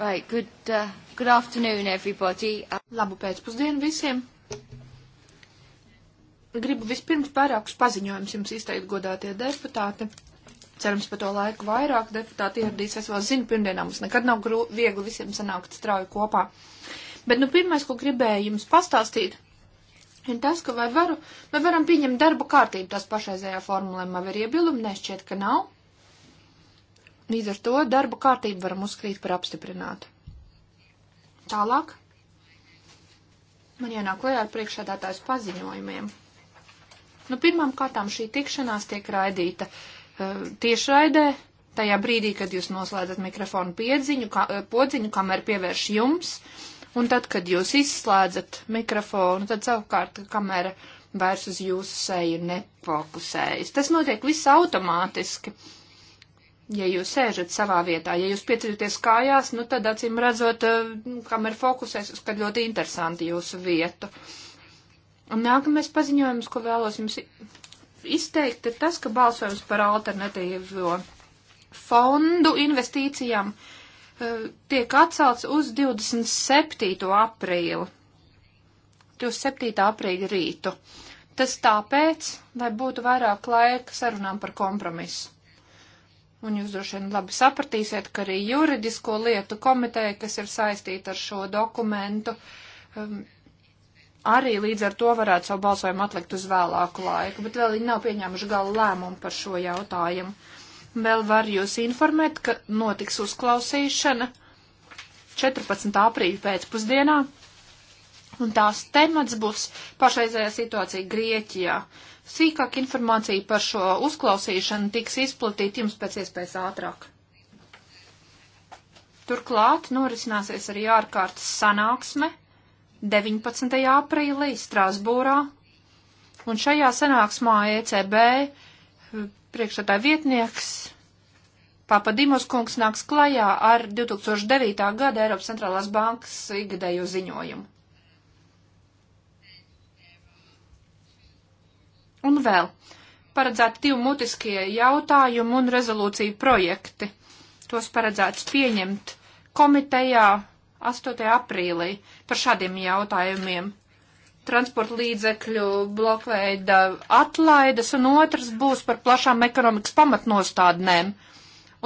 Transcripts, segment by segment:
Right, good, uh, good afternoon everybody. Labu pēcpusdienu visiem. Gribu vispirms pārākus paziņojumus jums izteikt godātie deputāti. Cerams, pa to laiku vairāk deputāti ieradīsies. Vēl zinu, pirmdienā mums nekad nav grū, viegli visiem sanākt strauji kopā. Bet, nu, pirmais, ko gribēju jums pastāstīt, ir tas, ka vai, varu, vai varam pieņemt darba kārtību tās pašreizējā formulējumā, vai ir iebildumi, nešķiet, ka nav. Līdz ar to darbu kārtību varam uzskatīt par apstiprinātu. Tālāk man jānāk klajā ar priekšādātājs paziņojumiem. Nu, pirmām kārtām šī tikšanās tiek raidīta uh, tiešraidē, tajā brīdī, kad jūs noslēdzat mikrofonu piedziņu, ka, eh, podziņu, kamēr pievērš jums, un tad, kad jūs izslēdzat mikrofonu, tad savukārt kamēr vairs uz jūsu seju nefokusējas. Tas notiek viss automātiski. Uh, Ja jūs sēžat savā vietā, ja jūs pieceļaties kājās, nu tad acīm redzot, eh, kamēr fokusēs, uzskat ļoti interesanti jūsu vietu. Un nākamais paziņojums, ko vēlos jums izteikt, ir tas, ka balsojums par alternatīvo fondu investīcijām eh, tiek atcelts uz 27. aprīli. 27. aprīļa rītu. Tas tāpēc, lai būtu vairāk laika sarunām par kompromisu. Un jūs droši vien labi sapratīsiet, ka arī juridisko lietu komiteja, kas ir saistīta ar šo dokumentu, um, arī līdz ar to varētu savu balsojumu atlikt uz vēlāku laiku, bet vēl viņi nav pieņēmuši galu lēmumu par šo jautājumu. Vēl var jūs informēt, ka notiks uzklausīšana 14. aprīļa pēcpusdienā Un tās temats būs pašreizējā situācija Grieķijā. Sīkāk informācija par šo uzklausīšanu tiks izplatīta jums pēc iespējas ātrāk. Turklāt norisināsies arī ārkārtas sanāksme 19. aprīlī Strasbūrā, un šajā sanāksmā ECB eh, priekšsētāja vietnieks Papadimos kungs nāks klajā ar 2009. gada Eiropas centrālās bankas ikgadējo ziņojumu. Un vēl paredzēti divi mutiskie jautājumi un rezolūcija projekti. Tos paredzēts pieņemt komitejā 8. aprīlī par šādiem jautājumiem. Transporta līdzekļu blokveida atlaides un otrs būs par plašām ekonomikas pamatnostādnēm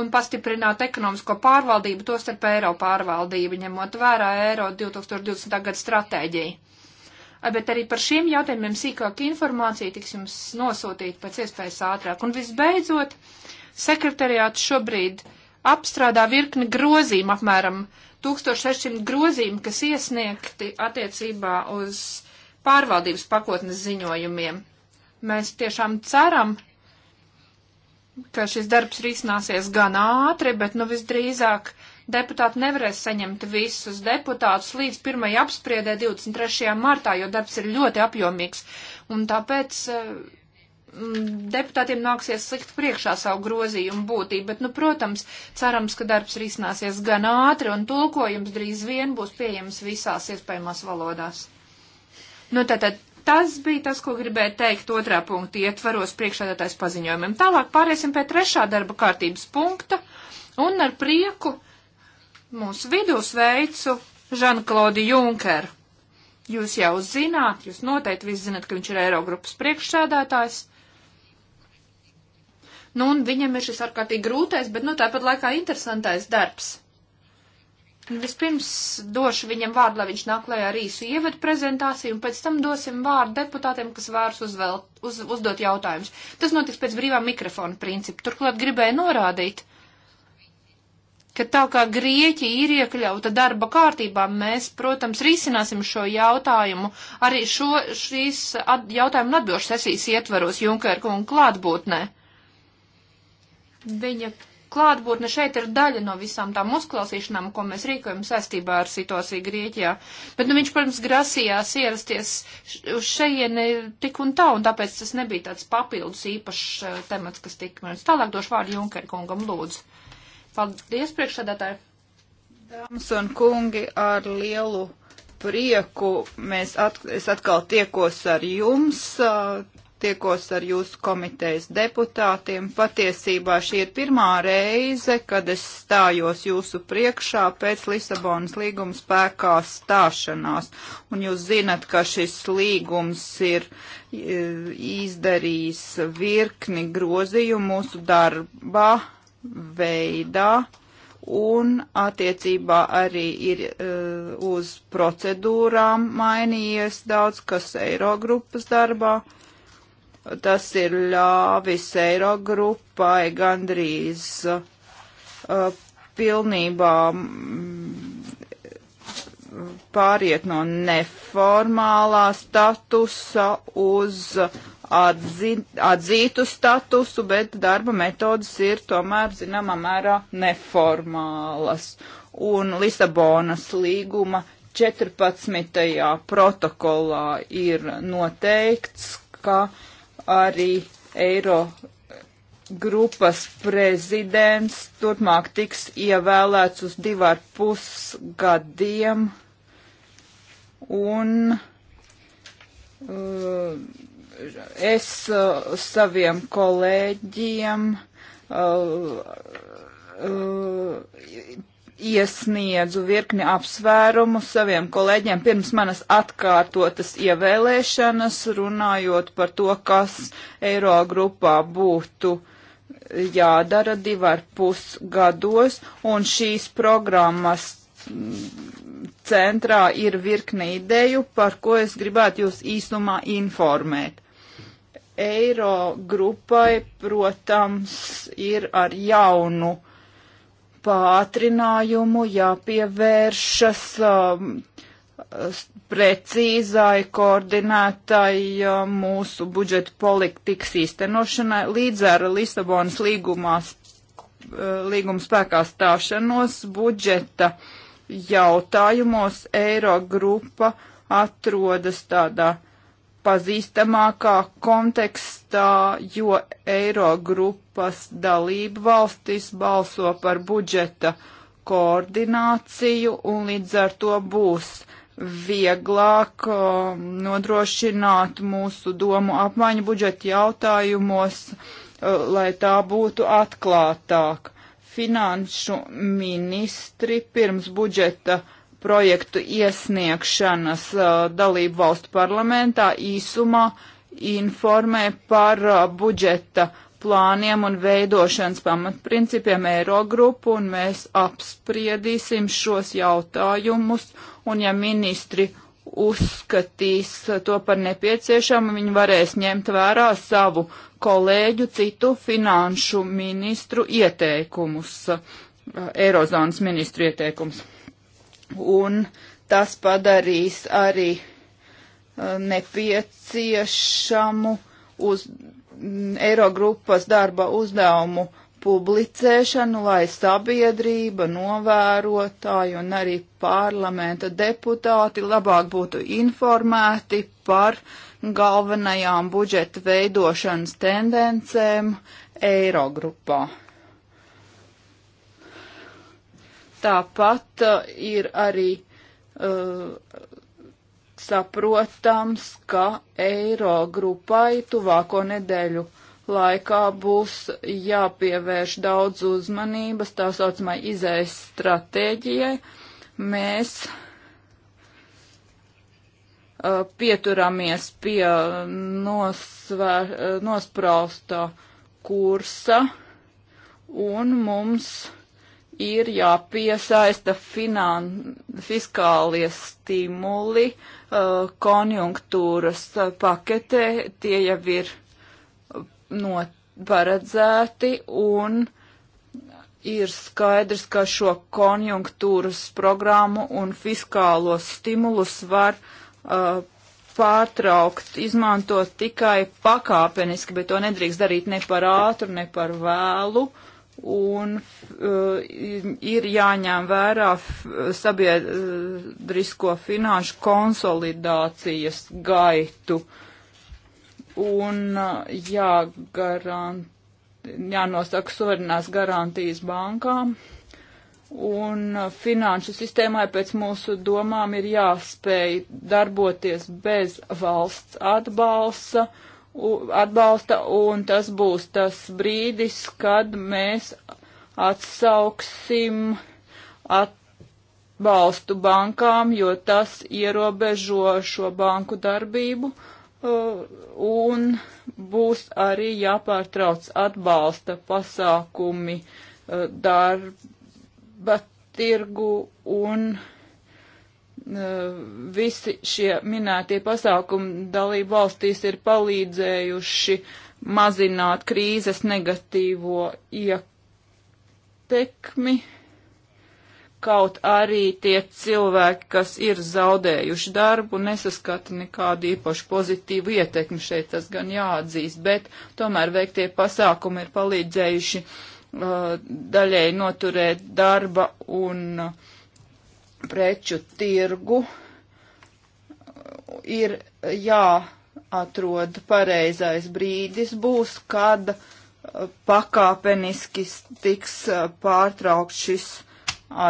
un pastiprināt ekonomisko pārvaldību, tostarp Eiro pārvaldību, ņemot vērā Eiro 2020. gada stratēģiju bet arī par šiem jautājumiem sīkāk informācija tiks jums nosūtīta pēc iespējas ātrāk. Un visbeidzot, sekretariāts šobrīd apstrādā virkni grozīm, apmēram 1600 grozīm, kas iesniegti attiecībā uz pārvaldības pakotnes ziņojumiem. Mēs tiešām ceram, ka šis darbs risināsies gan ātri, bet nu visdrīzāk deputāti nevarēs saņemt visus deputātus līdz pirmajai apspriedē 23. martā, jo darbs ir ļoti apjomīgs. Un tāpēc eh, deputātiem nāksies slikt priekšā savu grozījumu būtību, bet, nu, protams, cerams, ka darbs risināsies gan ātri un tulkojums drīz vien būs pieejams visās iespējamās valodās. Nu, tātad Tas bija tas, ko gribēju teikt otrā punkta ietvaros priekšādātais paziņojumiem. Tālāk pāriesim pie trešā darba kārtības punkta un ar prieku uh, mūsu vidū sveicu Žanklodi Junkeru. Jūs jau zināt, jūs noteikti visi zināt, ka viņš ir Eirogrupas priekšsēdētājs. Nu, un viņam ir šis ārkārtīgi grūtais, bet, nu, tāpat laikā interesantais darbs. Vispirms došu viņam vārdu, lai viņš nāk lejā ar īsu ievadu prezentāciju, un pēc tam dosim vārdu deputātiem, kas vārs uzvelt, uz, uzdot jautājumus. Tas notiks pēc brīvā mikrofona principa. Turklāt gribēju norādīt, ka tā kā Grieķija ir iekļauta darba kārtībā, mēs, protams, risināsim šo jautājumu arī šo, šīs at, jautājumu atbilžu sesijas ietvaros Junkerku un klātbūtnē. Viņa klātbūtne šeit ir daļa no visām tām uzklausīšanām, ko mēs rīkojam saistībā ar situāciju Grieķijā. Bet, nu, viņš, protams, grasījās ierasties uz šejieni tik un tā, un tāpēc tas nebija tāds papildus īpašs eh, temats, kas tika minēts. Tālāk došu vārdu Junkerkungam, lūdzu. Paldies, priekšsēdētāji! Dāmas un kungi, ar lielu prieku mēs at, es atkal tiekos ar jums, tiekos ar jūsu komitejas deputātiem. Patiesībā šī ir pirmā reize, kad es stājos jūsu priekšā pēc Lisabonas līguma spēkā stāšanās. Un jūs zinat, ka šis līgums ir izdarījis virkni grozījumu mūsu darbā veidā un attiecībā arī ir uh, uz procedūrām mainījies daudz kas Eirogrupas darbā. Tas ir ļāvis Eirogrupai gandrīz uh, pilnībā mm, pāriet no neformālā statusa uz uh, atzī, atzītu statusu, bet darba metodas ir tomēr, zināmā mērā, neformālas. Un Lisabonas līguma 14. protokolā ir noteikts, ka arī Eiro grupas prezidents turpmāk tiks ievēlēts uz divu ar pus gadiem un uh, es uh, saviem kolēģiem uh, uh, iesniedzu virkni apsvērumu saviem kolēģiem pirms manas atkārtotas ievēlēšanas, runājot par to, kas Eiro grupā būtu jādara divi ar pus gados, un šīs programmas centrā ir virkne ideju, par ko es gribētu jūs īsumā informēt eiro grupai, protams, ir ar jaunu pātrinājumu jāpievēršas um, precīzai, koordinētai um, mūsu budžeta politikas īstenošanai līdz ar Lisabonas līgumās, uh, līguma spēkā stāšanos budžeta jautājumos Eirogrupa atrodas tādā uh, pazīstamākā kontekstā, jo Eirogrupas dalību valstis balso par budžeta koordināciju un līdz ar to būs vieglāk um, nodrošināt mūsu domu apmaiņu budžeta jautājumos, uh, lai tā būtu atklātāk. Finanšu ministri pirms budžeta uh, projektu iesniegšanas dalību valstu parlamentā īsumā informē par budžeta plāniem un veidošanas pamatprincipiem Eirogrupu, un mēs apspriedīsim šos jautājumus, un ja ministri uzskatīs to par nepieciešamu, viņi varēs ņemt vērā savu kolēģu citu finanšu ministru ieteikumus, Eirozonas ministru ieteikumus un tas padarīs arī uh, nepieciešamu uz mm, Eirogrupas darba uzdevumu publicēšanu, lai sabiedrība, novērotāji un arī parlamenta deputāti labāk būtu informēti par galvenajām budžeta veidošanas tendencēm Eirogrupā. Tāpat uh, ir arī uh, saprotams, ka eiro grupai tuvāko nedēļu laikā būs jāpievērš daudz uzmanības tā saucamai izējas stratēģijai. Mēs uh, pieturamies pie nosvēr, uh, nospraustā kursa un mums uh, ir jāpiesaista finan, fiskālie stimuli uh, konjunktūras paketē, tie jau ir no, paredzēti un ir skaidrs, ka šo konjunktūras programmu un fiskālos stimulus var uh, pārtraukt, izmantot tikai pakāpeniski, bet to nedrīkst darīt ne par ātru, ne par vēlu. Uh, un uh, ir jāņem vērā sabiedrisko finanšu konsolidācijas gaitu un uh, jāgarant, jānosaka suverenās garantijas bankām. Un uh, finanšu sistēmai pēc mūsu domām ir jāspēj darboties bez valsts atbalsta. Uh, atbalsta, un tas būs tas brīdis, kad mēs atsauksim atbalstu bankām, jo tas ierobežo šo banku darbību, uh, un būs arī jāpārtrauc atbalsta pasākumi uh, darba tirgu un visi šie minētie pasākumi dalību valstīs ir palīdzējuši mazināt krīzes negatīvo ietekmi, kaut arī tie cilvēki, kas ir zaudējuši darbu, nesaskata nekādu īpašu pozitīvu ietekmi šeit, tas gan jāatzīst, bet tomēr veiktie pasākumi ir palīdzējuši uh, daļēji noturēt darba un uh, preču tirgu ir jāatrod pareizais brīdis būs, kad uh, pakāpeniski tiks uh, pārtraukt šis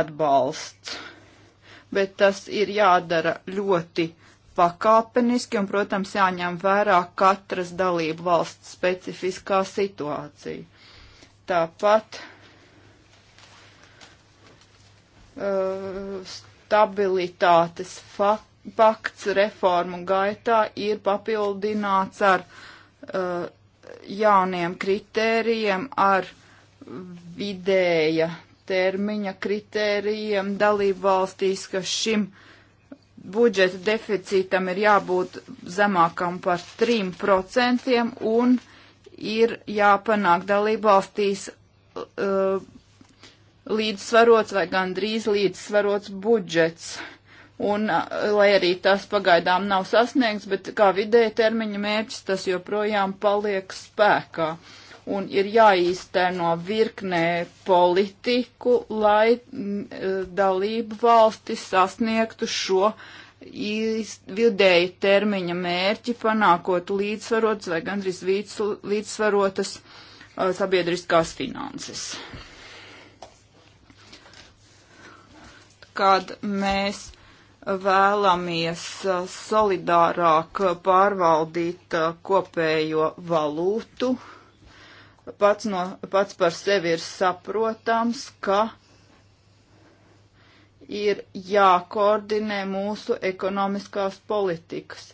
atbalsts. Bet tas ir jādara ļoti pakāpeniski un, protams, jāņem vērā katras dalību valsts specifiskā situācija. Tāpat Eh, stabilitātes pakts reformu gaitā ir papildināts ar uh, jauniem kritērijiem, ar vidēja termiņa kritērijiem dalību valstīs, ka šim budžeta deficītam ir jābūt zemākam par 3% un ir jāpanāk dalību valstīs uh, līdzsvarots vai gandrīz līdzsvarots budžets. Un, lai arī tas pagaidām nav sasniegts, bet kā vidēja termiņa mērķis, tas joprojām paliek spēkā. Un ir jāīsteno virknē politiku, lai e, dalību valstis sasniegtu šo vidēja termiņa mērķi, panākot līdzsvarotas vai gandrīz līdzsvarotas sabiedriskās finanses. kad mēs vēlamies uh, solidārāk pārvaldīt uh, kopējo valūtu. Pats, no, pats par sevi ir saprotams, ka ir jākoordinē mūsu ekonomiskās politikas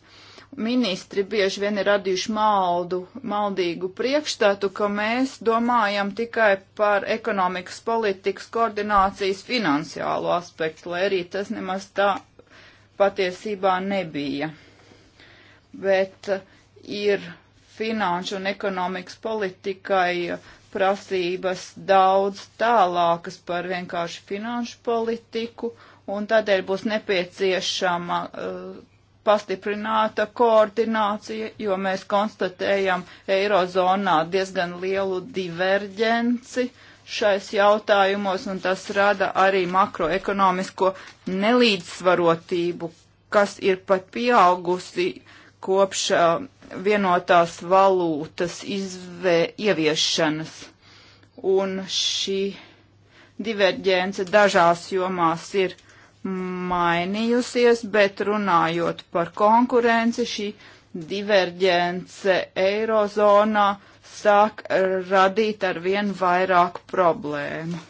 ministri bieži vien ir radījuši maldu, maldīgu priekšstatu, ka mēs domājam tikai par ekonomikas politikas koordinācijas finansiālo aspektu, lai arī tas nemaz tā patiesībā nebija. Bet uh, ir finanšu un ekonomikas politikai uh, prasības daudz tālākas par vienkārši finanšu politiku, un tādēļ būs nepieciešama uh, pastiprināta koordinācija, jo mēs konstatējam Eirozonā diezgan lielu diverģenci šais jautājumos, un tas rada arī makroekonomisko nelīdzsvarotību, kas ir pat pieaugusi kopš uh, vienotās valūtas izvē, ieviešanas. Un šī diverģence dažās jomās ir mainījusies, bet runājot par konkurenci, šī diverģence eirozonā sāk radīt ar vien vairāk problēmu.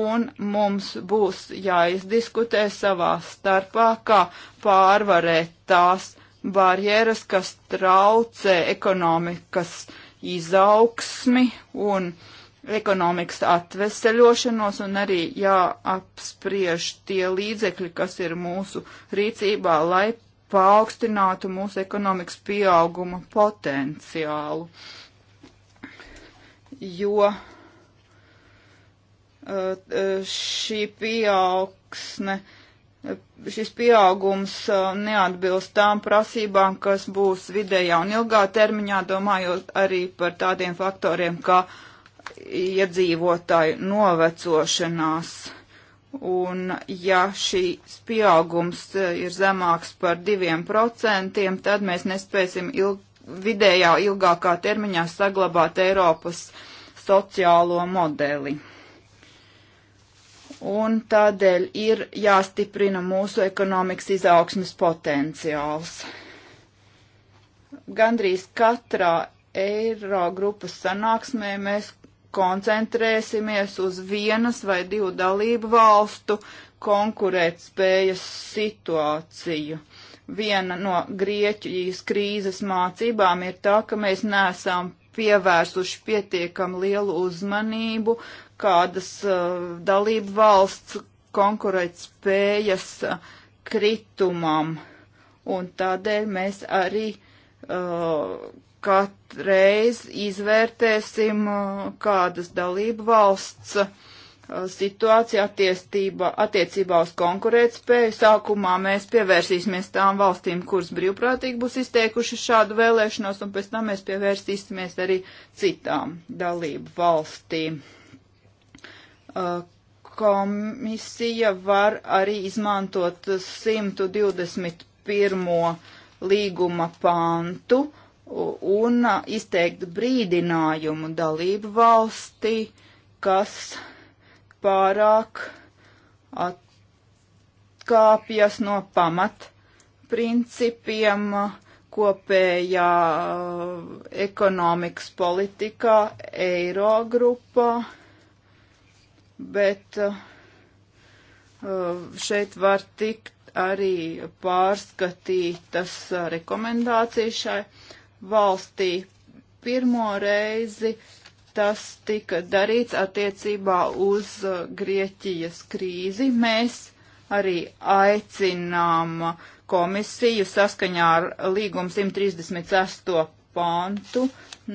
Un mums būs jāizdiskutē savā starpā, kā pārvarēt tās barjeras, kas traucē ekonomikas izaugsmi un uh, ekonomikas atveseļošanos un arī jāapspriež tie līdzekļi, kas ir mūsu rīcībā, lai paaugstinātu mūsu ekonomikas pieauguma potenciālu. Jo uh, uh, šī pieaugsne, šis pieaugums uh, neatbilst tām prasībām, kas būs vidējā un ilgā termiņā, domājot arī par tādiem faktoriem kā uh, iedzīvotāju novecošanās. Un ja šīs pieaugums eh, ir zemāks par diviem procentiem, tad mēs nespēsim ilg vidējā ilgākā termiņā saglabāt Eiropas sociālo modeli. Un tādēļ ir jāstiprina mūsu ekonomikas izaugsmes potenciāls. Gandrīz katrā Eiro grupas sanāksmē mēs koncentrēsimies uz vienas vai divu dalību valstu konkurētspējas situāciju. Viena no Grieķijas krīzes mācībām ir tā, ka mēs neesam pievērsuši pietiekam lielu uzmanību kādas uh, dalību valsts konkurētspējas uh, kritumam. Un tādēļ mēs arī uh, katreiz izvērtēsim, uh, kādas dalību valsts uh, situācija attiecībā uz konkurētspēju. Sākumā mēs pievērsīsimies tām valstīm, kuras brīvprātīgi būs izteikuši šādu vēlēšanos, un pēc tam mēs pievērsīsimies arī citām dalību valstīm. Uh, komisija var arī izmantot 121. līguma pantu, un izteikt brīdinājumu dalību valstī, kas pārāk atkāpjas no pamat principiem kopējā ekonomikas politikā Eirogrupā, bet šeit var tikt arī pārskatītas rekomendācijas šai valstī. Pirmo reizi tas tika darīts attiecībā uz uh, Grieķijas krīzi. Mēs arī aicinām komisiju saskaņā ar līgumu 138 pantu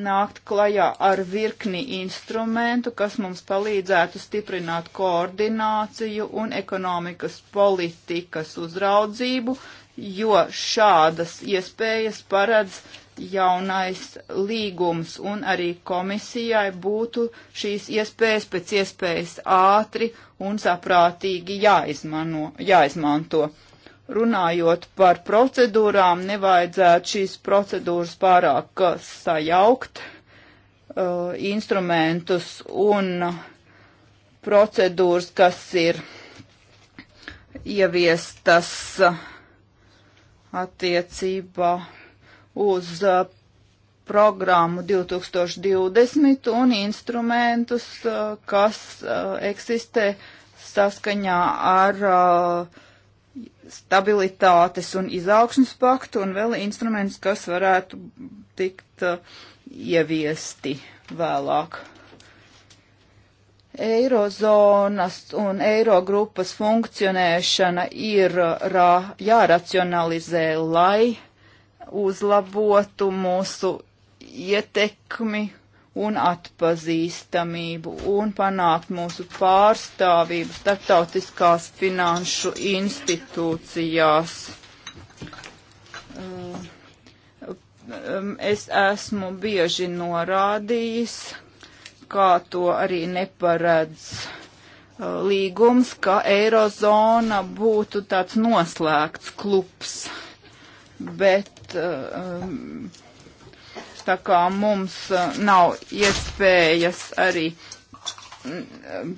nākt klajā ar virkni instrumentu, kas mums palīdzētu stiprināt koordināciju un ekonomikas politikas uzraudzību, jo šādas iespējas paredz jaunais līgums, un arī komisijai būtu šīs iespējas pēc iespējas ātri un saprātīgi jāizmano, jāizmanto. Runājot par procedūrām, nevajadzētu šīs procedūras pārāk sajaukt uh, instrumentus un procedūras, kas ir ieviestas attiecībā uz uh, programmu 2020 un instrumentus, uh, kas uh, eksistē saskaņā ar stabilitātes un izaugsmas paktu un vēl instrumentus, kas varētu tikt ieviesti vēlāk. Eirozonas un Eirogrupas funkcionēšana ir rā, jāracionalizē, lai uzlabotu mūsu ietekmi un atpazīstamību un panākt mūsu pārstāvību starptautiskās finanšu institūcijās. Um, es esmu bieži norādījis, kā to arī neparedz uh, līgums, ka Eirozona būtu tāds noslēgts klubs, bet bet um, tā kā mums uh, nav iespējas arī um,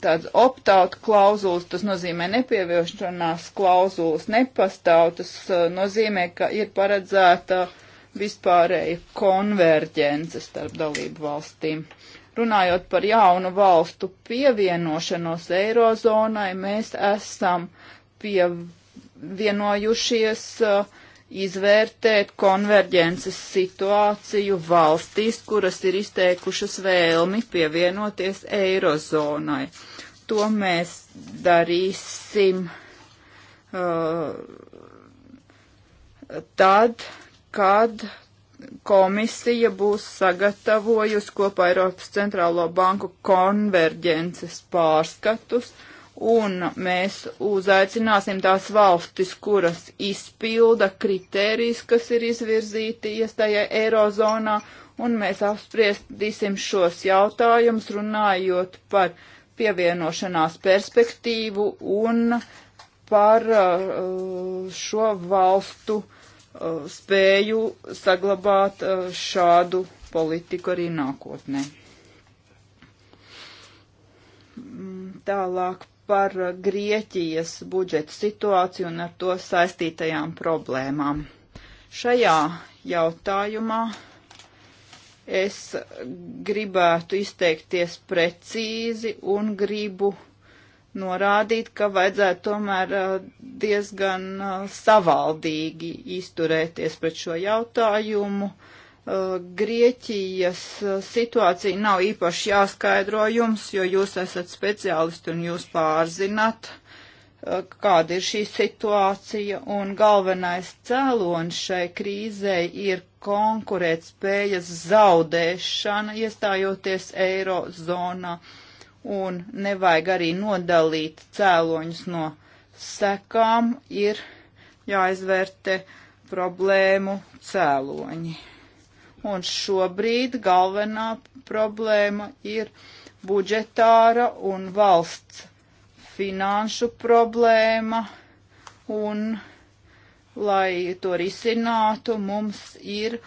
tāds optaut klauzulas, tas nozīmē nepievēršanās klauzulas nepastāv, tas uh, nozīmē, ka ir paredzēta vispārēja konverģence starp dalību valstīm. Runājot par jaunu valstu pievienošanos Eirozonai, mēs esam pievienojušies uh, izvērtēt konverģences situāciju valstīs, kuras ir izteikušas vēlmi pievienoties eirozonai. To mēs darīsim uh, tad, kad komisija būs sagatavojusi kopā Eiropas centrālo banku konverģences pārskatus, uh, un mēs uzaicināsim tās valstis, kuras izpilda kritērijas, kas ir izvirzīti iestājai Eirozonā, un mēs apspriestīsim šos jautājumus, runājot par pievienošanās perspektīvu un par uh, šo valstu uh, spēju saglabāt uh, šādu politiku arī nākotnē. Mm, tālāk par Grieķijas budžeta situāciju un ar to saistītajām problēmām. Šajā jautājumā es gribētu izteikties precīzi un gribu norādīt, ka vajadzētu tomēr uh, diezgan uh, savaldīgi izturēties pret šo jautājumu. Uh, Eh, Grieķijas eh, situācija nav īpaši jāskaidro jums, jo jūs esat speciālisti un jūs pārzināt, eh, kāda ir šī situācija. Un galvenais cēlonis šai krīzē ir konkurētspējas zaudēšana, iestājoties eirozonā. Un nevajag arī nodalīt cēloņus no sekām, ir jāizvērtē problēmu cēloņi un šobrīd galvenā problēma ir budžetāra un valsts finanšu problēma, un, lai to risinātu, mums ir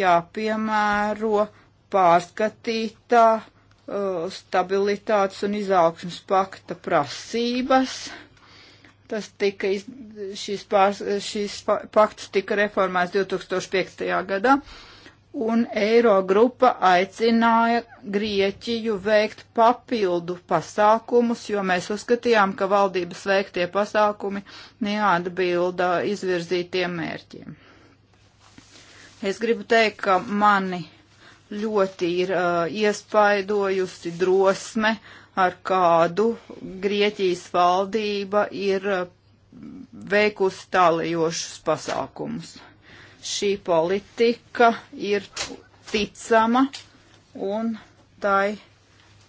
jāpiemēro pārskatītā uh, stabilitātes un izaugsmas pakta prasības. Tas tika, iz, šis, pār, šis pakts tika reformēts 2005. gadā un Eiro grupa aicināja Grieķiju veikt papildu pasākumus, jo mēs uzskatījām, ka valdības veiktie pasākumi neatbilda izvirzītiem mērķiem. Es gribu teikt, ka mani ļoti ir uh, iespaidojusi drosme, ar kādu Grieķijas valdība ir uh, veikusi tālajošus pasākumus šī politika ir ticama un tai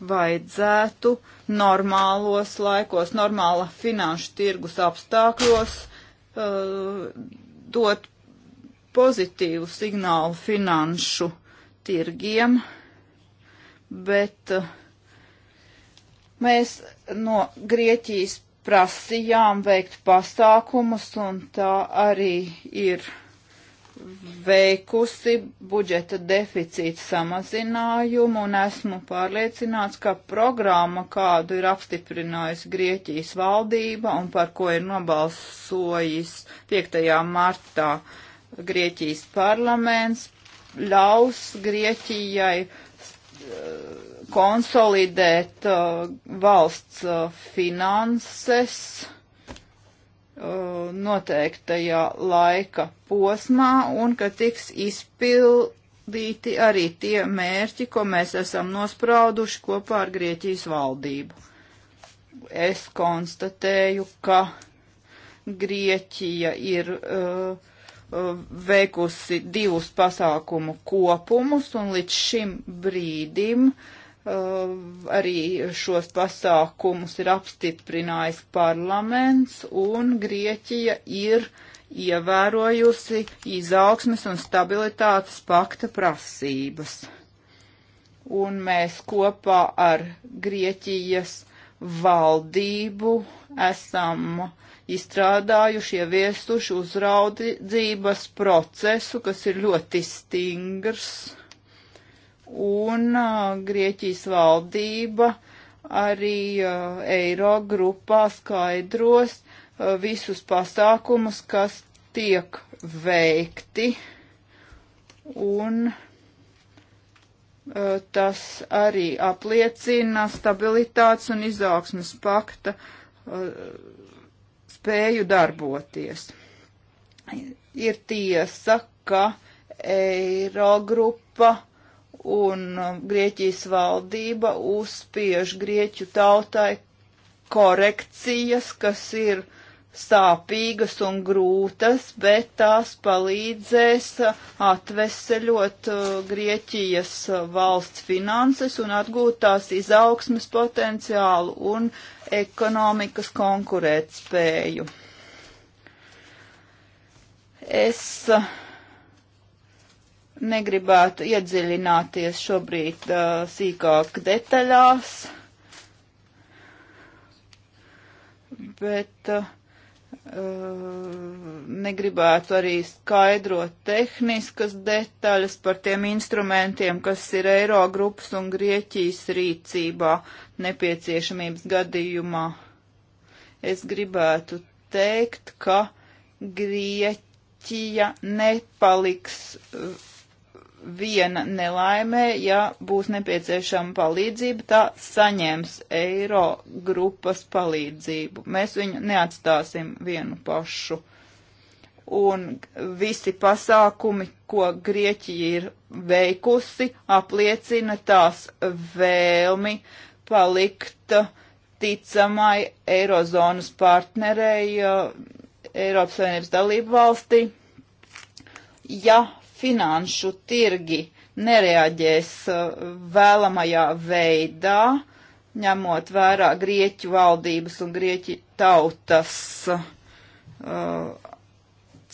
vajadzētu normālos laikos, normāla finanšu tirgus apstākļos uh, dot pozitīvu signālu finanšu tirgiem, bet uh, mēs no Grieķijas prasījām veikt pasākumus, un tā arī ir veikusi budžeta deficīta samazinājumu un esmu pārliecināts, ka programma, kādu ir apstiprinājusi Grieķijas valdība un par ko ir nobalsojis 5. martā Grieķijas parlaments, ļaus Grieķijai eh, konsolidēt uh, valsts uh, finanses Uh, noteiktajā laika posmā un ka tiks izpildīti arī tie mērķi, ko mēs esam nosprauduši kopā ar Grieķijas valdību. Es konstatēju, ka Grieķija ir uh, uh veikusi divus pasākumu kopumus, un līdz šim brīdim Uh, arī šos pasākumus ir apstiprinājis parlaments, un Grieķija ir ievērojusi izaugsmes un stabilitātes pakta prasības. Un mēs kopā ar Grieķijas valdību esam izstrādājuši, ieviesuši uzraudzības procesu, kas ir ļoti stingrs un uh, Grieķijas valdība arī uh, eiro grupā skaidros uh, visus pasākumus, kas tiek veikti, un tas arī apliecina stabilitātes un izaugsmas pakta spēju darboties. Ir tiesa, ka Eirogrupa grupa un um, Grieķijas valdība uzspiež Grieķu tautai korekcijas, kas ir sāpīgas un grūtas, bet tās palīdzēs uh, atveseļot uh, Grieķijas uh, valsts finanses un atgūt tās izaugsmes potenciālu un ekonomikas konkurētspēju. Es uh, negribētu iedziļināties šobrīd uh, sīkāk detaļās, bet uh, negribētu arī skaidrot tehniskas detaļas par tiem instrumentiem, kas ir Eiro grupas un Grieķijas rīcībā nepieciešamības gadījumā. Es gribētu teikt, ka Grieķija nepaliks uh, viena nelaimē, ja būs nepieciešama palīdzība, tā saņems eiro grupas palīdzību. Mēs viņu neatstāsim vienu pašu. Un visi pasākumi, ko Grieķija ir veikusi, apliecina tās vēlmi palikt ticamai Eirozonas partnerei uh, Eiropas Savienības dalību valstī. Ja finanšu tirgi nereaģēs uh, vēlamajā veidā, ņemot vērā Grieķu valdības un Grieķu tautas uh,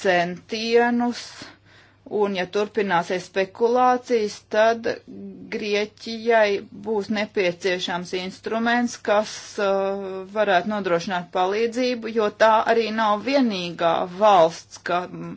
centienus, un ja turpināsies spekulācijas, tad Grieķijai būs nepieciešams instruments, kas uh, varētu nodrošināt palīdzību, jo tā arī nav vienīgā valsts, ka. Um,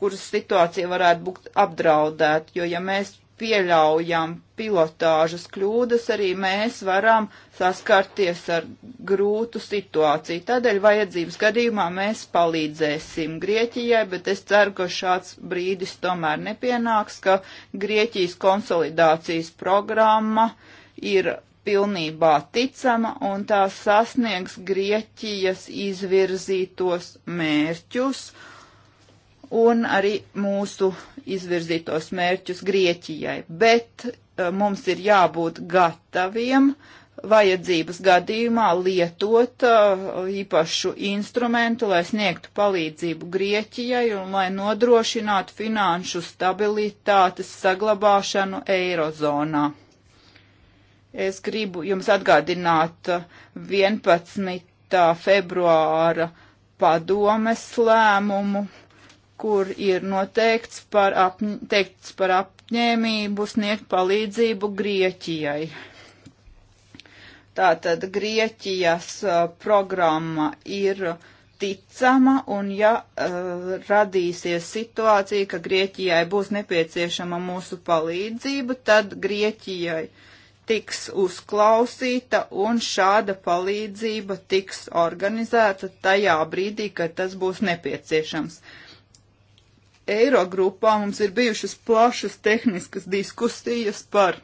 kuras situācija varētu būt apdraudēta, jo ja mēs pieļaujam pilotāžas kļūdas, arī mēs varam saskarties ar grūtu situāciju. Tādēļ vajadzības gadījumā mēs palīdzēsim Grieķijai, bet es ceru, ka šāds brīdis tomēr nepienāks, ka Grieķijas konsolidācijas programma ir pilnībā ticama un tā sasniegs Grieķijas izvirzītos mērķus un arī mūsu izvirzītos mērķus Grieķijai. Bet eh, mums ir jābūt gataviem vajadzības gadījumā lietot eh, īpašu instrumentu, lai sniegtu palīdzību Grieķijai un lai nodrošinātu finanšu stabilitātes saglabāšanu Eirozonā. Es gribu jums atgādināt 11. Eh, februāra padomes lēmumu kur ir noteikts par, apņ teikts par apņēmību sniegt palīdzību Grieķijai. Tātad Grieķijas uh, programma ir ticama, un ja uh, radīsies situācija, ka Grieķijai būs nepieciešama mūsu palīdzība, tad Grieķijai tiks uzklausīta un šāda palīdzība tiks organizēta tajā brīdī, kad tas būs nepieciešams. Uh, Eirogrupā mums ir bijušas plašas tehniskas diskusijas par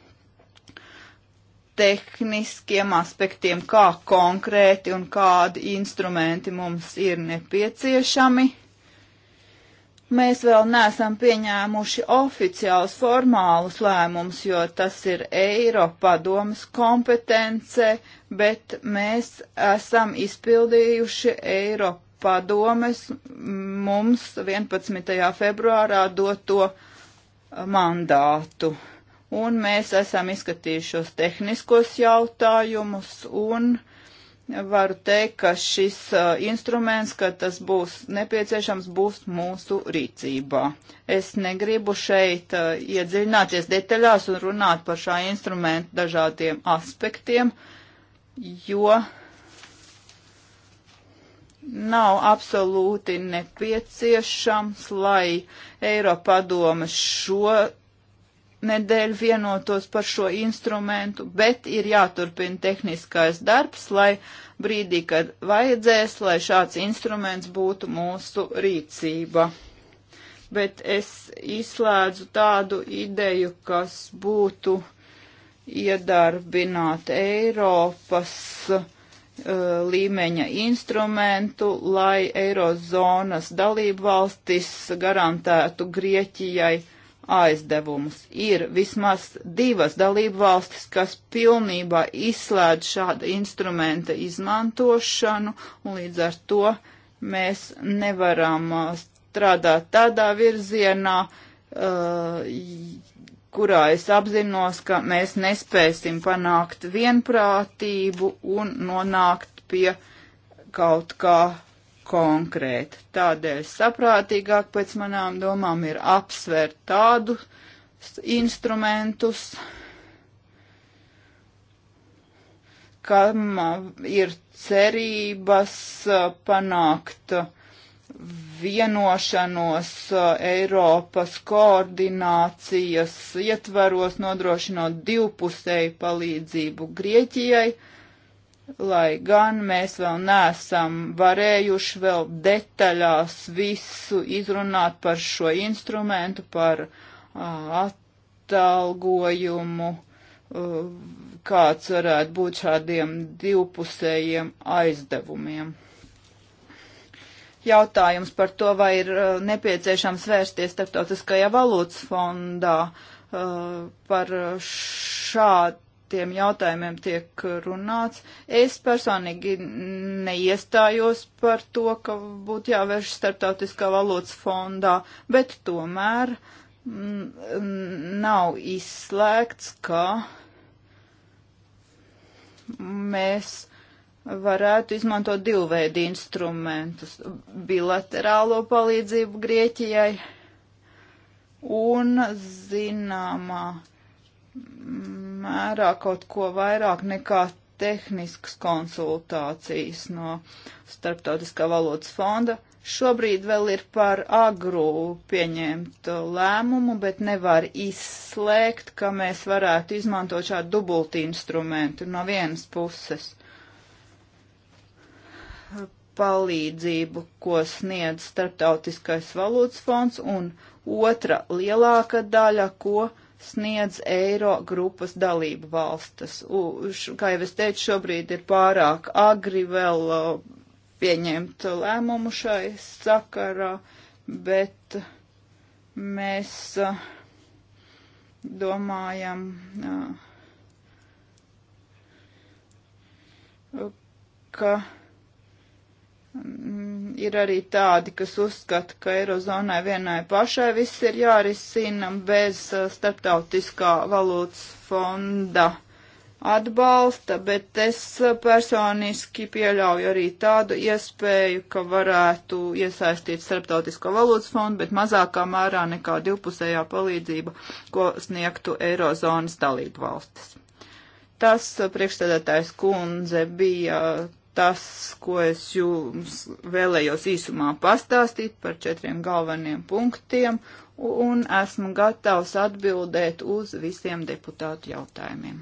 tehniskiem aspektiem, kā konkrēti un kādi instrumenti mums ir nepieciešami. Mēs vēl neesam pieņēmuši oficiālus formālus lēmumus, jo tas ir Eiropadomas kompetence, bet mēs esam izpildījuši Eiropa padomes mums 11. februārā doto mandātu. Un mēs esam izskatījuši šos tehniskos jautājumus un varu teikt, ka šis uh, instruments, ka tas būs nepieciešams, būs mūsu rīcībā. Es negribu šeit uh, iedziļināties detaļās un runāt par šā instrumenta dažādiem aspektiem, jo uh, nav absolūti nepieciešams, lai Eiropadoma šo nedēļu vienotos par šo instrumentu, bet ir jāturpina tehniskais darbs, lai brīdī, kad vajadzēs, lai šāds instruments būtu mūsu rīcība. Bet es izslēdzu tādu ideju, kas būtu iedarbināt Eiropas uh, Uh, līmeņa instrumentu, lai Eirozonas dalību valstis garantētu Grieķijai aizdevumus. Ir vismaz divas dalību valstis, kas pilnībā izslēdz šāda instrumenta izmantošanu, un līdz ar to mēs nevaram uh, strādāt tādā virzienā, uh, kurā es apzinos, ka mēs nespēsim panākt vienprātību un nonākt pie kaut kā konkrēta. Tādēļ saprātīgāk pēc manām domām ir apsvērt tādus instrumentus, kam ir cerības panākt uh, vienošanos eh, Eiropas koordinācijas ietvaros nodrošinot divpusēju palīdzību Grieķijai, lai gan mēs vēl neesam varējuši vēl detaļās visu izrunāt par šo instrumentu, par eh, atalgojumu, eh, kāds varētu būt šādiem divpusējiem aizdevumiem jautājums par to, vai ir uh, nepieciešams vērsties starptautiskajā valūtas fondā uh, par uh, šādiem jautājumiem tiek runāts. Es personīgi neiestājos par to, ka būtu jāvērš starptautiskā valūtas fondā, bet tomēr mm, nav izslēgts, ka mēs varētu izmantot divu veidu instrumentus - bilaterālo palīdzību Grieķijai un zināmā mērā kaut ko vairāk nekā tehniskas konsultācijas no Starptautiskā valodas fonda. Šobrīd vēl ir par agru pieņemt lēmumu, bet nevar izslēgt, ka mēs varētu izmantot šādu dubulti instrumentu no vienas puses palīdzību, ko sniedz Startautiskais valūtas fonds, un otra lielāka daļa, ko sniedz eiro grupas dalību valstis. Kā jau es teicu, šobrīd ir pārāk agri vēl uh, pieņemt lēmumu šai sakarā, bet mēs uh, domājam, uh, ka Mm, ir arī tādi, kas uzskata, ka Eirozonai vienai pašai viss ir jārisina bez uh, starptautiskā valūtas fonda atbalsta, bet es uh, personiski pieļauju arī tādu iespēju, ka varētu iesaistīt starptautisko valūtas fondu, bet mazākā mērā nekā divpusējā palīdzība, ko sniegtu Eirozonas dalību valstis. Tas uh, priekšstādātājs kundze bija tas, ko es jums vēlējos īsumā pastāstīt par četriem galveniem punktiem, un esmu gatavs atbildēt uz visiem deputātu jautājumiem.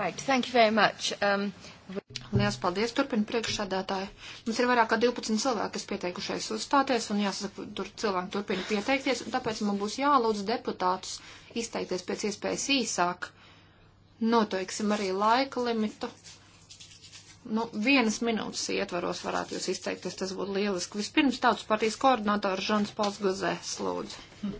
Right, thank you very much. Um, Liels paldies, turpina priekšsādātāji. Mums ir vairāk kā 12 cilvēki, kas pieteikušies uzstāties, un jāsaka, tur cilvēki turpina pieteikties, un tāpēc man būs jālūdz deputātus izteikties pēc iespējas īsāk. Noteiksim arī laika limitu nu, vienas minūtes ietvaros varētu jūs izteikties, tas būtu lieliski. Vispirms tautas partijas koordinātors Žans Pols Gozēs, lūdzu.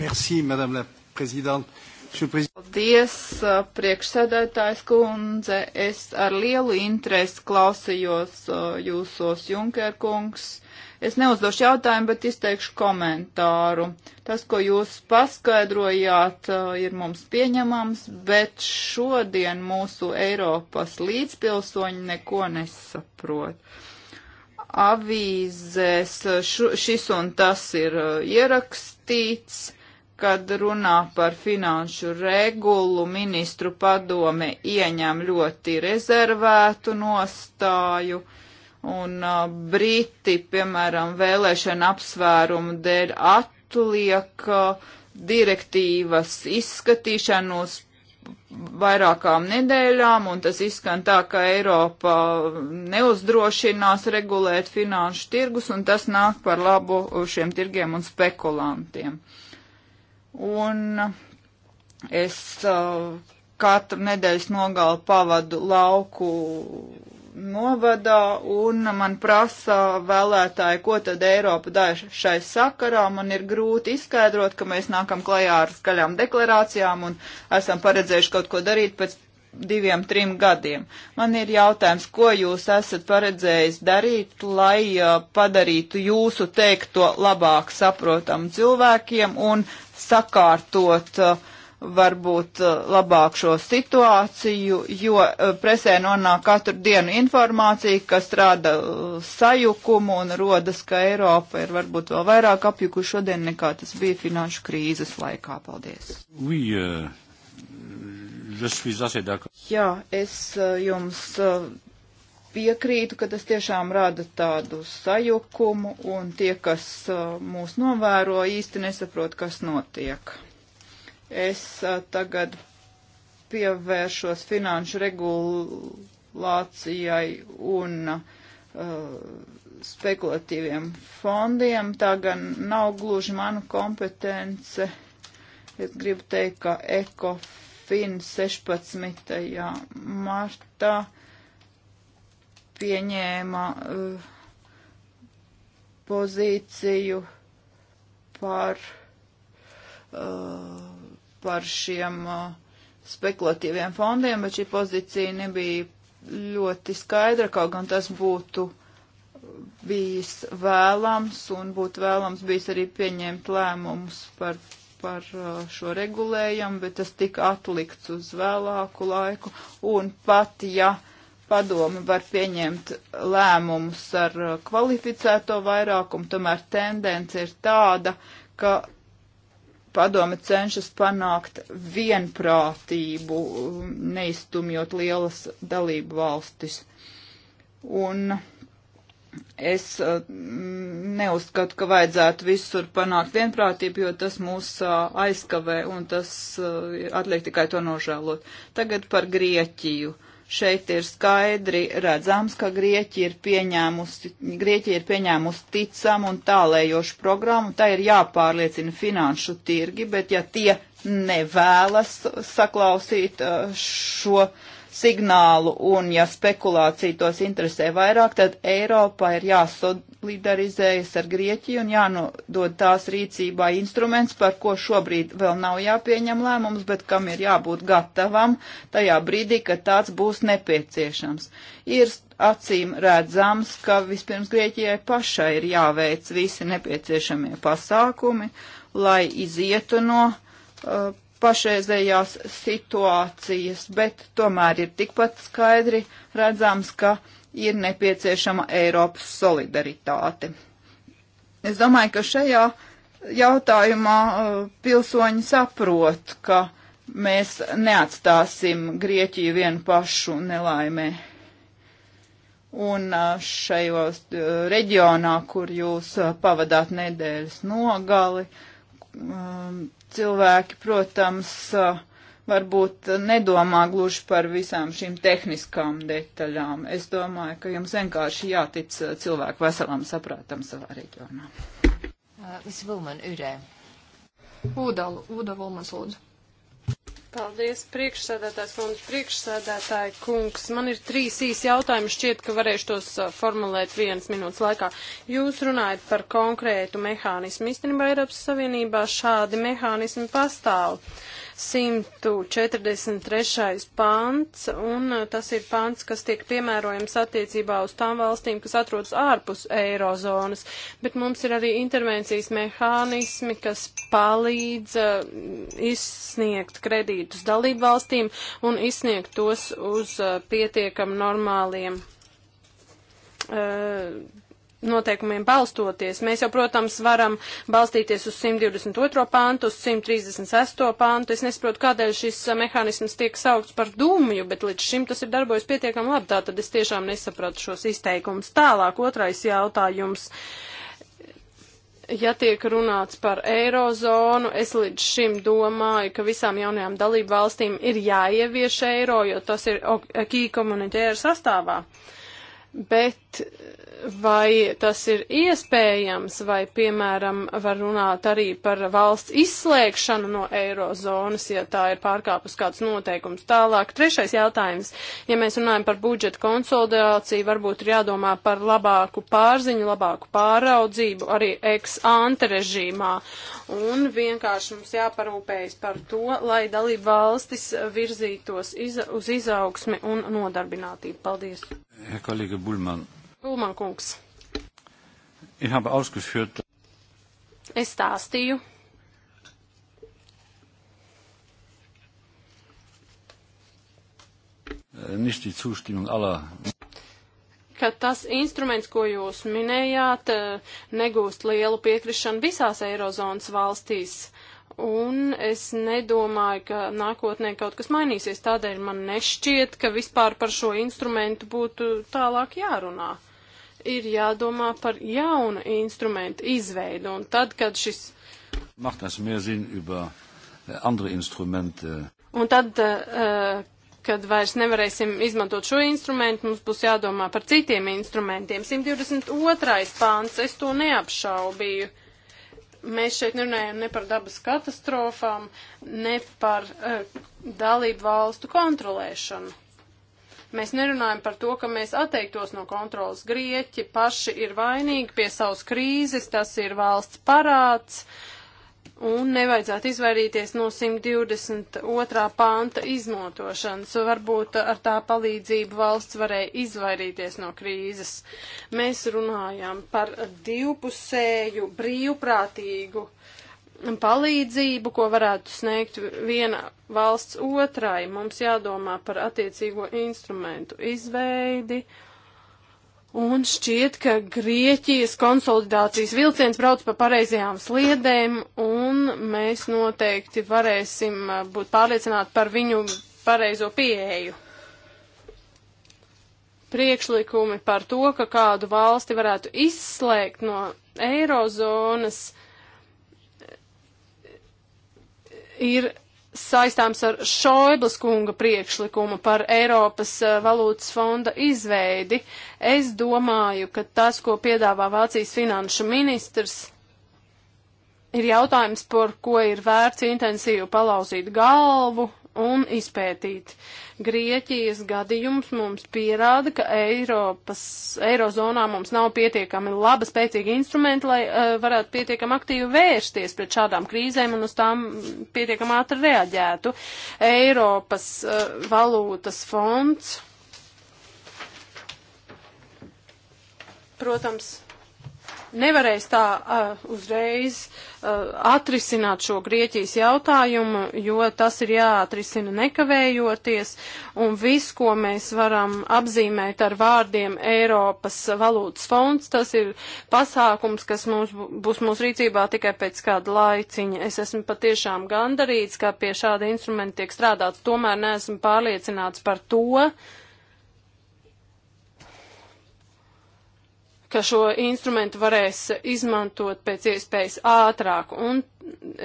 Merci, madame la présidente. Paldies, uh, priekšsēdētājs kundze. Es ar lielu interesi klausījos uh, jūsos, Junker kungs. Uh, Es neuzdošu jautājumu, bet izteikšu komentāru. Tas, ko jūs paskaidrojāt, ir mums pieņemams, bet šodien mūsu Eiropas līdzpilsoņi neko nesaprot. Avīzēs š, šis un tas ir ierakstīts kad runā par finanšu regulu, ministru padome ieņem ļoti rezervētu nostāju, Un uh, Briti, piemēram, vēlēšana apsvērumu dēļ atliek uh, direktīvas izskatīšanu uz vairākām nedēļām, un tas izskan tā, ka Eiropa neuzdrošinās regulēt finanšu tirgus, un tas nāk par labu šiem tirgiem un spekulantiem. Un es katru nedēļas nogalu pavadu lauku novadā, un man prasa vēlētāji, ko tad Eiropa dara šai sakarā. Man ir grūti izskaidrot, ka mēs nākam klajā ar skaļām deklarācijām un esam paredzējuši kaut ko darīt pēc diviem, trim gadiem. Man ir jautājums, ko jūs esat paredzējis darīt, lai uh, padarītu jūsu teikto labāk saprotam cilvēkiem un sakārtot uh, varbūt uh, labāk šo situāciju, jo uh, presē nonāk katru dienu informācija, kas rada uh, sajukumu un rodas, ka Eiropa ir varbūt vēl vairāk apjuku šodien nekā tas bija finanšu krīzes laikā. Paldies! Oui, uh, Jā, es jums piekrītu, ka tas tiešām rada tādu sajukumu un tie, kas mūs novēro, īsti nesaprot, kas notiek. Es tagad pievēršos finanšu regulācijai un uh, spekulatīviem fondiem. Tā gan nav gluži manu kompetence. Es gribu teikt, ka ECOFIN 16. martā pieņēma uh, pozīciju par uh, par šiem uh, spekulatīviem fondiem, bet šī pozīcija nebija ļoti skaidra, kaut gan tas būtu bijis vēlams un būtu vēlams bijis arī pieņemt lēmumus par, par uh, šo regulējumu, bet tas tika atlikts uz vēlāku laiku. Un pat ja padomi var pieņemt lēmumus ar uh, kvalificēto vairākumu, tomēr tendence ir tāda, ka padome cenšas panākt vienprātību, neiztumjot lielas dalību valstis. Un es uh, neuzskatu, ka vajadzētu visur panākt vienprātību, jo tas mūs uh, aizkavē un tas uh, atliek tikai to nožēlot. Tagad par Grieķiju. Uh, Šeit ir skaidri redzams, ka Grieķija ir pieņēmusi, Grieķija ir pieņēmusi ticamu un tālējošu programmu. Tā ir jāpārliecina finanšu tirgi, bet ja tie nevēlas saklausīt uh, šo uh, signālu, un ja spekulācija tos interesē vairāk, tad Eiropā ir jāsolidarizējas ar Grieķiju un jānodod tās rīcībā instruments, par ko šobrīd vēl nav jāpieņem lēmums, bet kam ir jābūt gatavam tajā brīdī, kad tāds būs nepieciešams. Ir acīm redzams, ka vispirms Grieķijai pašai ir jāveic visi nepieciešamie pasākumi, lai izietu no uh, pašreizējās situācijas, bet tomēr ir tikpat skaidri redzams, ka ir nepieciešama Eiropas solidaritāte. Es domāju, ka šajā jautājumā uh, pilsoņi saprot, ka mēs neatstāsim Grieķiju vienu pašu nelaimē. Un uh, šajos uh, reģionā, kur jūs pavadāt nedēļas nogali, um, cilvēki, protams, varbūt nedomā gluži par visām šīm tehniskām detaļām. Es domāju, ka jums vienkārši jātic cilvēku veselam saprātam savā reģionā. Uh, Vilman, Udalu, Uda Vulmans, lūdzu. Paldies, priekšsēdētājs un priekšsēdētāji kungs. Man ir trīs īsi jautājumi, šķiet, ka varēšu tos uh, formulēt vienas minūtes laikā. Jūs runājat par konkrētu mehānismu. Īstenībā Eiropas Savienībā šādi mehānismi pastāv. Uh, 143. pants, un uh, tas ir pants, kas tiek piemērojams attiecībā uz tām valstīm, kas atrodas ārpus eirozonas, bet mums ir arī intervencijas mehānismi, kas palīdz uh, izsniegt kredītus dalību valstīm un izsniegt tos uz uh, pietiekam normāliem. Uh, noteikumiem balstoties. Mēs jau, protams, varam balstīties uz 122. pantu, uz 136. pantu. Es nesaprotu, kādēļ šis uh, mehānisms tiek saukts par dūmju, bet līdz šim tas ir darbojas pietiekami labi, tā tad es tiešām nesapratu šos izteikumus. Tālāk otrais jautājums. Ja tiek runāts par eirozonu, es līdz šim domāju, ka visām jaunajām dalību valstīm ir jāievieš eiro, jo tas ir key komunitēra sastāvā. Bet vai tas ir iespējams, vai, piemēram, var runāt arī par valsts izslēgšanu no eirozonas, ja tā ir pārkāpus kāds noteikums. Tālāk, trešais jautājums. Ja mēs runājam par budžeta konsolidāciju, varbūt ir jādomā par labāku pārziņu, labāku pāraudzību arī ex-ante režīmā. Un vienkārši mums jāparūpējas par to, lai dalība valstis virzītos iz, uz izaugsmi un nodarbinātību. Paldies. Kolēga Bulman. Pulman kungs. Es stāstīju. Äh, nicht die Zustimmung aller ka tas instruments, ko jūs minējāt, äh, negūst lielu piekrišanu visās Eirozonas valstīs. Un es nedomāju, ka nākotnē kaut kas mainīsies. Tādēļ man nešķiet, ka vispār par šo instrumentu būtu tālāk jārunā. Uh, ir jādomā par jaunu instrumentu izveidu, un tad, kad šis. Macht das mehr Sinn über äh, andere Instrumente? Un tad, uh, kad vairs nevarēsim izmantot šo instrumentu, mums būs jādomā par citiem instrumentiem. 122. pāns, es to neapšaubīju. Mēs šeit nerunājam ne par dabas katastrofām, ne par uh, dalību valstu kontrolēšanu. Mēs nerunājam par to, ka mēs atteiktos no kontrolas. Grieķi paši ir vainīgi pie savas krīzes, tas ir valsts parāds. Un nevajadzētu izvairīties no 122. panta izmantošanas. Varbūt ar tā palīdzību valsts varēja izvairīties no krīzes. Mēs runājam par divpusēju, brīvprātīgu palīdzību, ko varētu sniegt viena valsts otrai. Mums jādomā par attiecīgo instrumentu izveidi. Un šķiet, ka Grieķijas konsolidācijas vilciens brauc pa pareizajām sliedēm, un mēs noteikti varēsim uh, būt pārliecināti par viņu pareizo pieeju priekšlikumi par to, ka kādu valsti varētu izslēgt no eirozonas, ir saistāms ar Šoiblas kunga priekšlikumu par Eiropas eh, valūtas fonda izveidi. Es domāju, ka tas, ko piedāvā Vācijas finanšu ministrs, ir jautājums, par ko ir vērts intensīvi palauzīt galvu un izpētīt. Grieķijas gadījums mums pierāda, ka Eiropas, Eirozonā mums nav pietiekami laba, spēcīga instrumenta, lai uh, varētu pietiekami aktīvi vērsties pret šādām krīzēm un uz tām pietiekami ātri reaģētu. Eiropas uh, valūtas fonds. Protams, nevarēs tā uh, uzreiz uh, atrisināt šo Grieķijas jautājumu, jo tas ir jāatrisina nekavējoties, un viss, ko mēs varam apzīmēt ar vārdiem Eiropas valūtas fonds, tas ir pasākums, kas mums, būs mūsu rīcībā tikai pēc kāda laiciņa. Es esmu patiešām gandarīts, ka pie šāda instrumenta tiek strādāts, tomēr neesmu pārliecināts par to, uh, ka šo instrumentu varēs izmantot pēc iespējas ātrāk. Un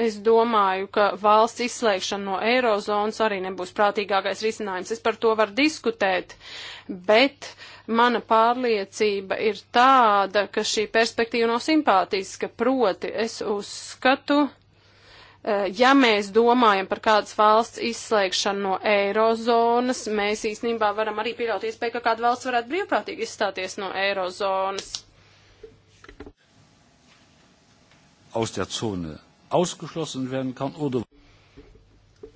es domāju, ka valsts izslēgšana no eirozonas arī nebūs prātīgākais risinājums. Es par to varu diskutēt, bet mana pārliecība ir tāda, ka šī perspektīva nav simpātiska. Proti, es uzskatu, Eh, ja mēs domājam par kādas valsts izslēgšanu no eirozonas, mēs īstenībā varam arī pieļaut iespēju, ka kāda valsts varētu brīvprātīgi izstāties no eirozonas. Aus der Zone ausgeschlossen werden kann oder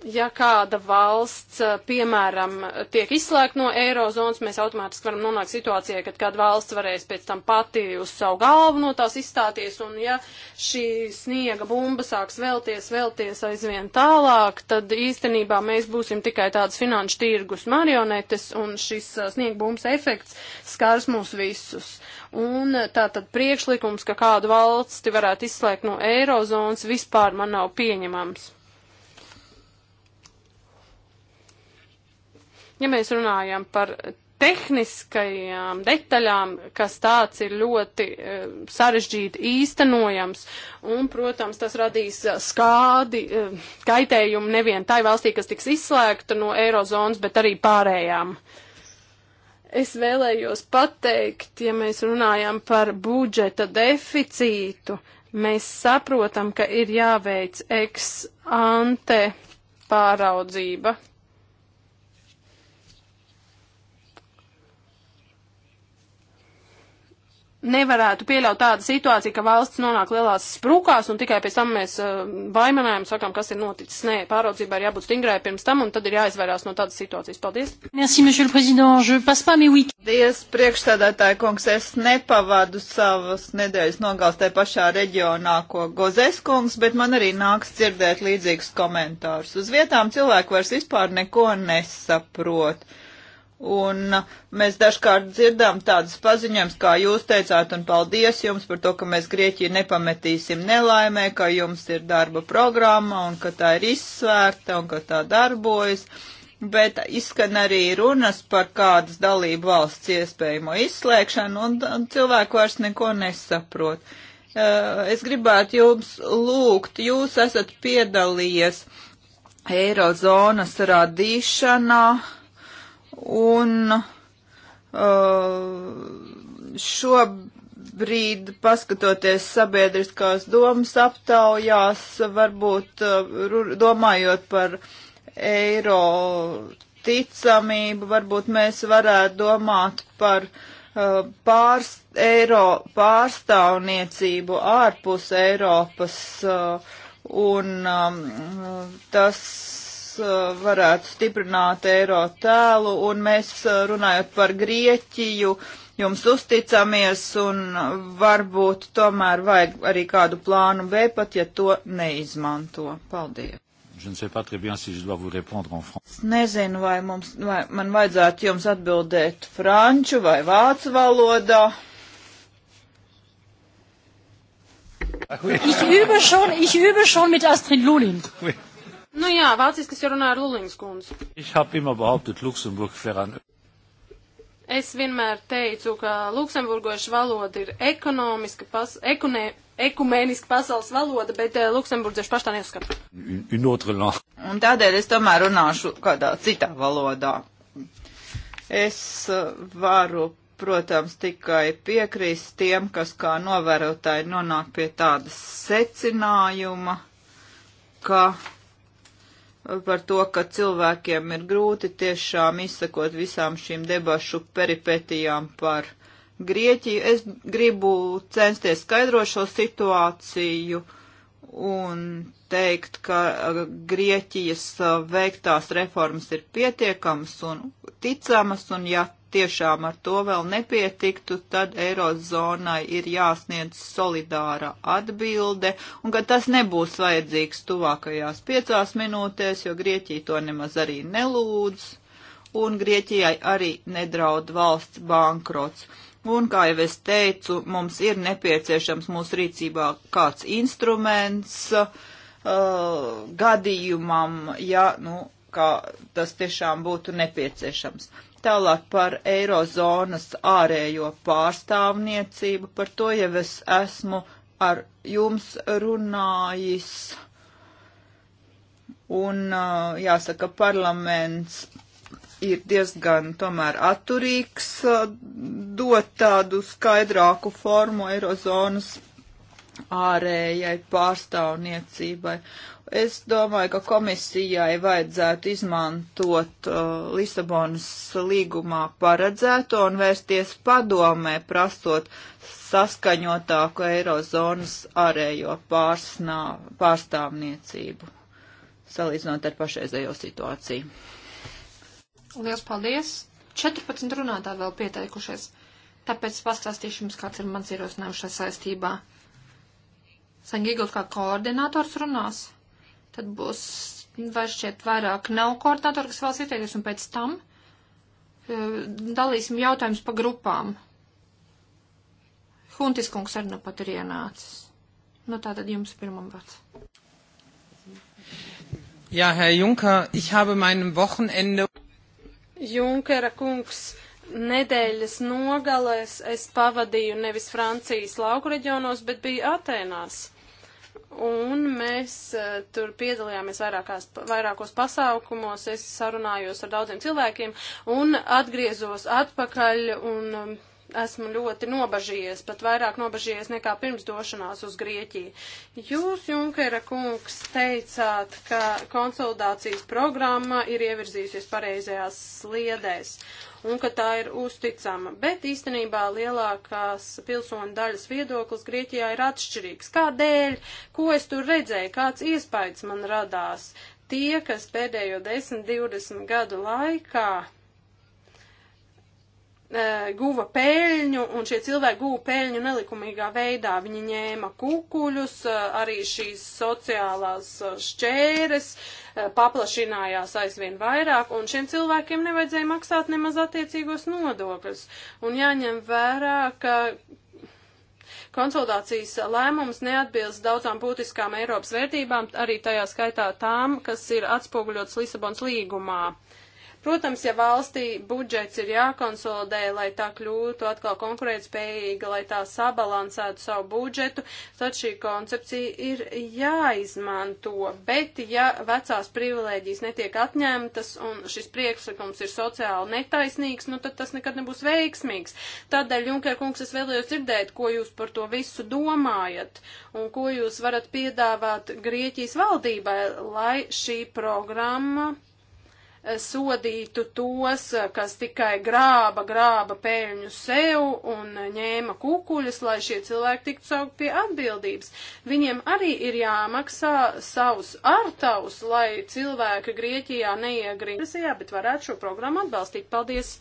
ja kāda valsts, eh, piemēram, tiek izslēgta no eirozonas, mēs automātiski varam nonākt situācijā, kad kāda valsts varēs pēc tam pati uz savu galvu no tās izstāties, un ja šī sniega bumba sāks vēlties, vēlties aizvien tālāk, tad īstenībā mēs būsim tikai tādas finanšu tirgus marionetes, un šis eh, sniega bumbas efekts skars mūs visus. Un eh, tātad priekšlikums, ka kādu valsti varētu izslēgt no eirozonas, vispār man nav pieņemams. Ja mēs runājam par tehniskajām detaļām, kas tāds ir ļoti e, sarežģīti īstenojams, un, protams, tas radīs skādi, e, kaitējumu nevien tai valstī, kas tiks izslēgta no eirozonas, bet arī pārējām. Es vēlējos pateikt, ja mēs runājam par budžeta deficītu, mēs saprotam, ka ir jāveic ex ante pāraudzība, nevarētu pieļaut tādu situāciju, ka valsts nonāk lielās sprūkās un tikai pēc tam mēs uh, eh, baimanājam, sakām, kas ir noticis. Nē, pāraudzībai ir jābūt stingrai pirms tam un tad ir jāizvairās no tādas situācijas. Paldies! Merci, monsieur le président, je passe pas mes week. Paldies, priekšstādātāji kungs, es nepavadu savas nedēļas nogals te pašā reģionā, ko Gozes kungs, bet man arī nāks dzirdēt līdzīgus komentārus. Uz vietām cilvēku vairs vispār neko nesaprot. Un mēs dažkārt dzirdām tādas paziņojums, kā jūs teicāt, un paldies jums par to, ka mēs Grieķiju nepametīsim nelaimē, ka jums ir darba programma un ka tā ir izsvērta un ka tā darbojas. Bet izskan arī runas par kādas dalību valsts iespējamo izslēgšanu, un, un cilvēku vairs neko nesaprot. Eh, es gribētu jums lūgt, jūs esat piedalījies Eirozonas radīšanā Un uh, šobrīd, paskatoties sabiedriskās domas aptaujās, varbūt uh, domājot par eiro ticamību, varbūt mēs varētu domāt par uh, pārst, eiro pārstāvniecību ārpus Eiropas, un um, tas Eh, varētu stiprināt eiro tēlu, un mēs eh, runājot par Grieķiju, jums uzticamies, un varbūt tomēr vajag arī kādu plānu B, pat ja to neizmanto. Paldies! Es nezinu, vai, mums, vai man vajadzētu jums atbildēt franču vai vācu valodā. Ich übe schon, ich übe schon mit Astrid Lulin. Oui. Nu jā, vācijas, kas jau runāja ar Lulings kundzi. Es vienmēr teicu, ka luksemburgošu valoda ir ekonomiska, pas, ekonē, ekumēniska pasaules valoda, bet uh, eh, luksemburdziešu paštā neuzskata. Un tādēļ es tomēr runāšu kādā citā valodā. Es uh, varu protams, tikai piekrīst tiem, kas kā novērotāji nonāk pie tādas secinājuma, ka par to, ka cilvēkiem ir grūti tiešām izsakot visām šīm debašu peripetijām par Grieķiju. Es gribu censties skaidrot šo situāciju un teikt, ka uh, Grieķijas uh, veiktās reformas ir pietiekamas un ticamas, un ja tiešām ar to vēl nepietiktu, tad Eirozonai ir jāsniedz solidāra atbilde, un ka tas nebūs vajadzīgs tuvākajās piecās minūtēs, jo Grieķija to nemaz arī nelūdz, un Grieķijai arī nedraud valsts bankrots. Un, kā jau es teicu, mums ir nepieciešams mūsu rīcībā kāds instruments uh, gadījumam, ja, nu, kā tas tiešām būtu nepieciešams. Tālāk par Eirozonas ārējo pārstāvniecību, par to jau es esmu ar jums runājis. Un uh, jāsaka, parlaments ir diezgan tomēr atturīgs uh, dot tādu skaidrāku formu Eirozonas ārējai pārstāvniecībai. Es domāju, ka komisijai vajadzētu izmantot uh, Lisabonas līgumā paredzēto un vērsties padomē, prasot saskaņotāku Eirozonas ārējo pārsnā, pārstāvniecību, salīdzinot ar pašreizējo situāciju. Lielas paldies! 14 runātā vēl pieteikušies, tāpēc pastāstīšu jums, kāds ir mans ierosinājums šajā saistībā. Sangigot kā koordinators runās, tad būs, vai šķiet, vairāk nav koordinātori, kas vēlas ieteikties, un pēc tam e, dalīsim jautājumus pa grupām. Huntis kungs arī nu pat ir ienācis. Nu tā tad jums pirmam vārds. Jā, Herr Junker, ich habe meinem Wochenende. Junkera kungs, nedēļas nogalēs es pavadīju nevis Francijas lauku reģionos, bet biju Atēnās. Un mēs uh, tur piedalījāmies vairākās, vairākos pasākumos, es sarunājos ar daudziem cilvēkiem un atgriezos atpakaļ un um, esmu ļoti nobažījies, pat vairāk nobažījies nekā pirms došanās uz Grieķiju. Jūs, Junkera kungs, teicāt, ka konsolidācijas programma ir ievirzījusies pareizajās sliedēs. Uh, un ka tā ir uzticama. Bet īstenībā lielākās pilsoņu daļas viedoklis Grieķijā ir atšķirīgs. Kādēļ? Ko es tur redzēju? Kāds iespējas man radās? Tie, kas pēdējo 10-20 gadu laikā E, guva pēļņu, un šie cilvēki guva pēļņu nelikumīgā veidā. Viņi ņēma kukuļus, e, arī šīs sociālās e, šķēres, paplašinājās aizvien vairāk, un šiem cilvēkiem nevajadzēja maksāt nemaz attiecīgos nodokļus. Un jāņem vērā, ka konsultācijas lēmums neatbilst daudzām būtiskām Eiropas vērtībām, arī tajā skaitā tām, kas ir atspoguļotas Lisabons līgumā. Protams, ja valstī budžets ir jākonsolidē, lai tā kļūtu atkal konkurētspējīga, lai tā sabalansētu savu budžetu, tad šī koncepcija ir jāizmanto. Bet, ja vecās privilēģijas netiek atņemtas un šis priekšlikums ir sociāli netaisnīgs, nu tad tas nekad nebūs veiksmīgs. Tādēļ, Junker kungs, es vēlējos dzirdēt, ko jūs par to visu domājat un ko jūs varat piedāvāt Grieķijas valdībai, lai šī programma sodītu tos, kas tikai grāba, grāba pēļņu sev un ņēma kukuļus, lai šie cilvēki tiktu saukt pie atbildības. Viņiem arī ir jāmaksā savus ārtaus, lai cilvēki Grieķijā neiegrīzījā, bet varētu šo programmu atbalstīt. Paldies!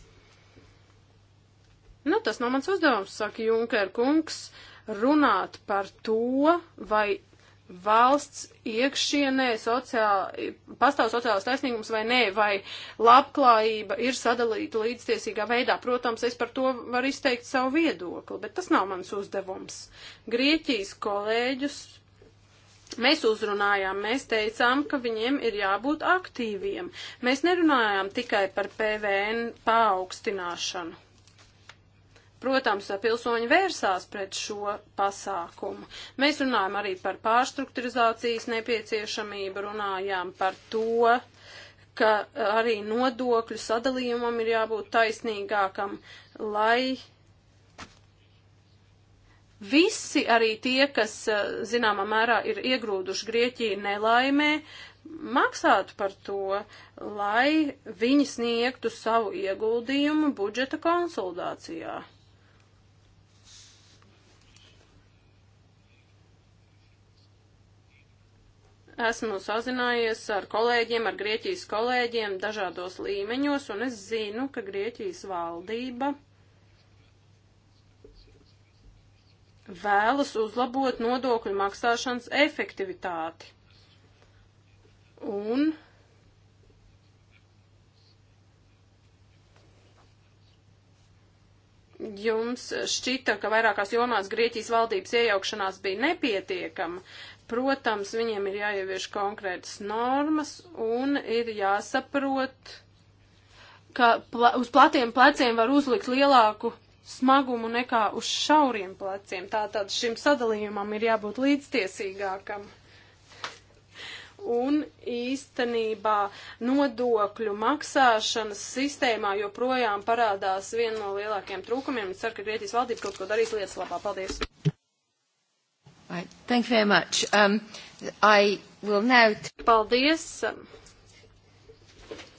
Nu, tas nav mans uzdevums, saka Junker kungs, runāt par to, vai valsts iekšienē sociāli, pastāv sociālās taisnīgums vai nē, vai labklājība ir sadalīta līdztiesīgā veidā. Protams, es par to varu izteikt savu viedokli, bet tas nav mans uzdevums. Grieķijas kolēģus Mēs uzrunājām, mēs teicām, ka viņiem ir jābūt aktīviem. Mēs nerunājām tikai par PVN paaugstināšanu. Protams, pilsoņi vērsās pret šo pasākumu. Mēs runājam arī par pārstrukturizācijas nepieciešamību, runājām par to, ka arī nodokļu sadalījumam ir jābūt taisnīgākam, lai visi, arī tie, kas zināmā mērā ir iegrūduši Grieķiju nelaimē, maksātu par to, lai viņi sniegtu savu ieguldījumu budžeta konsolidācijā. Esmu sazinājies ar kolēģiem, ar Grieķijas kolēģiem dažādos līmeņos, un es zinu, ka Grieķijas valdība vēlas uzlabot nodokļu maksāšanas efektivitāti. Un jums šķita, ka vairākās jomās Grieķijas valdības iejaukšanās bija nepietiekama, Protams, viņiem ir jāievieš konkrētas normas un ir jāsaprot, ka pla uz platiem pleciem var uzlikt lielāku smagumu nekā uz šauriem pleciem. Tātad šim sadalījumam ir jābūt līdztiesīgākam un īstenībā nodokļu maksāšanas sistēmā joprojām parādās viena no lielākajiem trūkumiem. Es ceru, ka Grieķijas valdība kaut ko darīs lietas labā. Paldies! Right. Thank you very much. Um, I will now... Paldies!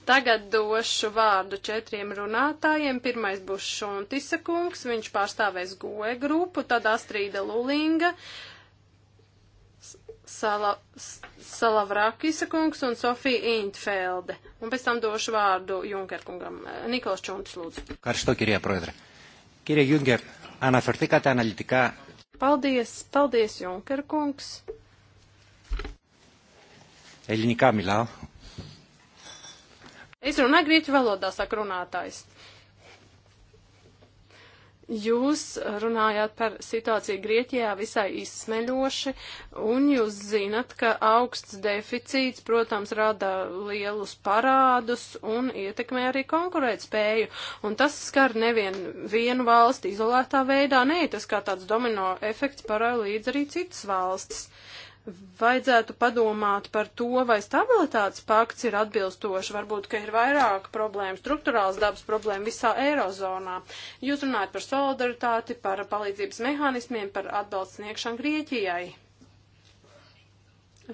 Tagad došu vārdu četriem runātājiem. Pirmais būs Šontisa kungs, viņš pārstāvēs GOE grupu, tad Astrīda Lulinga, Sala, Salavrakisa kungs un Sofija Intfelde. Un pēc tam došu vārdu Junker kungam. Nikolas Čuntis, lūdzu. Karsto, kirie proedre. Kirie Junker, anafερθήκατε αναλυτικά Paldies, paldies, Junker kungs. Eļņikā milā. Es runāju grieķu valodā, saka runātājs. Jūs runājāt par situāciju Grieķijā visai izsmeļoši, un jūs zinat, ka augsts deficīts, protams, rada lielus parādus un ietekmē arī konkurētspēju. Un tas skar nevien vienu valsti izolētā veidā, nē, tas kā tāds domino efekts parāda līdz arī citas valstis. Uh, vajadzētu padomāt par to, vai stabilitātes pakts ir atbilstoši, varbūt, ka ir vairāk problēmu, struktūrāls dabas problēma visā Eirozonā. Jūs runājat par solidaritāti, par palīdzības mehānismiem, par atbalstu sniegšanu Grieķijai.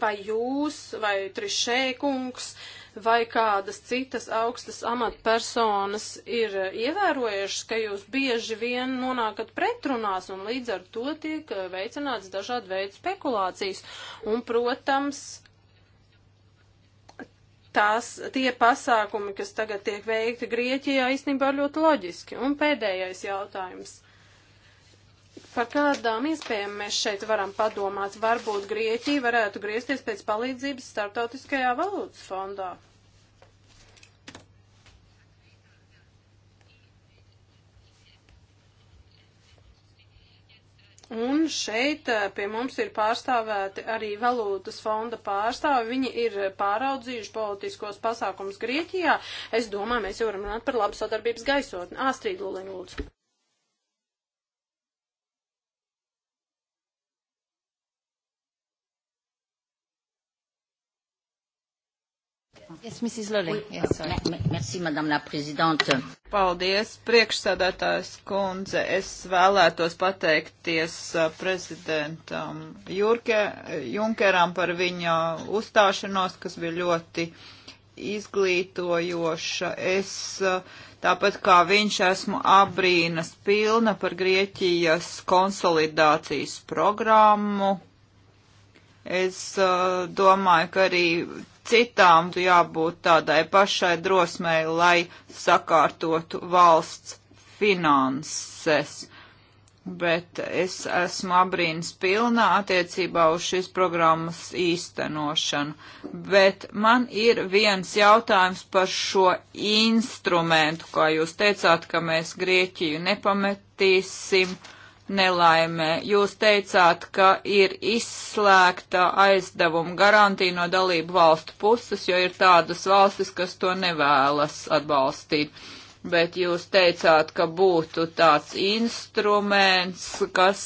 Vai jūs, vai Trišēkungs, uh, vai kādas citas augstas amatpersonas ir ievērojušas, ka jūs bieži vien nonākat pretrunās un līdz ar to tiek eh, veicināts dažādi veidi spekulācijas. Un, protams, tās, tie pasākumi, kas tagad tiek veikti Grieķijā, īstenībā ir ļoti loģiski. Un pēdējais jautājums. Par kādām iespējām mēs šeit varam padomāt? Varbūt Grieķija varētu griezties pēc palīdzības Startautiskajā valūtas fondā. Un šeit eh, pie mums ir pārstāvēti arī valūtas fonda pārstāvi. Viņi ir pāraudzījuši politiskos pasākums Grieķijā. Es domāju, mēs jau varam runāt par labu sadarbības gaisotni. Āstrīd Luliņ, lūdzu. Yes, Mrs. Lulling. Yes, sorry. Merci, Madame la Présidente. Paldies, priekšsēdētājs kundze. Es vēlētos pateikties uh, prezidentam Jurke, Junkeram par viņa uzstāšanos, kas bija ļoti izglītojoša. Es uh, tāpat kā viņš esmu abrīnas pilna par Grieķijas konsolidācijas programmu Es uh, domāju, ka arī citām jābūt tādai pašai drosmei, lai sakārtotu valsts finanses. Bet es esmu abrīns pilnā attiecībā uz šīs programmas īstenošanu. Bet man ir viens jautājums par šo instrumentu, kā jūs teicāt, ka mēs Grieķiju nepametīsim. Uh, nelaimē. Jūs teicāt, ka ir izslēgta aizdevuma garantija no dalību valstu puses, jo ir tādas valstis, kas to nevēlas atbalstīt. Bet jūs teicāt, ka būtu tāds instruments, kas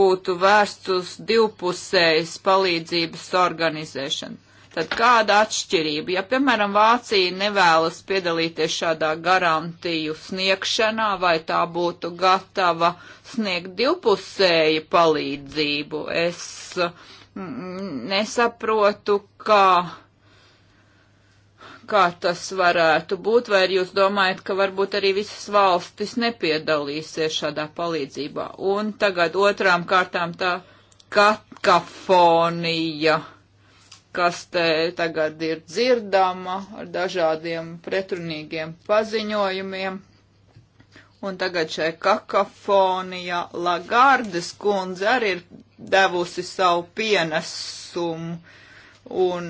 būtu vērsts uz divpusējas palīdzības organizēšanu. Tad kāda atšķirība? Ja, piemēram, Vācija nevēlas piedalīties šādā garantiju sniegšanā, vai tā būtu gatava sniegt divpusēju palīdzību? Es mm, mm, nesaprotu, kā, kā tas varētu būt, vai jūs domājat, ka varbūt arī visas valstis nepiedalīsies šādā palīdzībā. Un tagad otrām kārtām tā katafonija. Ka kas te tagad ir dzirdama ar dažādiem pretrunīgiem paziņojumiem. Un tagad šai kakafonijā Lagardes kundze arī ir devusi savu pienesumu un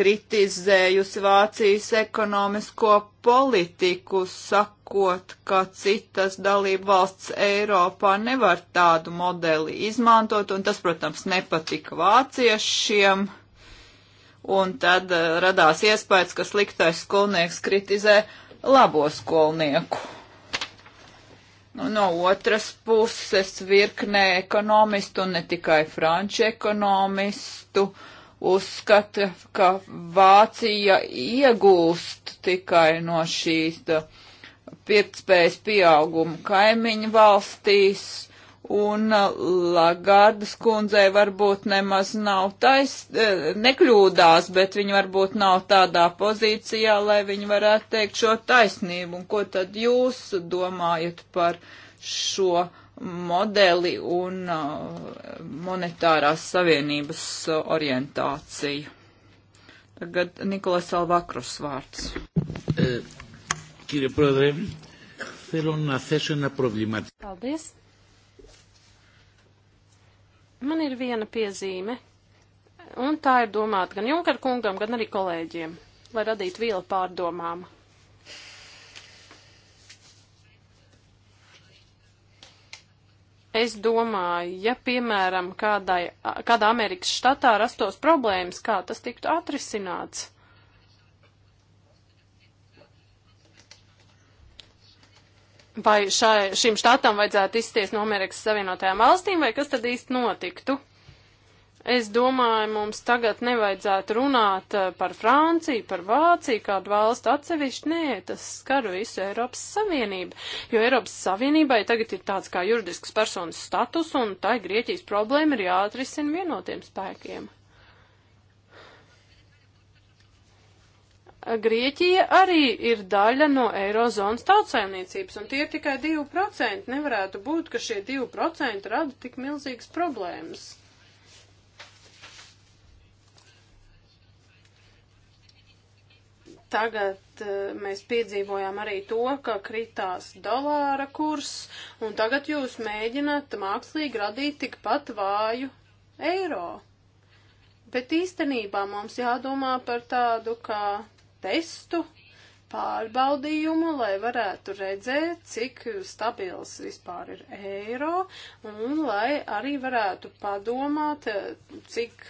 kritizējusi Vācijas ekonomisko politiku, sakot, ka citas dalību valsts Eiropā nevar tādu modeli izmantot, un tas, protams, nepatika vāciešiem un tad uh, radās iespējas, ka sliktais skolnieks kritizē labo skolnieku. Nu, no otras puses virknē ekonomistu, un ne tikai franču ekonomistu, uzskata, ka Vācija iegūst tikai no šīs pirktspējas pieauguma kaimiņu valstīs, un uh, Lagardas kundzei varbūt nemaz nav tais, eh, nekļūdās, bet viņa varbūt nav tādā pozīcijā, lai viņa varētu teikt šo taisnību. Un ko tad jūs domājat par šo modeli un uh, monetārās savienības uh, orientāciju? Tagad Nikolais Alvakrus vārds. Eh, Kīrie Prodre, θέλω να θέσω ένα προβληματικό. Paldies. Man ir viena piezīme, un tā ir domāta gan Junkar kungam, gan arī kolēģiem, lai radītu vielu pārdomām. Es domāju, ja piemēram kādai, kādā Amerikas štatā rastos problēmas, kā tas tiktu atrisināts. vai šai, šim štatam vajadzētu izties no Amerikas Savienotajām valstīm, vai kas tad īsti notiktu? Es domāju, mums tagad nevajadzētu runāt eh, par Franciju, par Vāciju, kādu valstu atsevišķi. Nē, tas skar visu Eiropas Savienību. Jo Eiropas Savienībai tagad ir tāds kā juridisks personas status, un tai Grieķijas problēma ir jāatrisina vienotiem spēkiem. Grieķija arī ir daļa no Eirozonas tautsaimniecības, un tie ir tikai 2%. Nevarētu būt, ka šie 2% rada tik milzīgas problēmas. Tagad eh, mēs piedzīvojām arī to, ka kritās dolāra kurs, un tagad jūs mēģināt mākslīgi radīt tikpat vāju eiro. Bet īstenībā mums jādomā par tādu kā testu pārbaudījumu, lai varētu redzēt, cik stabils vispār ir eiro, un lai arī varētu padomāt, cik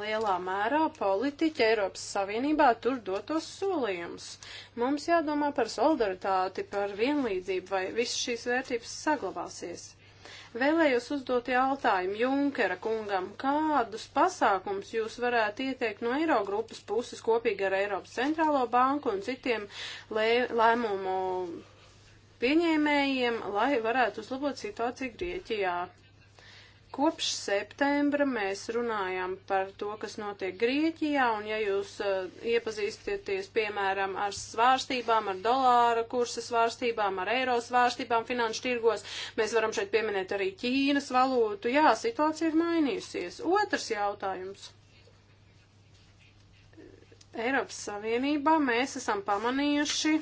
lielā mērā politiķi Eiropas Savienībā tur dotos solījumus. Mums jādomā par solidaritāti, par vienlīdzību, vai viss šīs vērtības saglabāsies. Vēlējos uzdot jautājumu Junkera kungam, kādus pasākums jūs varētu ieteikt no Eirogrupas puses kopīgi ar Eiropas centrālo banku un citiem lēmumu pieņēmējiem, lai varētu uzlabot situāciju Grieķijā. Kopš septembra mēs runājam par to, kas notiek Grieķijā, un ja jūs uh, iepazīstieties, piemēram, ar svārstībām, ar dolāra kursa svārstībām, ar eiro svārstībām finanšu tirgos, mēs varam šeit pieminēt arī Ķīnas valūtu. Jā, situācija ir mainījusies. Otrs jautājums. Eiropas Savienībā mēs esam pamanījuši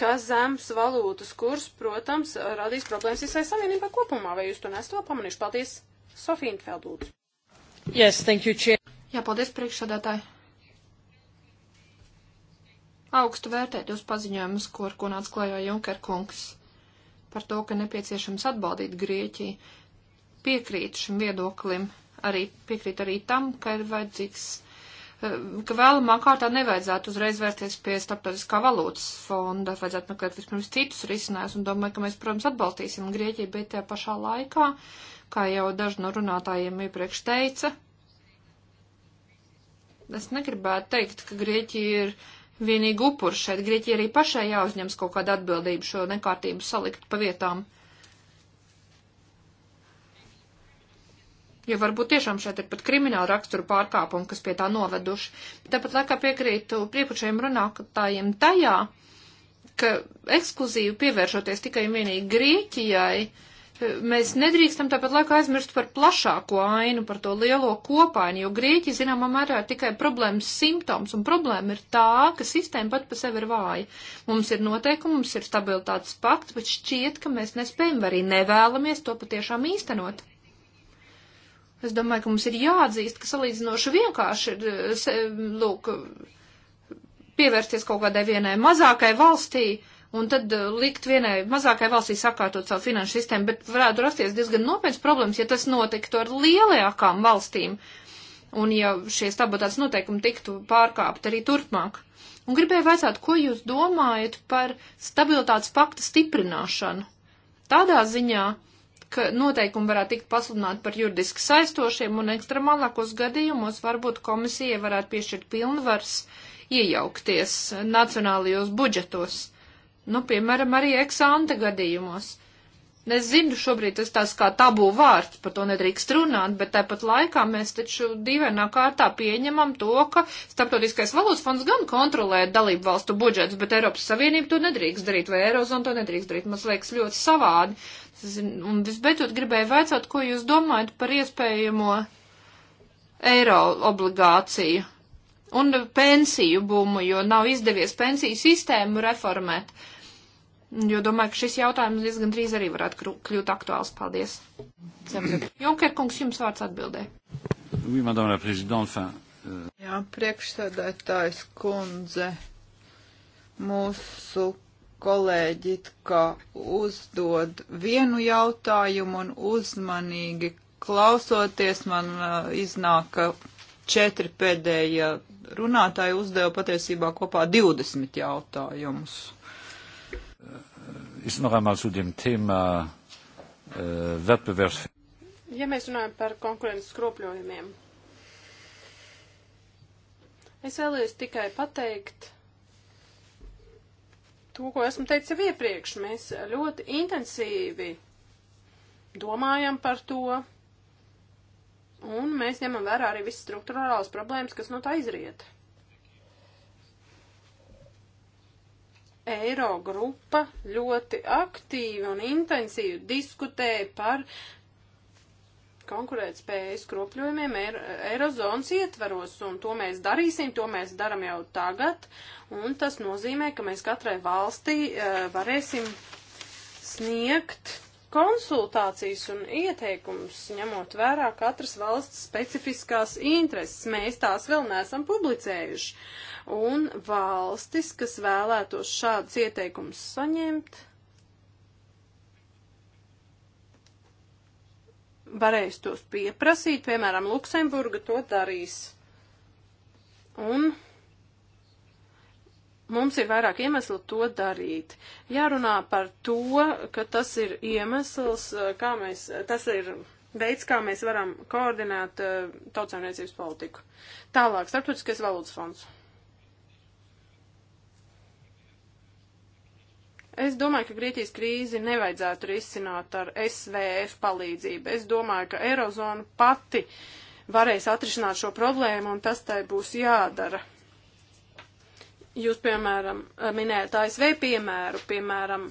ka zems valūtas kurs, protams, radīs problēmas visai savienībā kopumā. Vai jūs to nesat vēl pamanījuši? Paldies, Sofija Intfeldūt. Yes, thank you, Chair. Jā, paldies, priekšsādātāji. Augstu vērtēt jūs paziņojumus, ko ar ko nāc klajā Junker kungs par to, ka nepieciešams atbaldīt Grieķiju. Piekrīt šim viedoklim, arī piekrīt arī tam, ka ir vajadzīgs Eh, ka vēlamā kārtā nevajadzētu uzreiz vērsties pie starptautiskā valūtas fonda, vajadzētu meklēt vispirms citus risinājumus, un domāju, ka mēs, protams, atbalstīsim Grieķiju, bet tajā pašā laikā, kā jau daži no runātājiem iepriekš teica, es negribētu teikt, ka Grieķija ir vienīgi upurs šeit. Grieķija arī pašai jāuzņems kaut kāda atbildība šo nekārtību salikt pa vietām. Uh, jo varbūt tiešām šeit ir pat krimināla rakstura pārkāpumi, kas pie tā noveduši. Bet tāpat laikā piekrītu priekušējiem runātājiem tajā, ka ekskluzīvi pievēršoties tikai un vienīgi Grieķijai, mēs nedrīkstam tāpat laikā aizmirst par plašāko ainu, par to lielo kopainu, jo Grieķi, zināmā mērā, ir tikai problēmas simptoms, un problēma ir tā, ka sistēma pat pa sevi ir vāja. Mums ir noteikumi, mums ir stabilitātes pakts, bet šķiet, ka mēs nespējam, arī nevēlamies to patiešām īstenot. Es domāju, ka mums ir jāatzīst, ka salīdzinoši vienkārši ir, eh, lūk, pievērsties kaut kādai vienai mazākai valstī un tad eh, likt vienai mazākai valstī sakārtot savu finanšu sistēmu, bet varētu rasties diezgan nopietnas problēmas, ja tas notiktu ar lielākām valstīm un ja šie stabilitātes noteikumi tiktu pārkāpt arī turpmāk. Un gribēju vaicāt, ko jūs domājat par stabilitātes pakta stiprināšanu? Tādā ziņā, ka noteikumi varētu tikt pasludināti par juridiski saistošiem, un ekstremālākos gadījumos varbūt komisija varētu piešķirt pilnvars iejaukties nacionālajos budžetos. Nu, piemēram, arī eksānta gadījumos. Uh, Es zinu, šobrīd tas tās kā tabū vārds, par to nedrīkst runāt, bet tāpat laikā mēs taču dīvainā kārtā pieņemam to, ka Starptautiskais valūtas fonds gan kontrolē dalību valstu budžets, bet Eiropas Savienība to nedrīkst darīt, vai Eirozona to nedrīkst darīt. Man liekas ļoti savādi. Un visbeidzot gribēju vaicāt, ko jūs domājat par iespējamo eiro obligāciju un pensiju bumu, jo nav izdevies pensiju sistēmu reformēt. Uh, jo domāju, ka šis jautājums diezgan drīz arī varētu kļūt aktuāls. Paldies. Junker kungs, jums vārds atbildē. Oui, madame la présidente, enfin. Euh... Jā, priekšsēdētājs kundze, mūsu kolēģi, ka uzdod vienu jautājumu un uzmanīgi klausoties, man uh, iznāk, ka četri pēdējie runātāji uzdeva patiesībā kopā 20 jautājumus ist noch einmal zu dem Thema äh, Wettbewerbsfähigkeit. Ja mēs runājam par konkurences skropļojumiem, es vēlējos tikai pateikt to, ko esmu teicis jau iepriekš. Mēs ļoti intensīvi domājam par to, un mēs ņemam vērā arī visas struktūrālās problēmas, kas no tā izriet. eiro grupa ļoti aktīvi un intensīvi diskutēja par konkurētspējas kropļojumiem Eirozonas ietvaros, un to mēs darīsim, to mēs daram jau tagad, un tas nozīmē, ka mēs katrai valstī uh, varēsim sniegt konsultācijas un ieteikumus, ņemot vērā katras valsts specifiskās intereses. Mēs tās vēl neesam publicējuši. Uh, Un valstis, kas vēlētos šādus ieteikumus saņemt, varēs tos pieprasīt, piemēram, Luksemburga to darīs. Un mums ir vairāk iemeslu to darīt. Jārunā par to, ka tas ir iemesls, eh, kā mēs, tas ir veids, kā mēs varam koordinēt uh, tautsēmniecības politiku. Tālāk, starptautiskais valūtas fonds. Es domāju, ka Grieķijas krīzi nevajadzētu risināt ar SVF palīdzību. Es domāju, ka Eirozona pati varēs atrisināt šo problēmu un tas tai būs jādara. Jūs, piemēram, minējat ASV piemēru, piemēram,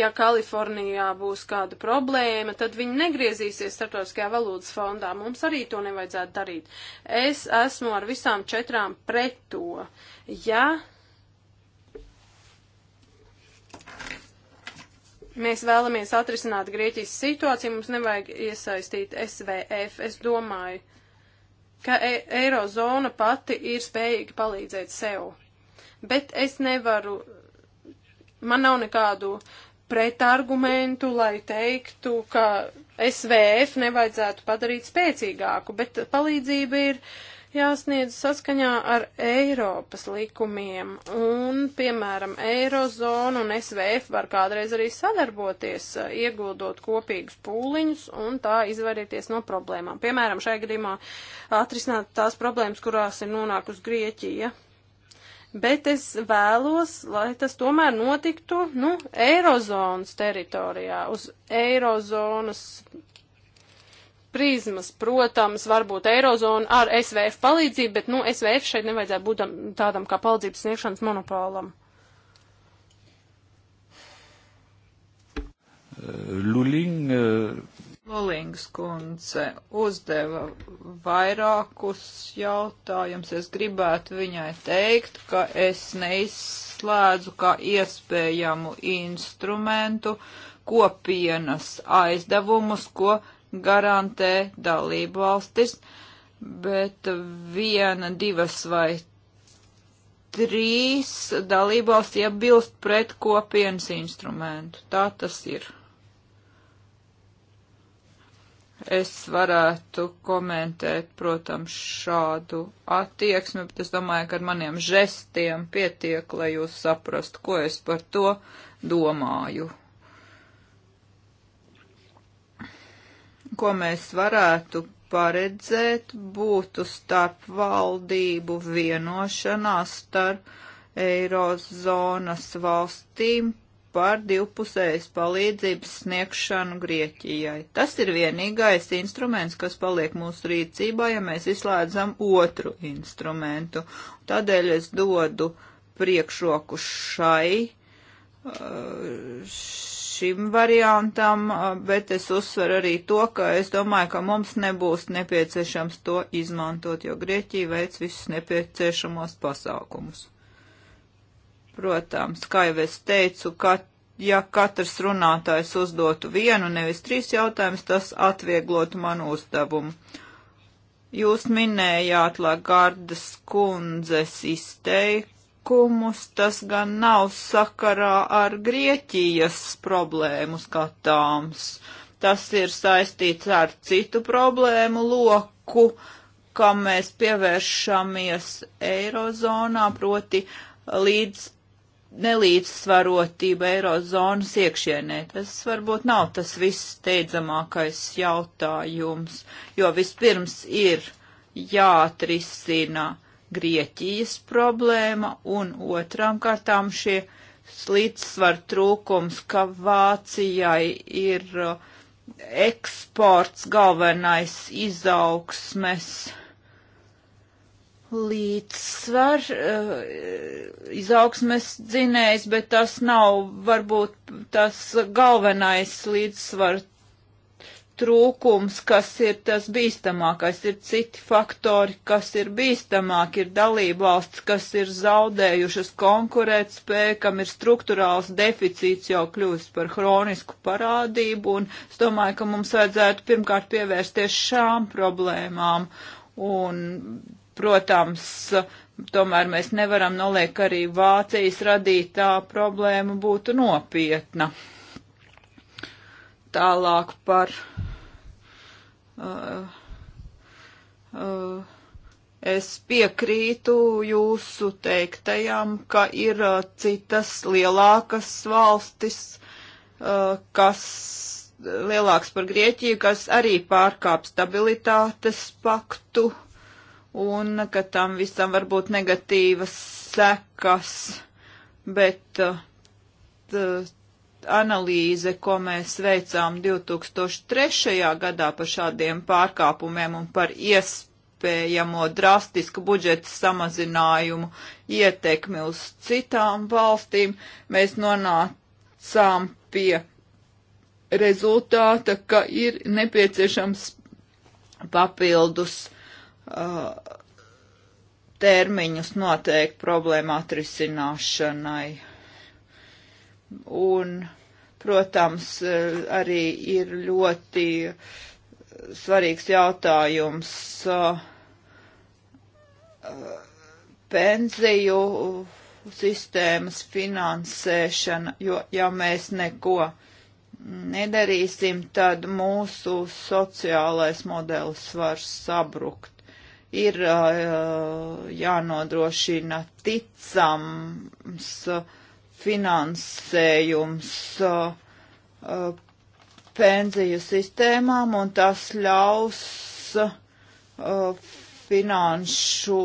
ja Kalifornijā būs kāda problēma, tad viņi negriezīsies starptautiskajā valūtas fondā. Mums arī to nevajadzētu darīt. Es esmu ar visām četrām pret to. Ja mēs vēlamies atrisināt Grieķijas situāciju, mums nevajag iesaistīt SVF. Es domāju, ka e Eirozona pati ir spējīga palīdzēt sev. Bet es nevaru, man nav nekādu pretargumentu, lai teiktu, ka SVF nevajadzētu padarīt spēcīgāku, bet palīdzība ir. Uh, jāsniedz saskaņā ar Eiropas likumiem, un, piemēram, Eirozona un SVF var kādreiz arī sadarboties, eh, ieguldot kopīgus pūliņus un tā izvairīties no problēmām. Piemēram, šajā gadījumā atrisināt tās problēmas, kurās ir nonākusi Grieķija bet es vēlos, lai tas tomēr notiktu, nu, Eirozonas teritorijā, uz Eirozonas prizmas. Protams, varbūt Eirozona ar SVF palīdzību, bet, nu, SVF šeit nevajadzētu būt tādam kā palīdzības sniegšanas monopolam. Eh, Luling. Eh, Lulings kundze uzdeva vairākus jautājumus. Es gribētu viņai teikt, ka es neizslēdzu kā iespējamu instrumentu kopienas aizdevumus, ko garantē dalību valstis, bet viena, divas vai trīs dalību valsts iebilst pret kopienas instrumentu. Tā tas ir. Es varētu komentēt, protams, šādu attieksmi, bet es domāju, ka ar maniem žestiem pietiek, lai jūs saprastu, ko es par to domāju. ko mēs varētu paredzēt, būtu starp valdību vienošanās starp Eirozonas valstīm par divpusējas palīdzības sniegšanu Grieķijai. Tas ir vienīgais instruments, kas paliek mūsu rīcībā, ja mēs izslēdzam otru instrumentu. Tādēļ es dodu priekšroku šai, š uh, šim variantam, bet es uzsveru arī to, ka es domāju, ka mums nebūs nepieciešams to izmantot, jo Grieķija veic visus nepieciešamos pasākumus. Protams, kā jau es teicu, ka, ja katrs runātājs uzdotu vienu, nevis trīs jautājumus, tas atvieglotu manu uzdevumu. Jūs minējāt Lagardas kundzes izteikumu likumus, tas gan nav sakarā ar Grieķijas problēmu skatāms. Tas ir saistīts ar citu problēmu loku, kam mēs pievēršamies Eirozonā, proti līdz nelīdzsvarotība Eirozonas iekšienē. Tas varbūt nav tas viss steidzamākais jautājums, jo vispirms ir jāatrisina Grieķijas problēma, un otrām kārtām šie līdzsvar trūkums, ka Vācijai ir uh, eksports galvenais izaugsmes līdzsvar, uh, izaugsmes dzinējs, bet tas nav varbūt tas galvenais līdzsvar trūkums, kas ir tas bīstamākais, ir citi faktori, kas ir bīstamāk, ir dalībvalsts, kas ir zaudējušas konkurēt spēju, kam ir struktūrāls deficīts jau kļūst par hronisku parādību, un es domāju, ka mums vajadzētu pirmkārt pievērsties šām problēmām, un, protams, tomēr mēs nevaram noliek arī Vācijas radītā problēma būtu nopietna. Tālāk par Uh, uh, Es piekrītu jūsu teiktajam, ka ir eh, citas lielākas valstis, kas lielāks par Grieķiju, kas arī pārkāp stabilitātes paktu un ka tam visam var būt negatīvas sekas, bet t, analīze, ko mēs veicām 2003. gadā par šādiem pārkāpumiem un par iespējamo drastisku budžeta samazinājumu ietekmi uz citām valstīm, mēs nonācām pie rezultāta, ka ir nepieciešams papildus uh, termiņus noteikti problēma atrisināšanai. Un Protams, eh, arī ir ļoti svarīgs jautājums eh, pensiju sistēmas finansēšana, jo ja mēs neko nedarīsim, tad mūsu sociālais modelis var sabrukt. Ir uh, jānodrošina ticams uh, finansējums pensiju sistēmām, un tas ļaus finanšu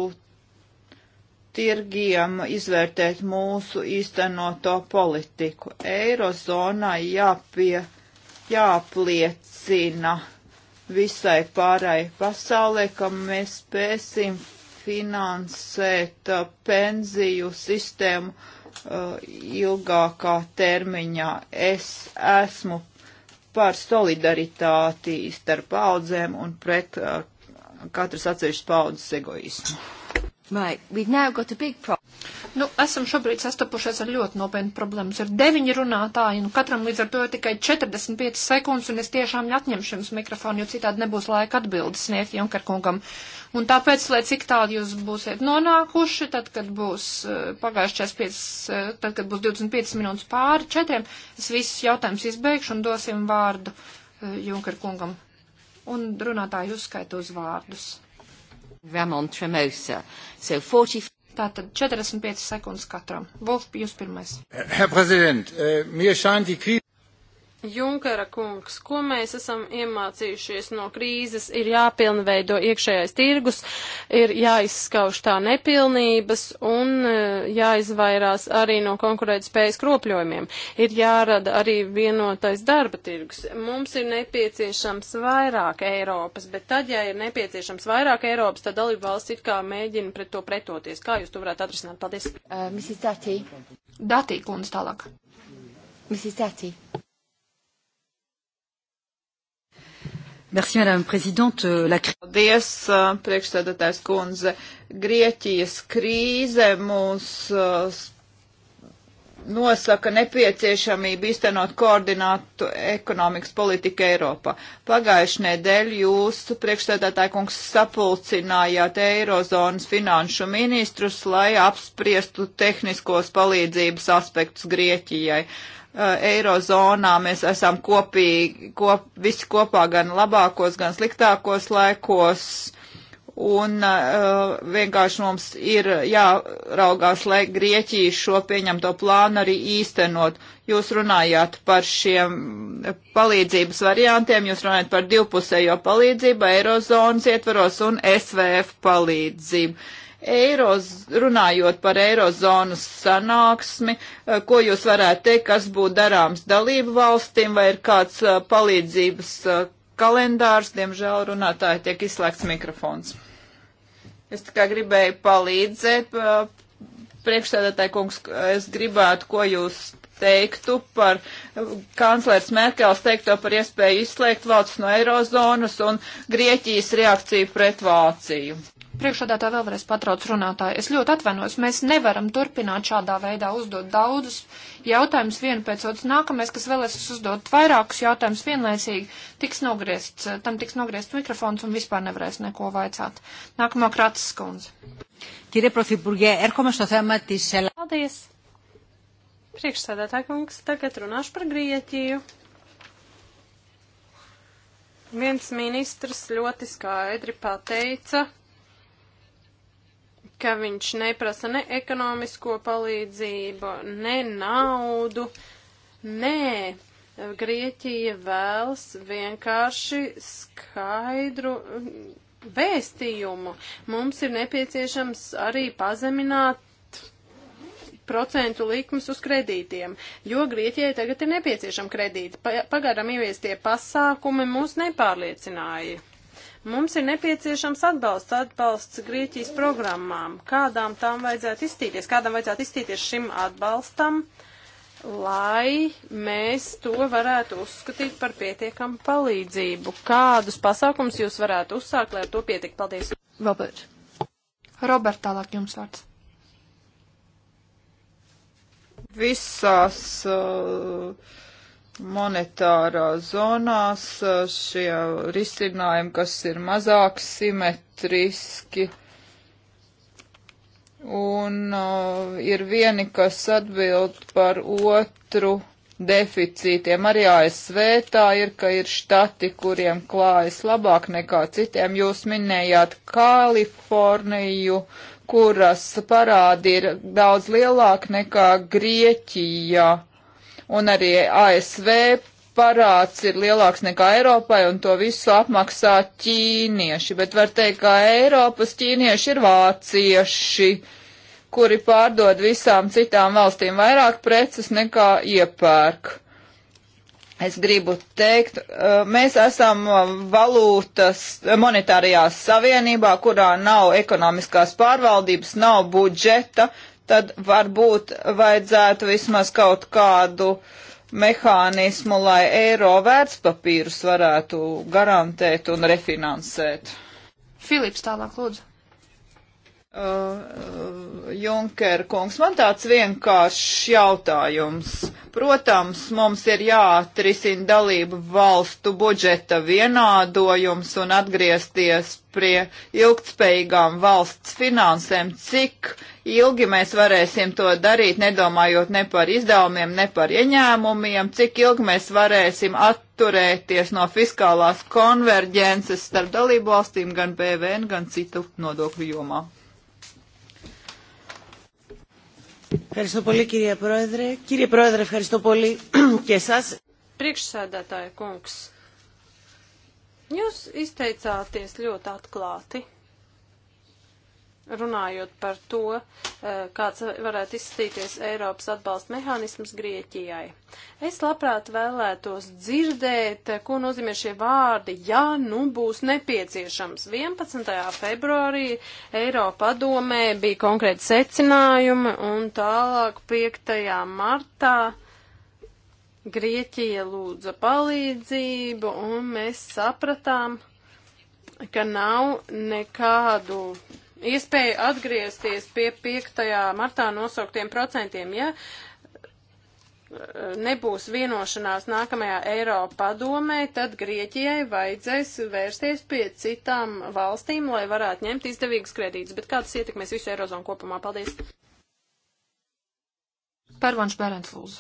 tirgiem izvērtēt mūsu īstenoto politiku. Eirozonai jāpie, jāpliecina visai pārai pasaulē, ka mēs spēsim finansēt pensiju sistēmu Uh, ilgākā termiņā. Es esmu par solidaritāti starp paudzēm un pret uh, katras atsevišķas paudzes egoismu. Right, we've now got a big problem. Nu, esam šobrīd sastapušies ar ļoti nopietnu problēmu. Ir deviņi runātāji, un nu, katram līdz ar to ir tikai 45 sekundes, un es tiešām atņemšu jums mikrofonu, jo citādi nebūs laika atbildes sniegt Junkerkungam. Un tāpēc, lai cik tālu jūs būsiet nonākuši, tad, kad būs eh, pagājuši 45, eh, tad, kad būs 25 minūtes pāri četriem, es visus jautājumus izbeigšu un dosim vārdu eh, Junker kungam. Un runātāju uzskaitu uz vārdus. Ramon Tremosa. So 40... Tātad 45 sekundes katram. Wolf, jūs pirmais. Herr Präsident, äh, mir scheint die krīze. Junkara kungs, ko mēs esam iemācījušies no krīzes, ir jāpilnveido iekšējais tirgus, ir jāizskauž tā nepilnības un e, jāizvairās arī no konkurētspējas kropļojumiem. Ir jārada arī vienotais darba tirgus. Mums ir nepieciešams vairāk Eiropas, bet tad, ja ir nepieciešams vairāk Eiropas, tad dalība valsts it kā mēģina pret to pretoties. Kā jūs to varētu atrisināt? Paldies. Uh, Mrs. Dati. Dati, kundze, tālāk. Mrs. Dati. Merci, Madame Présidente. Euh, la... Paldies, priekšsēdētājs kundze. Grieķijas krīze mūs nosaka nepieciešamību īstenot koordinātu ekonomikas politiku Eiropā. Pagājuši nedēļ jūs, priekšstādātāji kungs, sapulcinājāt Eirozonas finanšu ministrus, lai apspriestu tehniskos palīdzības aspektus Grieķijai. Uh, Eh, Eirozonā mēs esam kopīgi, kop, visi kopā gan labākos, gan sliktākos laikos. Un uh, vienkārši mums ir jāraugās, lai Grieķija šo pieņemto plānu arī īstenot. Jūs runājāt par šiem palīdzības variantiem, jūs runājat par divpusējo palīdzību, Eirozonas ietvaros un SVF palīdzību. Eiroz, runājot par Eirozonas sanāksmi, eh, ko jūs varētu teikt, kas būtu darāms dalību valstīm, vai ir kāds eh, palīdzības eh, kalendārs, diemžēl runātāji tiek izslēgts mikrofons. Es tikai gribēju palīdzēt, priekšsēdētāji kungs, es gribētu, ko jūs teiktu par kanclers Merkels teikto par iespēju izslēgt Vācu no Eirozonas un Grieķijas reakciju pret Vāciju. Priekšādātā vēlreiz patrauc runātāji. Es ļoti atvainojos, mēs nevaram turpināt šādā veidā uzdot daudzus jautājumus vienu pēc otras. Nākamais, kas vēlēsies uzdot vairākus jautājumus vienlaicīgi, tiks nogriezts, tam tiks nogriezts mikrofons un vispār nevarēs neko vaicāt. Nākamā kratas skundze. Paldies! Priekšsēdētāj kungs, tagad runāšu par Grieķiju. Viens ministrs ļoti skaidri pateica, ka viņš neprasa ne ekonomisko palīdzību, ne naudu. Nē, Grieķija vēlas vienkārši skaidru vēstījumu. Mums ir nepieciešams arī pazemināt procentu likmes uz kredītiem, jo Grieķijai tagad ir nepieciešama kredīta. Pagaidām ieviestie pasākumi mūs nepārliecināja. Mums ir nepieciešams atbalsts, atbalsts Grieķijas programmām. Kādām tām vajadzētu izstīties? Kādām vajadzētu izstīties šim atbalstam, lai mēs to varētu uzskatīt par pietiekamu palīdzību? Kādus pasākums jūs varētu uzsākt, lai ar to pietiek? Paldies! Robert. Robert, tālāk jums vārds visās uh, monetārā zonās šie risinājumi, kas ir mazāk simetriski, un uh, ir vieni, kas atbild par otru deficītiem. Arī ASV tā ir, ka ir štati, kuriem klājas labāk nekā citiem. Jūs minējāt Kaliforniju, kuras parādi ir daudz lielāk nekā Grieķija un arī ASV parāds ir lielāks nekā Eiropai, un to visu apmaksā ķīnieši. Bet var teikt, ka Eiropas ķīnieši ir vācieši, kuri pārdod visām citām valstīm vairāk preces nekā iepērk. Es gribu teikt, eh, mēs esam valūtas eh, monetārajā savienībā, kurā nav ekonomiskās pārvaldības, nav budžeta, tad varbūt vajadzētu vismaz kaut kādu mehānismu, lai eiro vērtspapīrus varētu garantēt un refinansēt. Filips tālāk lūdzu. Uh, uh, Junker kungs, man tāds vienkāršs jautājums. Protams, mums ir jāatrisina dalību valstu budžeta vienādojums un atgriezties prie ilgtspējīgām valsts finansēm, cik ilgi mēs varēsim to darīt, nedomājot ne par izdevumiem, ne par ieņēmumiem, cik ilgi mēs varēsim atturēties no fiskālās konverģences starp dalību valstīm gan PVN, gan citu nodokļu jomā. Ευχαριστώ πολύ κύριε Πρόεδρε. Κύριε Πρόεδρε, ευχαριστώ πολύ και εσάς. Priekšsēdētāja kungs, jūs izteicāties ļoti atklāti runājot par to, eh, kāds varētu izskatīties Eiropas atbalsta mehānisms Grieķijai. Es labprāt vēlētos dzirdēt, eh, ko nozīmē šie vārdi, ja nu būs nepieciešams. 11. februārī Eiropa padomē bija konkrēti secinājumi un tālāk 5. martā. Grieķija lūdza palīdzību un mēs sapratām, ka nav nekādu iespēja atgriezties pie 5. martā nosauktiem procentiem, ja e, nebūs vienošanās nākamajā Eiropa padomē, tad Grieķijai vajadzēs vērsties pie citām valstīm, lai varētu ņemt izdevīgas kredītas. Bet kā tas ietekmēs visu Eirozonu kopumā? Paldies! Pervanš Berentfūz.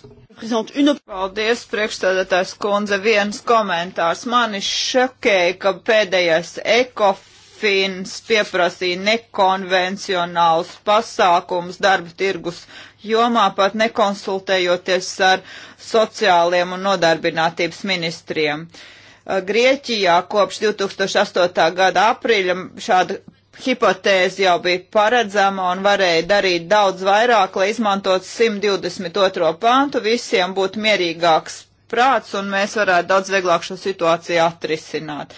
Paldies, priekšstādātājs kundze. Viens komentārs. Mani šokēja, ka pēdējais ekof Ekofins pieprasīja nekonvencionāls pasākums darba tirgus jomā, pat nekonsultējoties ar sociāliem un nodarbinātības ministriem. Grieķijā kopš 2008. gada aprīļa šāda hipotēze jau bija paredzama un varēja darīt daudz vairāk, lai izmantot 122. pantu, visiem būtu mierīgāks prāts un mēs varētu daudz vieglāk šo situāciju atrisināt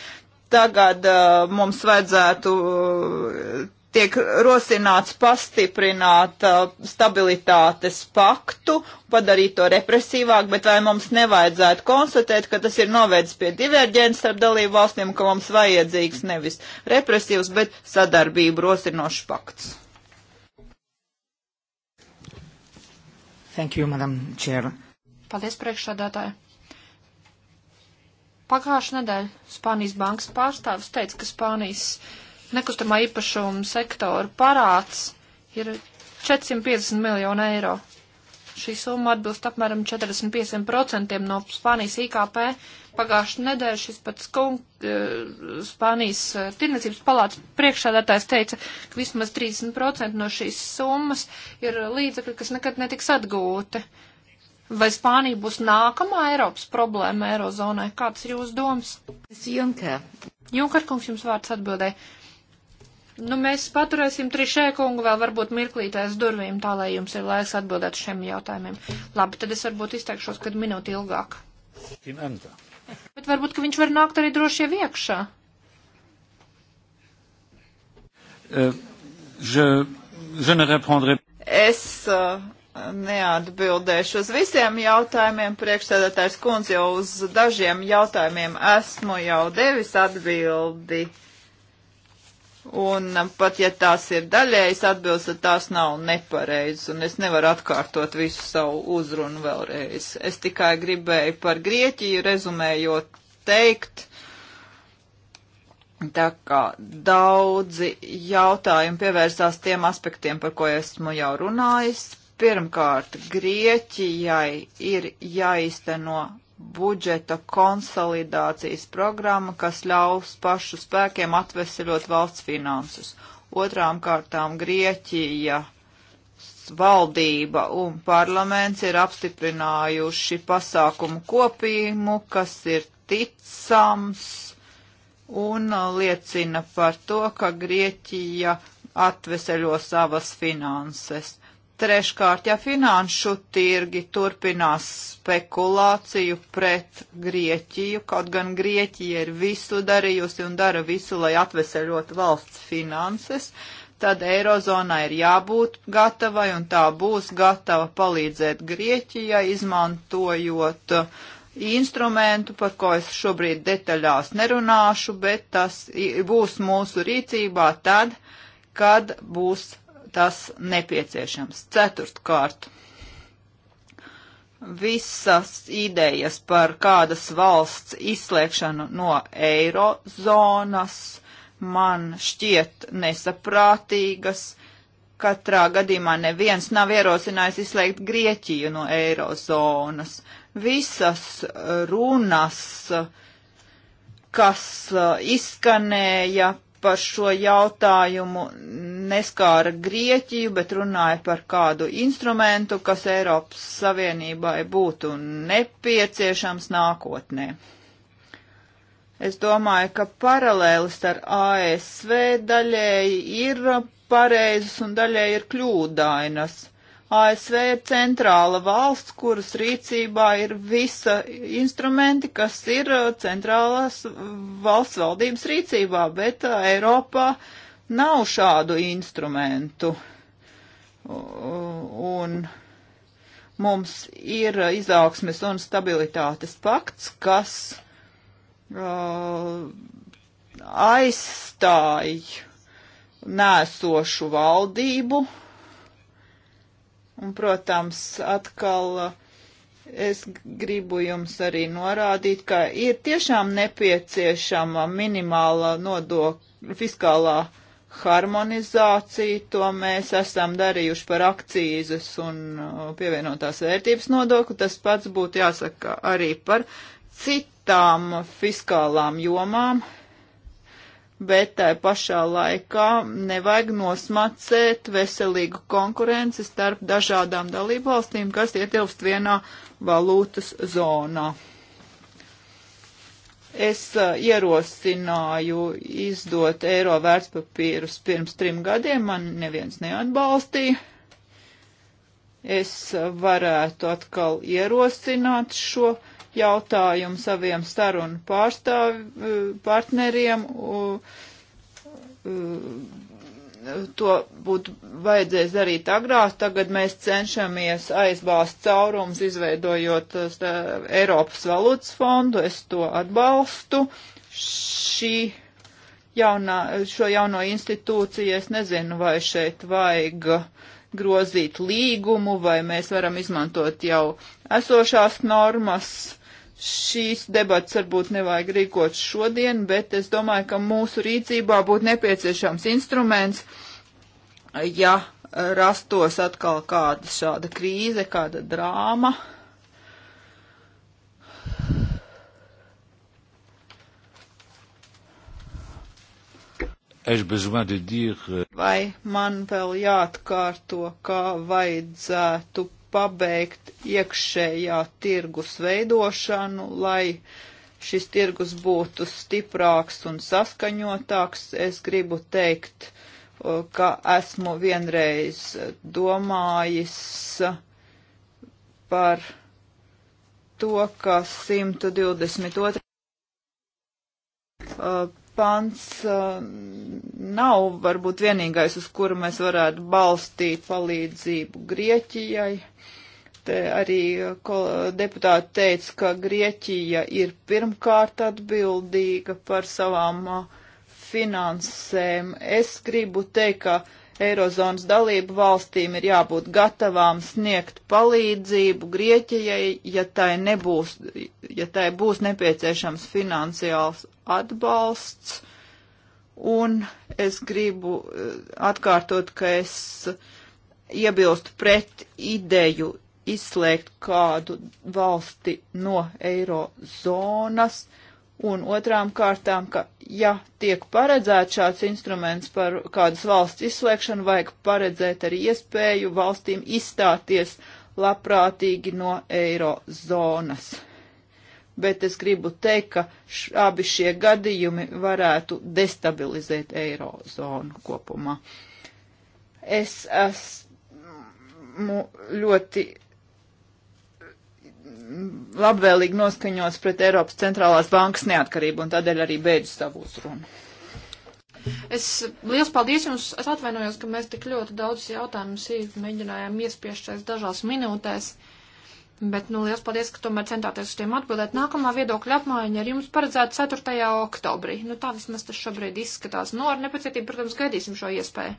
tagad uh, mums vajadzētu uh, tiek rosināts pastiprināt uh, stabilitātes paktu, padarīt to represīvāk, bet vai mums nevajadzētu konstatēt, ka tas ir novēdz pie diverģences starp dalību valstīm, ka mums vajadzīgs nevis represīvs, bet sadarbību rosinošs pakts? Thank you, Madam Chair. Paldies, priekšsādātāji. Pagājušā nedēļa Spānijas bankas pārstāvis teica, ka Spānijas nekustamā īpašuma sektora parāds ir 450 miljonu eiro. Šī summa atbilst apmēram 45% no Spānijas IKP. Pagājušā nedēļa šis pats kung, e, Spānijas e, tirnacības palāts priekšsādātājs teica, ka vismaz 30% no šīs summas ir līdzekļi, kas nekad netiks atgūti. Uh, Vai Spānija būs nākamā Eiropas problēma Eirozonai? Kāds ir jūsu domas? Junker. Junker kungs jums vārds atbildēja. Nu, mēs paturēsim trišē kungu vēl varbūt mirklītēs durvīm, tā lai jums ir laiks atbildēt šiem jautājumiem. Labi, tad es varbūt izteikšos, kad minūti ilgāk. Finanta. Bet varbūt, ka viņš var nākt arī droši jau iekšā. Uh, je, je ne répondrai. Es uh, neatbildēšu uz visiem jautājumiem. Priekšsēdētājs kundze jau uz dažiem jautājumiem esmu jau devis atbildi. Un pat ja tās ir daļējas atbildes, tad tās nav nepareizas, un es nevaru atkārtot visu savu uzrunu vēlreiz. Es tikai gribēju par Grieķiju rezumējot teikt, tā kā daudzi jautājumi pievērsās tiem aspektiem, par ko esmu jau runājis, Pirmkārt, Grieķijai ir jāizteno budžeta konsolidācijas programma, kas ļaus pašu spēkiem atveseļot valsts finanses. Otrām kārtām Grieķija valdība un parlaments ir apstiprinājuši pasākumu kopīmu, kas ir ticams un liecina par to, ka Grieķija atveseļo savas finanses. Treškārt, ja finanšu tirgi turpinās spekulāciju pret Grieķiju, kaut gan Grieķija ir visu darījusi un dara visu, lai atveseļot valsts finanses, tad Eirozonai ir jābūt gatavai un tā būs gatava palīdzēt Grieķijai, izmantojot uh, instrumentu, par ko es šobrīd detaļās nerunāšu, bet tas būs mūsu rīcībā tad, kad būs tas nepieciešams. Ceturtkārt, visas idejas par kādas valsts izslēgšanu no eirozonas man šķiet nesaprātīgas. Katrā gadījumā neviens nav ierosinājis izslēgt Grieķiju no eirozonas. Visas runas, kas uh, izskanēja par šo jautājumu neskāra Grieķiju, bet runāja par kādu instrumentu, kas Eiropas Savienībai būtu nepieciešams nākotnē. Es domāju, ka paralēlis ar ASV daļēji ir pareizas un daļēji ir kļūdainas. ASV ir centrāla valsts, kuras rīcībā ir visa instrumenti, kas ir uh, centrālās valsts valdības rīcībā, bet uh, Eiropā nav šādu instrumentu. Un mums ir uh, izaugsmes un stabilitātes pakts, kas uh, aizstāj nēsošu valdību, uh, Un, protams, atkal eh, es gribu jums arī norādīt, ka ir tiešām nepieciešama minimāla nodokļa fiskālā harmonizācija, to mēs esam darījuši par akcijas un eh, pievienotās vērtības nodokli. Tas pats būtu jāsaka arī par citām fiskālām jomām, bet tai pašā laikā nevajag nosmacēt veselīgu konkurenci starp dažādām dalībvalstīm, kas ietilpst vienā valūtas zonā. Es uh, ierosināju izdot eiro vērtspapīrus pirms trim gadiem, man neviens neatbalstīja. Es uh, varētu atkal ierosināt šo. Uh, jautājumu saviem sarunu pārstāvi, eh, partneriem. Eh, to būtu vajadzēs darīt agrāk, tagad mēs cenšamies aizbāzt caurums, izveidojot eh, Eiropas valūtas fondu, es to atbalstu. Šī jaunā, šo jauno institūciju, es nezinu, vai šeit vajag grozīt līgumu, vai mēs varam izmantot jau esošās normas šīs debats varbūt nevajag rīkot šodien, bet es domāju, ka mūsu rīcībā būtu nepieciešams instruments, ja rastos atkal kāda šāda krīze, kāda drāma. Euh, Vai man vēl jāatkārto, kā vajadzētu pabeigt iekšējā tirgus veidošanu, lai šis tirgus būtu stiprāks un saskaņotāks. Es gribu teikt, uh, ka esmu vienreiz domājis par to, ka 122 pants uh, nav varbūt vienīgais, uz kuru mēs varētu balstīt palīdzību Grieķijai. Te arī uh, deputāti teica, ka Grieķija ir pirmkārt atbildīga par savām uh, finansēm. Es gribu teikt, ka Eirozonas dalību valstīm ir jābūt gatavām sniegt palīdzību Grieķijai, ja tai, nebūs, ja tai būs nepieciešams finansiāls atbalsts, un es gribu eh, atkārtot, ka es iebilstu pret ideju izslēgt kādu valsti no eirozonas, un otrām kārtām, ka, ja tiek paredzēts šāds instruments par kādas valsts izslēgšanu, vajag paredzēt arī iespēju valstīm izstāties labprātīgi no eirozonas bet es gribu teikt, ka š, abi šie gadījumi varētu destabilizēt eirozonu kopumā. Es esmu ļoti labvēlīgi noskaņots pret Eiropas centrālās bankas neatkarību un tādēļ arī beidzu savu uzrunu. Es liels paldies jums, es atvainojos, ka mēs tik ļoti daudz jautājumus mēģinājām iespiešties dažās minūtēs. Uh, Bet, nu, liels paldies, ka tomēr centāties uz tiem atbildēt. Nākamā viedokļa apmaiņa ar jums paredzēta 4. oktobrī. Nu, tā vismaz tas šobrīd izskatās. Nu, ar nepacietību, protams, gaidīsim šo iespēju.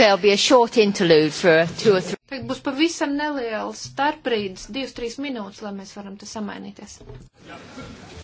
There'll be a short interlude for two or three. Tagad būs pavisam neliels starprīdis, 2-3 minūtes, lai mēs varam te samainīties. Yeah.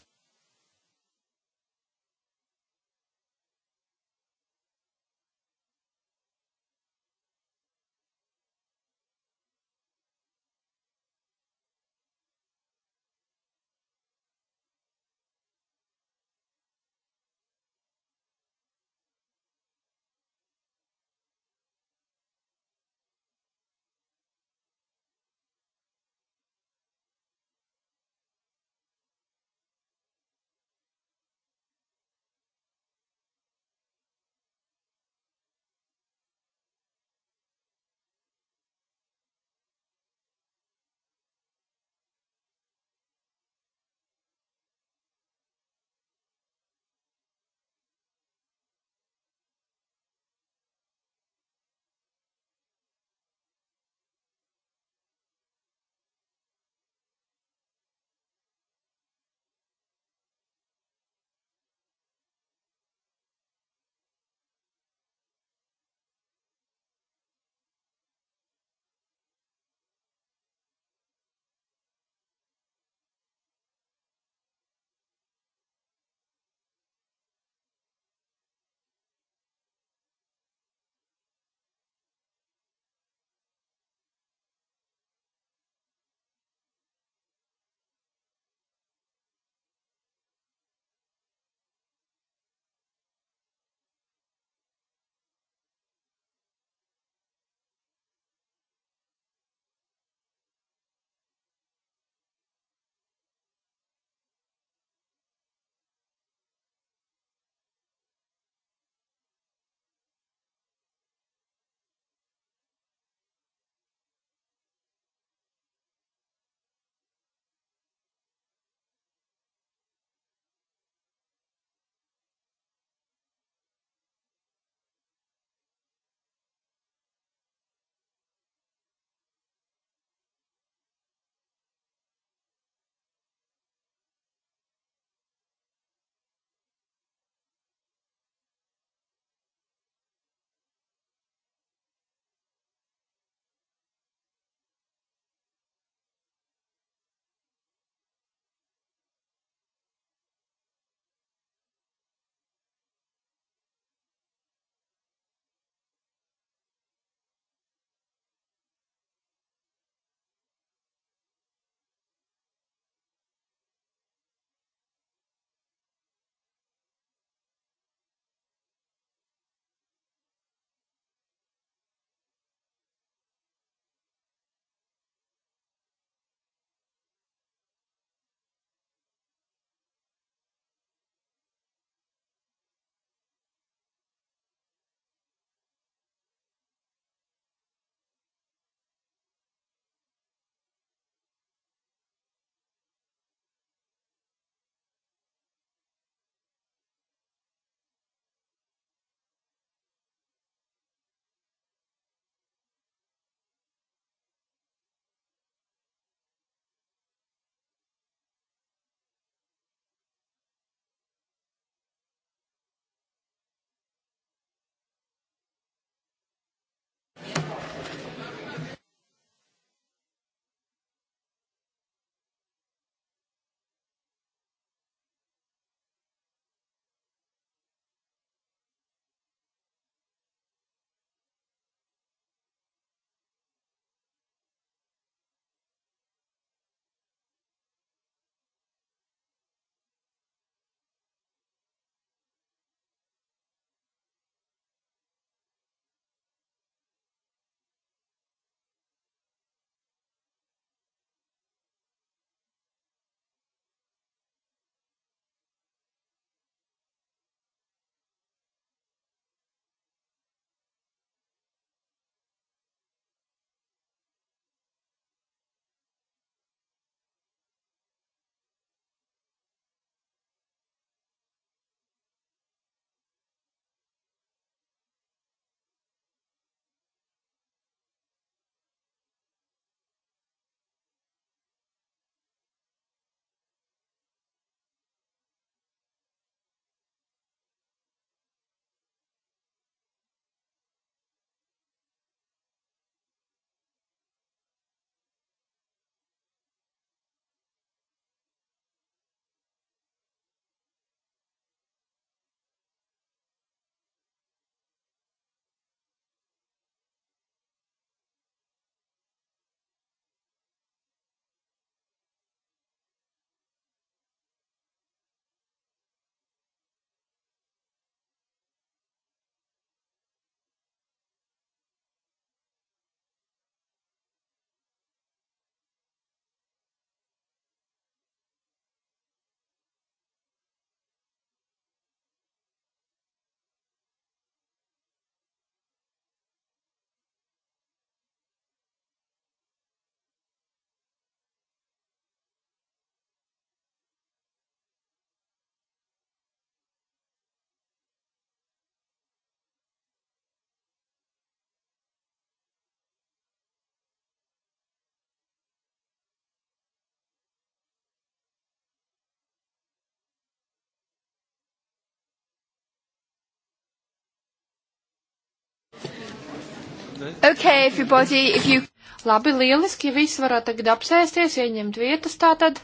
Okay, everybody, if you... Labi, lieliski, ja visi varētu tagad apsēsties, ieņemt vietas tātad,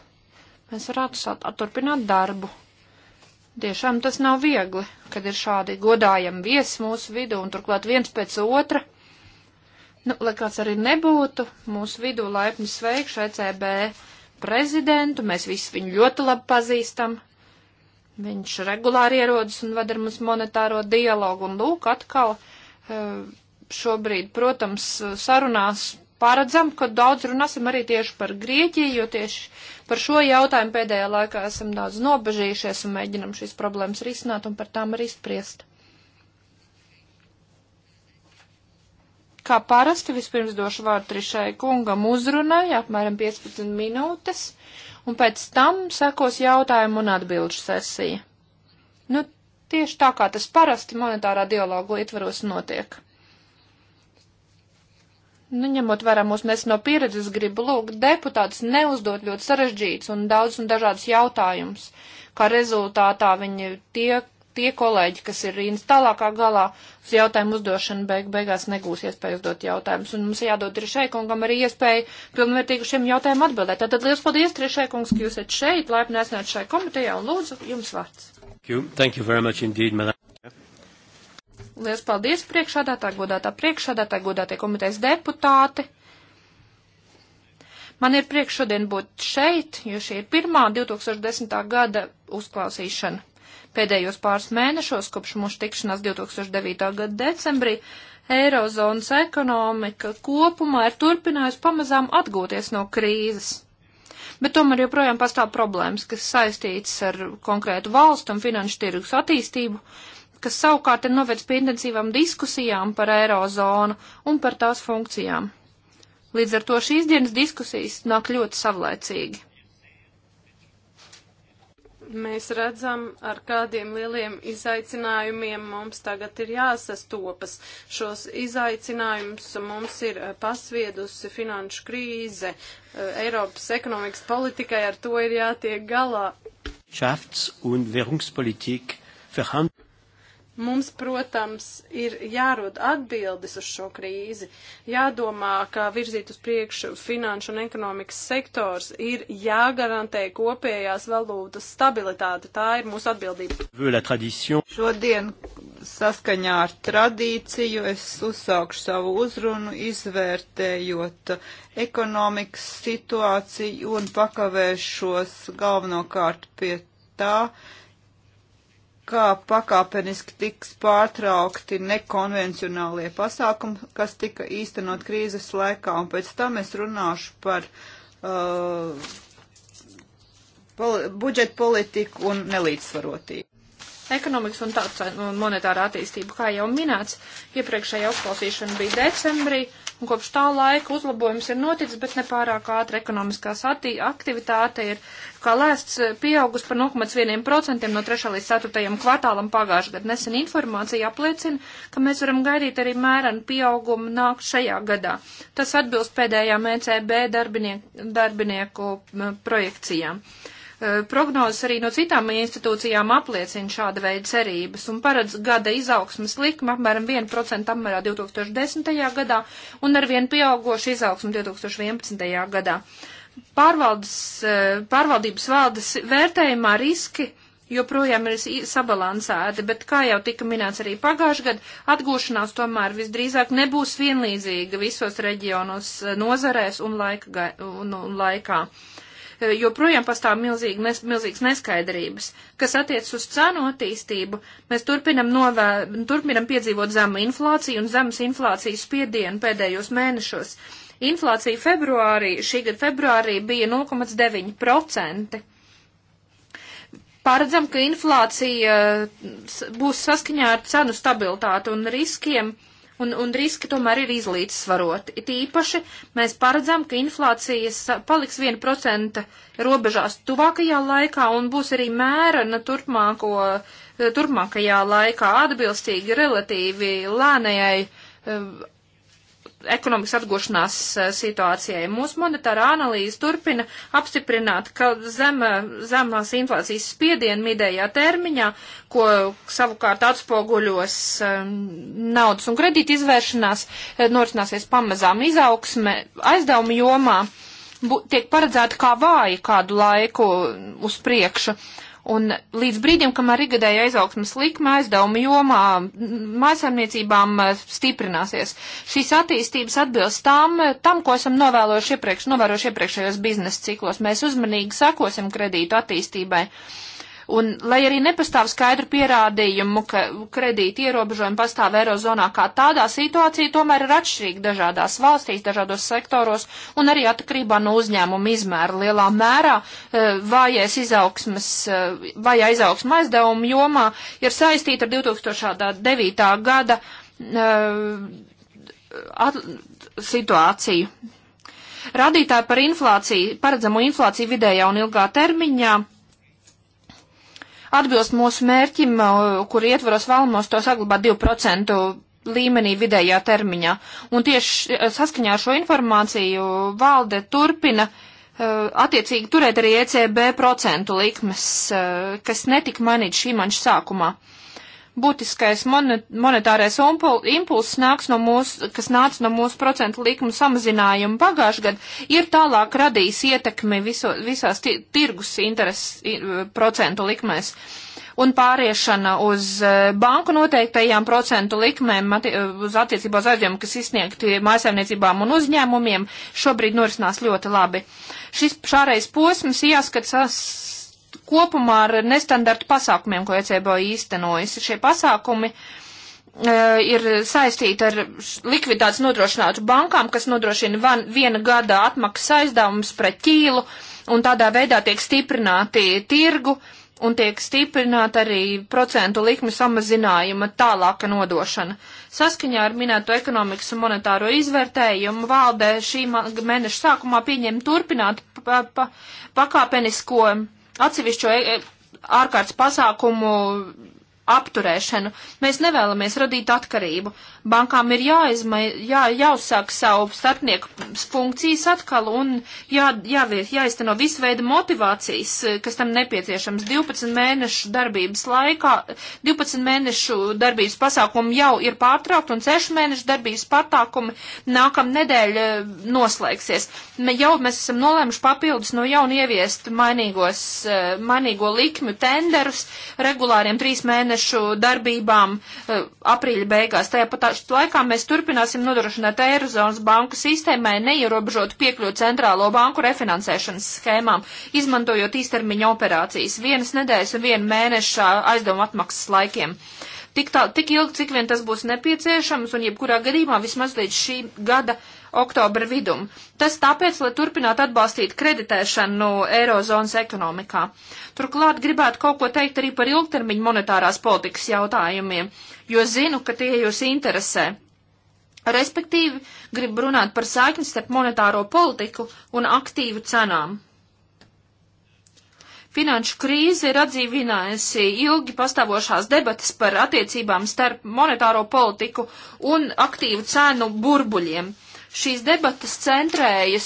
mēs varētu turpināt darbu. Tiešām tas nav viegli, kad ir šādi godājami viesi mūsu vidū un turklāt viens pēc otra. Nu, lai kāds arī nebūtu, mūsu vidū laipni sveikšu ECB prezidentu, mēs visi viņu ļoti labi pazīstam. Viņš regulāri ierodas un vada ar mums monetāro dialogu, un lūk, atkal uh, šobrīd, protams, sarunās paredzam, ka daudz runāsim arī tieši par Grieķiju, jo tieši par šo jautājumu pēdējā laikā esam daudz nobežījušies un mēģinam šīs problēmas risināt un par tām arī spriest. Kā parasti, vispirms došu vārdu trešai kungam uzrunai, apmēram 15 minūtes, un pēc tam sekos jautājumu un atbilžu sesija. Nu, tieši tā kā tas parasti monetārā dialogu ietvaros notiek. Nu, ņemot vērā mūsu neseno pieredzi, es gribu lūgt deputātus neuzdot ļoti sarežģīts un daudz un dažādas jautājumus. Kā rezultātā viņi tie, tie kolēģi, kas ir rīnas tālākā galā, uz jautājumu uzdošanu beig, beigās negūs iespēju uzdot jautājumus. Un mums jādod Trišēkungam arī iespēja pilnvērtīgi šiem jautājumiem atbildēt. Tātad liels paldies, Trišēkungs, ka jūs esat šeit, laipni esat šai komitejā un lūdzu jums vārds. Thank you. Thank you very much indeed, madam. Liels paldies priekšādātāji, godātā priekšādātāji, godātie komitejas deputāti. Man ir prieks šodien būt šeit, jo šī ir pirmā 2010. gada uzklausīšana. Pēdējos pāris mēnešos, kopš mūsu tikšanās 2009. gada decembrī, Eirozonas ekonomika kopumā ir turpinājusi pamazām atgūties no krīzes. Bet tomēr joprojām pastāv problēmas, kas saistītas ar konkrētu valstu un finanšu tirgus attīstību, kas savukārt ir novērts pie intensīvām diskusijām par eirozonu un par tās funkcijām. Līdz ar to šīs dienas diskusijas nāk ļoti savlaicīgi. Mēs redzam, ar kādiem lieliem izaicinājumiem mums tagad ir jāsastopas. Šos izaicinājumus mums ir eh, pasviedusi finanšu krīze. Eh, Eiropas ekonomikas politikai ar to ir jātiek galā. Wirtschafts- un Währungspolitik verhandelt. Mums, protams, ir jārod atbildes uz šo krīzi, jādomā, kā virzīt uz priekšu finanšu un ekonomikas sektors, ir jāgarantē kopējās valūtas stabilitāte. Tā ir mūsu atbildība. Šodien saskaņā ar tradīciju es uzsākšu savu uzrunu, izvērtējot ekonomikas situāciju un pakavēšos galvenokārt pie tā, uh, kā pakāpeniski tiks pārtraukti nekonvencionālie pasākumi, kas tika īstenot krīzes laikā, un pēc tam es runāšu par uh, poli budžetu politiku un nelīdzsvarotību. Ekonomikas un tāds un monetārā attīstība, kā jau minēts, iepriekšējā uzklausīšana bija decembrī, un kopš tā laika uzlabojums ir noticis, bet nepārāk ātri ekonomiskās aktivitāte ir, kā lēsts, pieaugus par 0,1% no 3. līdz 4. kvartālam pagājušajā gadā. Nesen informācija apliecina, ka mēs varam gaidīt arī mērenu pieaugumu nāk šajā gadā. Tas atbilst pēdējām ECB darbinieku, darbinieku projekcijām. Uh, E, prognozes arī no citām institūcijām apliecina šāda veida cerības un paredz gada izaugsmas likma apmēram 1% apmērā 2010. gadā un ar vien pieaugošu izaugsmu 2011. gadā. Pārvaldes, e, pārvaldības valdes vērtējumā riski joprojām ir sabalansēti, bet, kā jau tika minēts arī pagājušajā gadā, atgūšanās tomēr visdrīzāk nebūs vienlīdzīga visos reģionos, e, nozarēs un, laika, un, un laikā. Uh, Eh, joprojām pastāv milzīgi, nes, milzīgas neskaidrības. Kas attiec uz cenu attīstību, mēs turpinam, novē, turpinam piedzīvot zemu inflāciju un zemes inflācijas spiedienu pēdējos mēnešos. Inflācija februārī, šī gada februārī bija 0,9% paredzam, ka inflācija eh, būs saskaņā ar cenu stabilitāti un riskiem un, un riski tomēr ir izlīdzsvaroti. It īpaši mēs paredzam, ka inflācijas paliks 1% robežās tuvākajā laikā un būs arī mēra na turpmāko, turpmākajā laikā atbilstīgi relatīvi lēnējai eh, ekonomikas atgošanās eh, situācijai. Mūsu monetārā analīze turpina apstiprināt, ka zem, eh, zemās inflācijas spiediena midējā termiņā, ko savukārt atspoguļos eh, naudas un kredīta izvēršanās, norisināsies pamazām izaugsme aizdevuma jomā, bu, tiek paredzēta kā vāja kādu laiku uz priekšu. Un līdz brīdim, kamēr ikgadēja aizaugsmas likme aizdevuma jomā mājasarniecībām stiprināsies, šīs attīstības atbilst tam, tam ko esam novēlojuši iepriekš, novērojuši iepriekšējos biznesa ciklos. Mēs uzmanīgi sakosim kredītu attīstībai. Uh, Un, lai arī nepastāv skaidru pierādījumu, ka kredīti ierobežojumi pastāv Eirozonā kā tādā situācija, tomēr ir atšķirīga dažādās valstīs, dažādos sektoros un arī atkarībā no uzņēmuma izmēra lielā mērā. Eh, vājais izaugsmas, eh, vājā izaugsma aizdevuma jomā ir saistīta ar 2009. gada eh, at, situāciju. Radītāji par inflāciju, paredzamo inflāciju vidējā un ilgā termiņā atbilst mūsu mērķim, kur ietvaros vēlamos to saglabāt 2% līmenī vidējā termiņā. Un tieši e, saskaņā ar šo informāciju valde turpina e, attiecīgi turēt arī ECB procentu likmes, e, kas netika mainīts šī manša sākumā. Uh, būtiskais monetārais impulss nāks no mūsu, kas nāca no mūsu procentu likuma samazinājuma pagājušajā gadā, ir tālāk radījis ietekmi viso, visās tirgus intereses procentu likmēs. Un pāriešana uz e, banku noteiktajām procentu likmēm e, uz attiecībā uz aizdevumu, kas izsniegti mājasēmniecībām un uzņēmumiem, šobrīd norisinās ļoti labi. Šis šāreiz posms jāskatās kopumā ar nestandartu pasākumiem, ko ECB īstenojas. Šie pasākumi e, ir saistīti ar likviditātes nodrošinātu bankām, kas nodrošina van, viena gada atmaksas aizdevumus pret ķīlu, un tādā veidā tiek stiprināti tirgu un tiek stiprināta arī procentu likmi samazinājuma tālāka nodošana. Saskaņā ar minēto ekonomikas un monetāro izvērtējumu valdē šī mēneša sākumā pieņem turpināt pa, pa, pakāpenisko atsevišķo e, e, ārkārtas pasākumu apturēšanu. Mēs nevēlamies radīt atkarību. Bankām ir jāizma, jā, jāuzsāk savu starpnieku funkcijas atkal un jā, jāviet, jāizteno visu veidu motivācijas, kas tam nepieciešams. 12 mēnešu darbības laikā, 12 mēnešu darbības pasākumi jau ir pārtraukt un 6 mēnešu darbības pārtraukumi nākam nedēļ eh, noslēgsies. Me, jau mēs esam nolēmuši papildus no jauna ieviest mainīgos, eh, mainīgo likmju tenderus regulāriem 3 mēnešiem mēnešu darbībām eh, aprīļa beigās. Tāpat laikā mēs turpināsim nodrošināt Eirozonas banku sistēmai neierobežot piekļuvu centrālo banku refinansēšanas schēmām, izmantojot īstermiņa operācijas vienas nedēļas un vienu mēnešu aizdevumu atmaksas laikiem tik, tā, tik ilgi, cik vien tas būs nepieciešams, un jebkurā gadījumā vismaz līdz šī gada oktobra vidum. Tas tāpēc, lai turpinātu atbalstīt kreditēšanu no Eirozonas ekonomikā. Turklāt gribētu kaut ko teikt arī par ilgtermiņu monetārās politikas jautājumiem, jo zinu, ka tie jūs interesē. Respektīvi, gribu runāt par saikni starp monetāro politiku un aktīvu cenām. Finanšu krīze ir atdzīvinājusi ilgi pastāvošās debatas par attiecībām starp monetāro politiku un aktīvu cēnu burbuļiem šīs debatas centrējas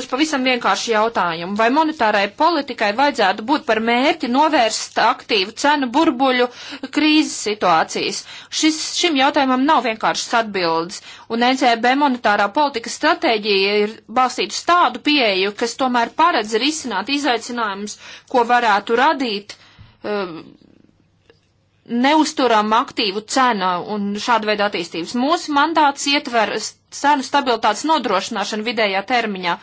uz pavisam vienkāršu jautājumu. Vai monetārai politikai vajadzētu būt par mērķi novērst aktīvu cenu burbuļu krīzes situācijas? Šis, šim jautājumam nav vienkāršas atbildes, un ECB monetārā politikas stratēģija ir balstīta uz tādu pieeju, kas tomēr paredz risināt izaicinājumus, ko varētu radīt um, neusturama aktīvu cena un šāda veida attīstības. Mūsu mandāts ietver st cenu stabilitātes nodrošināšanu vidējā termiņā.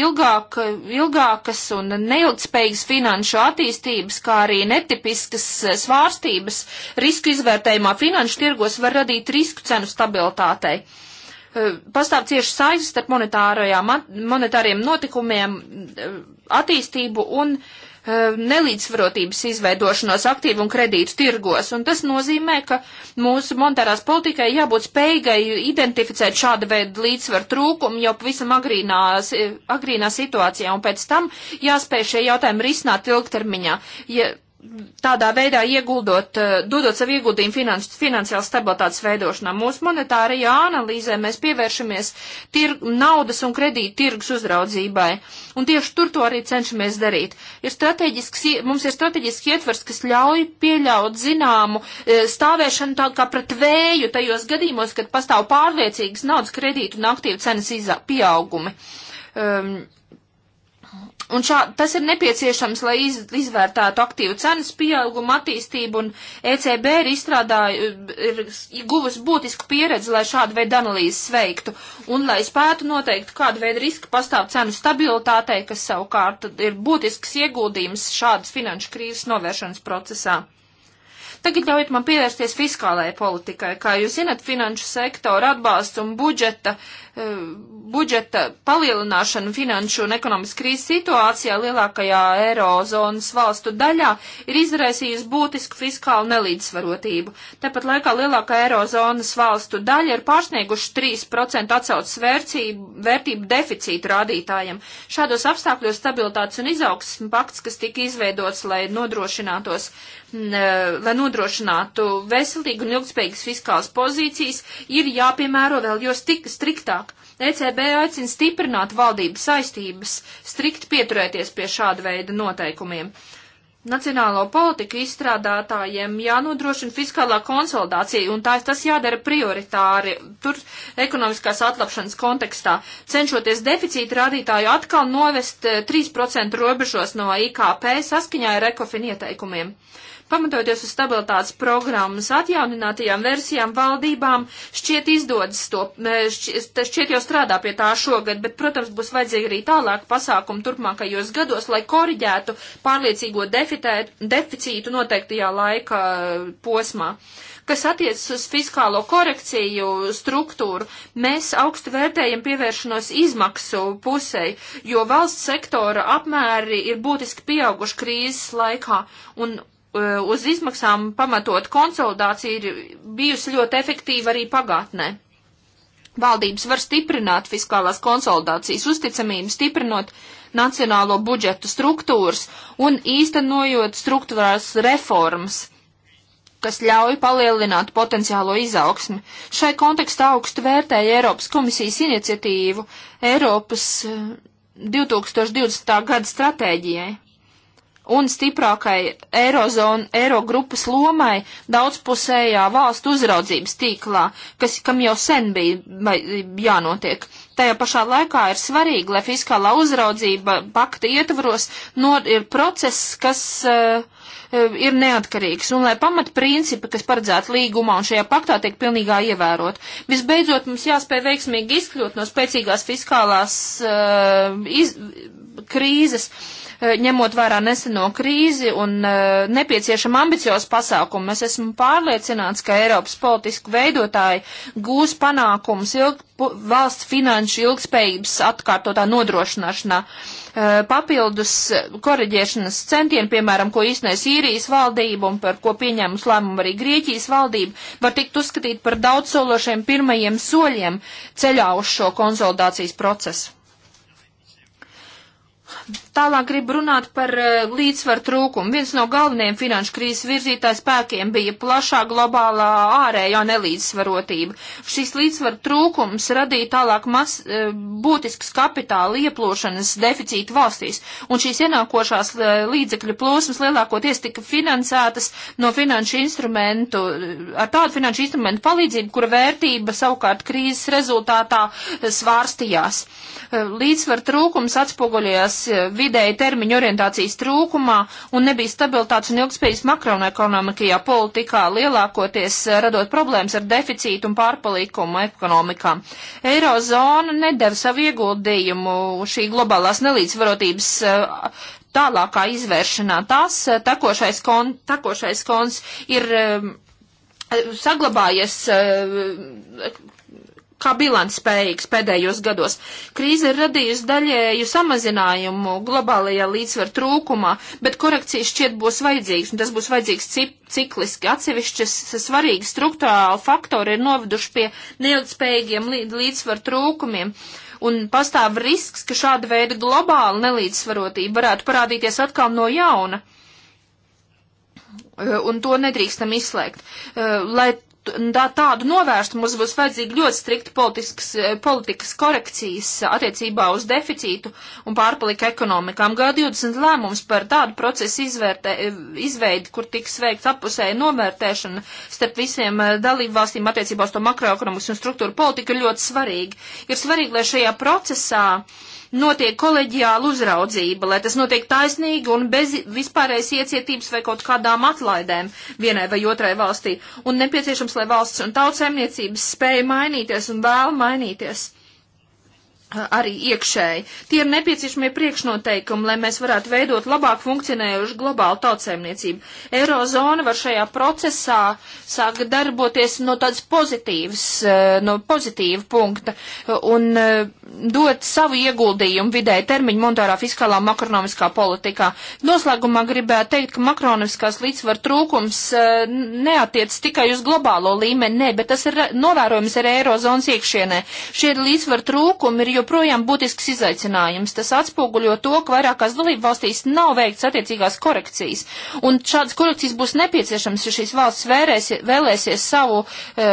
Ilgāk, ilgākas un neilgtspējīgas finanšu attīstības, kā arī netipiskas svārstības risku izvērtējumā finanšu tirgos var radīt risku cenu stabilitātei pastāv cieši saistes starp monetāriem notikumiem, attīstību un uh, Um, nelīdzsvarotības izveidošanos aktīvu un kredītu tirgos, un tas nozīmē, ka mūsu monetārās politikai jābūt spējīgai identificēt šāda veida līdzsvaru trūkumu jau pavisam agrīnā, agrīnā situācijā, un pēc tam jāspēj šie jautājumi risināt ilgtermiņā. Ja tādā veidā ieguldot, eh, dodot savu ieguldījumu finans, finansiālas stabilitātes veidošanā. Mūsu monetārajā analīzē mēs pievēršamies tir, naudas un kredīta tirgus uzraudzībai, un tieši tur to arī cenšamies darīt. Ir mums ir strateģiski ietvers, kas ļauj pieļaut zināmu eh, stāvēšanu tā kā pret vēju tajos gadījumos, kad pastāv pārliecīgas naudas kredītu un aktīvu cenas pieaugumi. Um, Un šā, tas ir nepieciešams, lai iz, izvērtētu aktīvu cenas pieaugumu, attīstību, un ECB ir izstrādājusi, ir guvusi būtisku pieredzi, lai šādu veidu analīzes veiktu, un lai spētu noteikt, kāda veida riska pastāv cenu stabilitātei, kas savukārt ir būtisks ieguldījums šādas finanšu krīzes novēršanas procesā. Tagad ļaujiet man pievērsties fiskālajai politikai. Kā jūs zinat, finanšu sektora atbalsts un budžeta, eh, budžeta palielināšana finanšu un ekonomiskas krīzes situācijā lielākajā eirozonas valstu daļā ir izraisījusi būtisku fiskālu nelīdzsvarotību. Tāpat laikā lielākā eirozonas valstu daļa ir pārsnieguši 3% atsaucas vērtību, vērtību deficītu rādītājiem. Šādos apstākļos stabilitātes un izaugsmes pakts, kas tika izveidots, lai nodrošinātos lai nodrošinātu veselīgu un ilgspējīgas fiskālas pozīcijas, ir jāpiemēro vēl jo stik, striktāk. ECB aicina stiprināt valdības saistības, strikt pieturēties pie šāda veida noteikumiem. Nacionālo politiku izstrādātājiem jānodrošina fiskālā konsolidācija, un tā, tas jādara prioritāri tur ekonomiskās atlapšanas kontekstā, cenšoties deficīta rādītāju atkal novest 3% eh, robežos no IKP saskaņā ar ekofin ieteikumiem. Uh, Pamatojoties uz stabilitātes programmas atjauninātajām versijām, valdībām šķiet izdodas to, e, šķiet, šķiet jau strādā pie tā šogad, bet, protams, būs vajadzīgi arī tālāk pasākumi turpmākajos gados, lai koriģētu pārliecīgo defitēt, deficītu noteiktajā laika posmā. Kas attiecas uz fiskālo korekciju struktūru, mēs augstu vērtējam pievēršanos izmaksu pusei, jo valsts sektora apmēri ir būtiski pieauguši krīzes laikā, un Eh, uz izmaksām pamatot konsolidācija ir bijusi ļoti efektīva arī pagātnē. Valdības var stiprināt fiskālās konsolidācijas uzticamību, stiprinot nacionālo budžetu struktūras un īstenojot struktūrās reformas, kas ļauj palielināt potenciālo izaugsmi. Šai kontekstā augstu vērtēja Eiropas komisijas iniciatīvu Eiropas eh, 2020. gada stratēģijai un stiprākai Eirozonu, Eirogrupas lomai daudzpusējā valstu uzraudzības tīklā, kas, kam jau sen bija jānotiek. Tajā pašā laikā ir svarīgi, lai fiskālā uzraudzība pakta ietvaros no, ir process, kas uh, ir neatkarīgs un lai pamatprincipi, kas paredzēti līgumā un šajā paktā, tiek pilnīgā ievērot. Visbeidzot, mums jāspēj veiksmīgi izkļūt no spēcīgās fiskālās uh, iz, krīzes. Uh, Eh, ņemot vērā neseno krīzi un eh, nepieciešam ambiciozu pasākumu. Es esmu pārliecināts, ka Eiropas politisku veidotāji gūs panākums ilg, valsts finanšu ilgspējības atkārtotā nodrošināšanā eh, papildus koreģēšanas centieni, piemēram, ko īstenēs īrijas valdība un par ko pieņēmus lēmumu arī Grieķijas valdība, var tikt uzskatīt par daudzsološiem pirmajiem soļiem ceļā uz šo konsolidācijas procesu. Tālāk gribu runāt par uh, līdzsvaru trūkumu. Viens no galvenajiem finanšu krīzes virzītājs spēkiem bija plašā globālā ārējā nelīdzsvarotība. Šis līdzsvaru trūkums radīja tālāk mas, uh, būtisks kapitāla ieplošanas deficītu valstīs, un šīs ienākošās uh, līdzekļu plūsmas lielākoties tika finansētas no finanšu instrumentu, ar tādu finanšu instrumentu palīdzību, kura vērtība savukārt krīzes rezultātā svārstījās. Līdzsvaru trūkums atspoguļojās piedalījās eh, vidēji termiņu orientācijas trūkumā un nebija stabilitātes un ilgspējas makro un ekonomikajā politikā, lielākoties eh, radot problēmas ar deficītu un pārpalikumu ekonomikā. Eirozona nedeva savu ieguldījumu šī globālās nelīdzvarotības eh, tālākā izvēršanā. Tās tekošais, kon, tekošais kons ir saglabājies kā bilansspējīgs pēdējos gados. Krīze ir radījusi daļēju samazinājumu globālajā līdzsver trūkumā, bet korekcijas šķiet būs vajadzīgs, un tas būs vajadzīgs cikliski. Atsevišķas svarīgi struktūrāli faktori ir noveduši pie neilgspējīgiem līdzsver trūkumiem. Un pastāv risks, ka šāda veida globāla nelīdzsvarotība varētu parādīties atkal no jauna. Un to nedrīkstam izslēgt. Lai tādu novērst, mums būs vajadzīgi ļoti strikti eh, politikas korekcijas attiecībā uz deficītu un pārpalika ekonomikām. G20 lēmums par tādu procesu izvērtē, izveidi, kur tiks veikts appusēja novērtēšana starp visiem eh, dalību valstīm attiecībā uz to makroekonomikas un struktūru politiku, ir ļoti svarīgi. Ir svarīgi, lai šajā procesā uh, notiek koleģiāla uzraudzība, lai tas notiek taisnīgi un bez vispārējas iecietības vai kaut kādām atlaidēm vienai vai otrai valstī. Un nepieciešams, lai valsts un tautsēmniecības spēja mainīties un vēl mainīties arī iekšēji. Tie ir nepieciešamie priekšnoteikumi, lai mēs varētu veidot labāk funkcionējušu globālu tautsēmniecību. Eirozona var šajā procesā sāk darboties no tādas pozitīvas, e, no pozitīva punkta un e, dot savu ieguldījumu vidēji termiņu monetārā fiskālā makronomiskā politikā. Noslēgumā gribētu teikt, ka makronomiskās līdzsvar trūkums e, neatiec tikai uz globālo līmeni, ne, bet tas ir novērojams arī Eirozonas iekšienē. Šie līdzsvar trūkumi ir joprojām būtisks izaicinājums. Tas atspoguļo to, ka vairākās dalību valstīs nav veikts attiecīgās korekcijas. Un šādas korekcijas būs nepieciešams, ja šīs valsts vērēsi, vēlēsies savu e,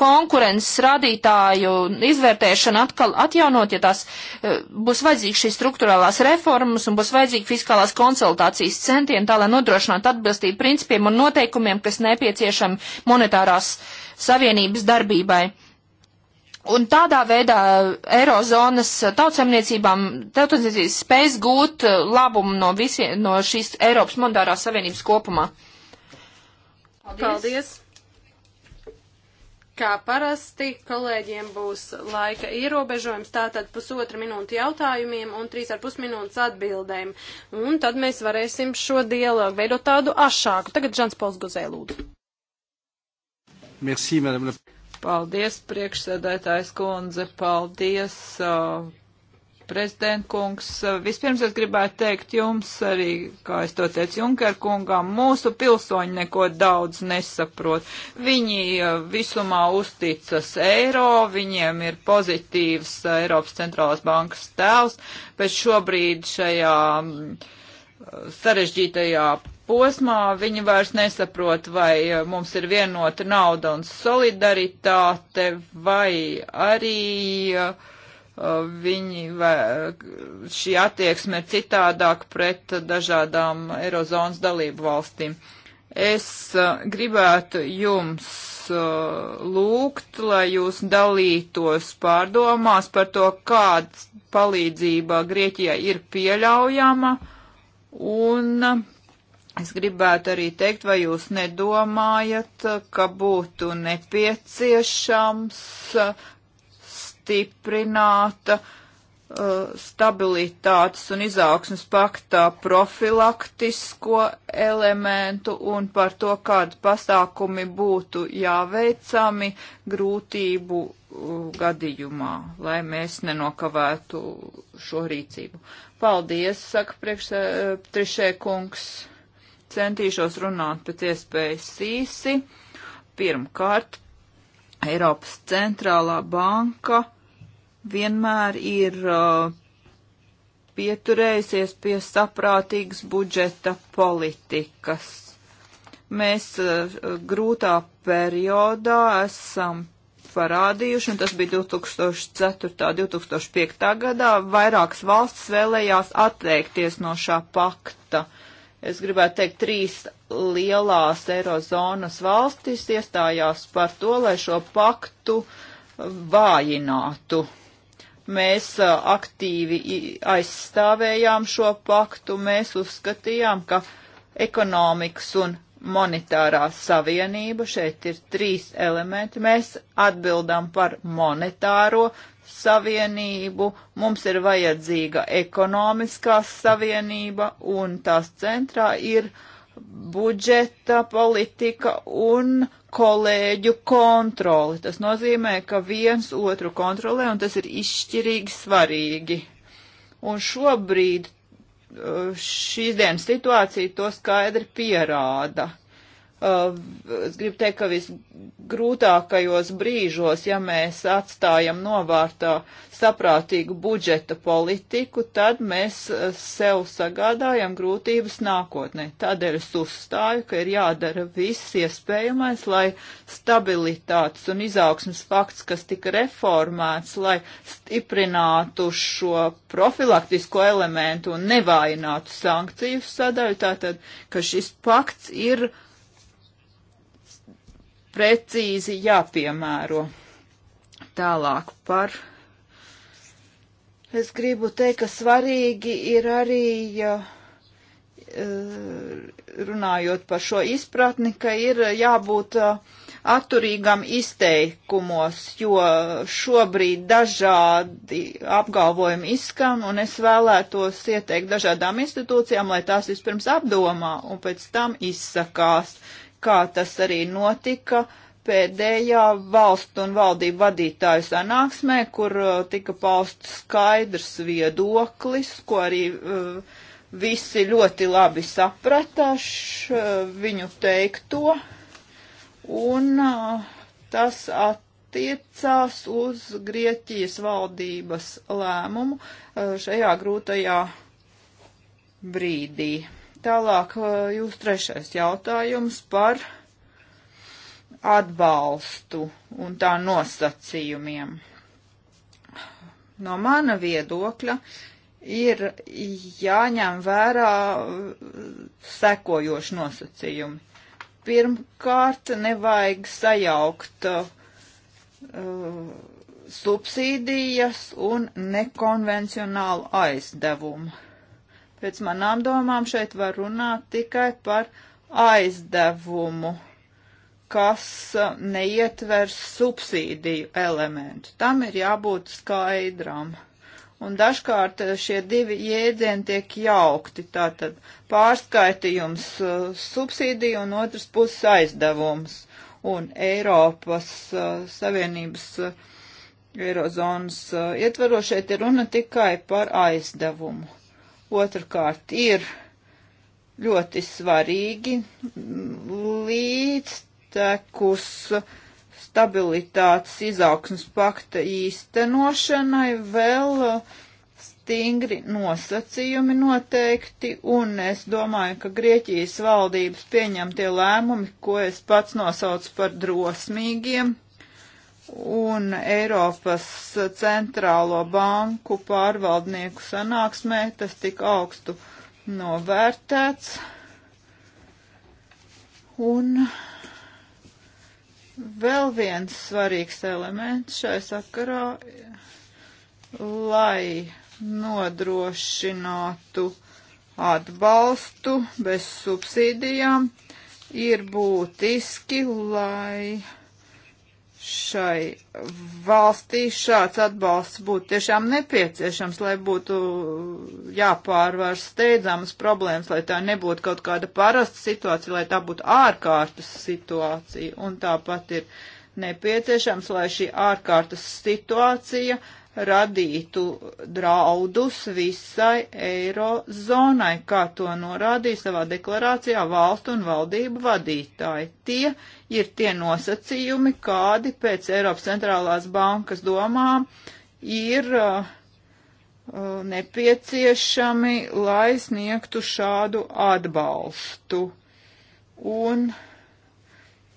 konkurences rādītāju izvērtēšanu atkal atjaunot, ja tās e, būs vajadzīgas šīs struktūrālās reformas un būs vajadzīgi fiskālās konsultācijas centieni, tā lai nodrošinātu atbilstību principiem un noteikumiem, kas nepieciešami monetārās savienības darbībai. Un tādā veidā Eirozonas tautsemniecībām, tautsemniecības spējas gūt eh, labumu no, visi, no šīs Eiropas monetārās savienības kopumā. Paldies! Paldies. Kā parasti, kolēģiem būs laika ierobežojums, tātad pusotra minūte jautājumiem un trīs ar pus minūtes atbildēm. Un tad mēs varēsim šo dialogu veidot tādu ašāku. Tagad Žans Pols Gozē lūdzu. Merci, madame. Paldies, priekšsēdētājs kundze, paldies, uh, prezidentkungs. Uh, vispirms es gribētu teikt jums arī, kā es to teicu Junker kungam, mūsu pilsoņi neko daudz nesaprot. Viņi uh, visumā uzticas eiro, viņiem ir pozitīvs Eiropas centrālās bankas tēls, bet šobrīd šajā mm, sarežģītajā posmā viņi vairs nesaprot, vai e, mums ir vienota nauda un solidaritāte, vai arī e, e, viņi vai, šī attieksme ir citādāk pret dažādām Eirozonas dalību valstīm. Es gribētu jums lūgt, lai jūs dalītos pārdomās par to, kāda palīdzība Grieķijai ir pieļaujama un Es gribētu arī teikt, vai jūs nedomājat, ka būtu nepieciešams uh, stiprināta uh, stabilitātes un izaugsmas paktā profilaktisko elementu un par to, kādi pasākumi būtu jāveicami grūtību uh, gadījumā, lai mēs nenokavētu šo rīcību. Paldies, saka priekšsē, uh, Trišē kungs. Centīšos runāt pēc iespējas īsi. Pirmkārt, Eiropas centrālā banka vienmēr ir uh, pieturējusies pie saprātīgas budžeta politikas. Mēs uh, grūtā periodā esam parādījuši, un tas bija 2004. 2005. gadā, vairākas valsts vēlējās atteikties no šā pakta. Uh, es gribētu teikt, trīs lielās eirozonas valstis iestājās par to, lai šo paktu vājinātu. Mēs aktīvi aizstāvējām šo paktu, mēs uzskatījām, ka ekonomikas un monetārā savienība, šeit ir trīs elementi, mēs atbildam par monetāro savienību, mums ir vajadzīga ekonomiskā savienība un tās centrā ir budžeta politika un kolēģu kontroli. Tas nozīmē, ka viens otru kontrolē un tas ir izšķirīgi svarīgi. Un šobrīd uh, šīs dienas situācija to skaidri pierāda. Uh, es gribu teikt, ka visgrūtākajos brīžos, ja mēs atstājam novārtā saprātīgu budžeta politiku, tad mēs uh, sev sagādājam grūtības nākotnē. Tādēļ es uzstāju, ka ir jādara viss iespējamais, lai stabilitātes un izaugsmas fakts, kas tika reformēts, lai stiprinātu šo profilaktisko elementu un nevainātu sankciju sadaļu, tātad, ka šis pakts ir precīzi jāpiemēro. Tālāk par. Es gribu teikt, ka svarīgi ir arī eh, runājot par šo izpratni, ka ir jābūt eh, atturīgam izteikumos, jo šobrīd dažādi apgalvojumi izskan, un es vēlētos ieteikt dažādām institūcijām, lai tās vispirms apdomā un pēc tam izsakās, kā tas arī notika pēdējā valstu un valdību vadītāju sanāksmē, kur uh, tika pausts skaidrs viedoklis, ko arī uh, visi ļoti labi saprataši uh, viņu teikto, un uh, tas attiecās uz Grieķijas valdības lēmumu uh, šajā grūtajā brīdī. Tālāk uh, jūs trešais jautājums par atbalstu un tā nosacījumiem. No mana viedokļa ir jāņem vērā uh, sekojoši nosacījumi. Pirmkārt, nevajag sajaukt uh, subsīdijas un nekonvencionālu aizdevumu Pēc manām domām šeit var runāt tikai par aizdevumu, kas uh, neietver subsīdiju elementu. Tam ir jābūt skaidram. Un dažkārt uh, šie divi jēdzieni tiek jaukti. Tātad pārskaitījums uh, subsīdija un otrs puses aizdevums. Un Eiropas Savienības Eirozonas ietvarošie ir runa tikai par aizdevumu. Otrakārt, ir ļoti svarīgi līdztekus stabilitātes izaugsmas pakta īstenošanai vēl stingri nosacījumi noteikti, un es domāju, ka Grieķijas valdības pieņemtie lēmumi, ko es pats nosaucu par drosmīgiem, un Eiropas centrālo banku pārvaldnieku sanāksmē tas tik augstu novērtēts. Un vēl viens svarīgs elements šai sakarā, lai nodrošinātu atbalstu bez subsīdijām, ir būtiski, lai šai valstī šāds atbalsts būtu tiešām nepieciešams, lai būtu jāpārvar steidzamas problēmas, lai tā nebūtu kaut kāda parasta situācija, lai tā būtu ārkārtas situācija. Un tāpat ir nepieciešams, lai šī ārkārtas situācija uh, radītu draudus visai eirozonai, kā to norādīja savā deklarācijā valstu un valdību vadītāji. Tie ir tie nosacījumi, kādi pēc Eiropas centrālās bankas domām ir uh, uh nepieciešami, lai sniegtu šādu atbalstu. Un uh,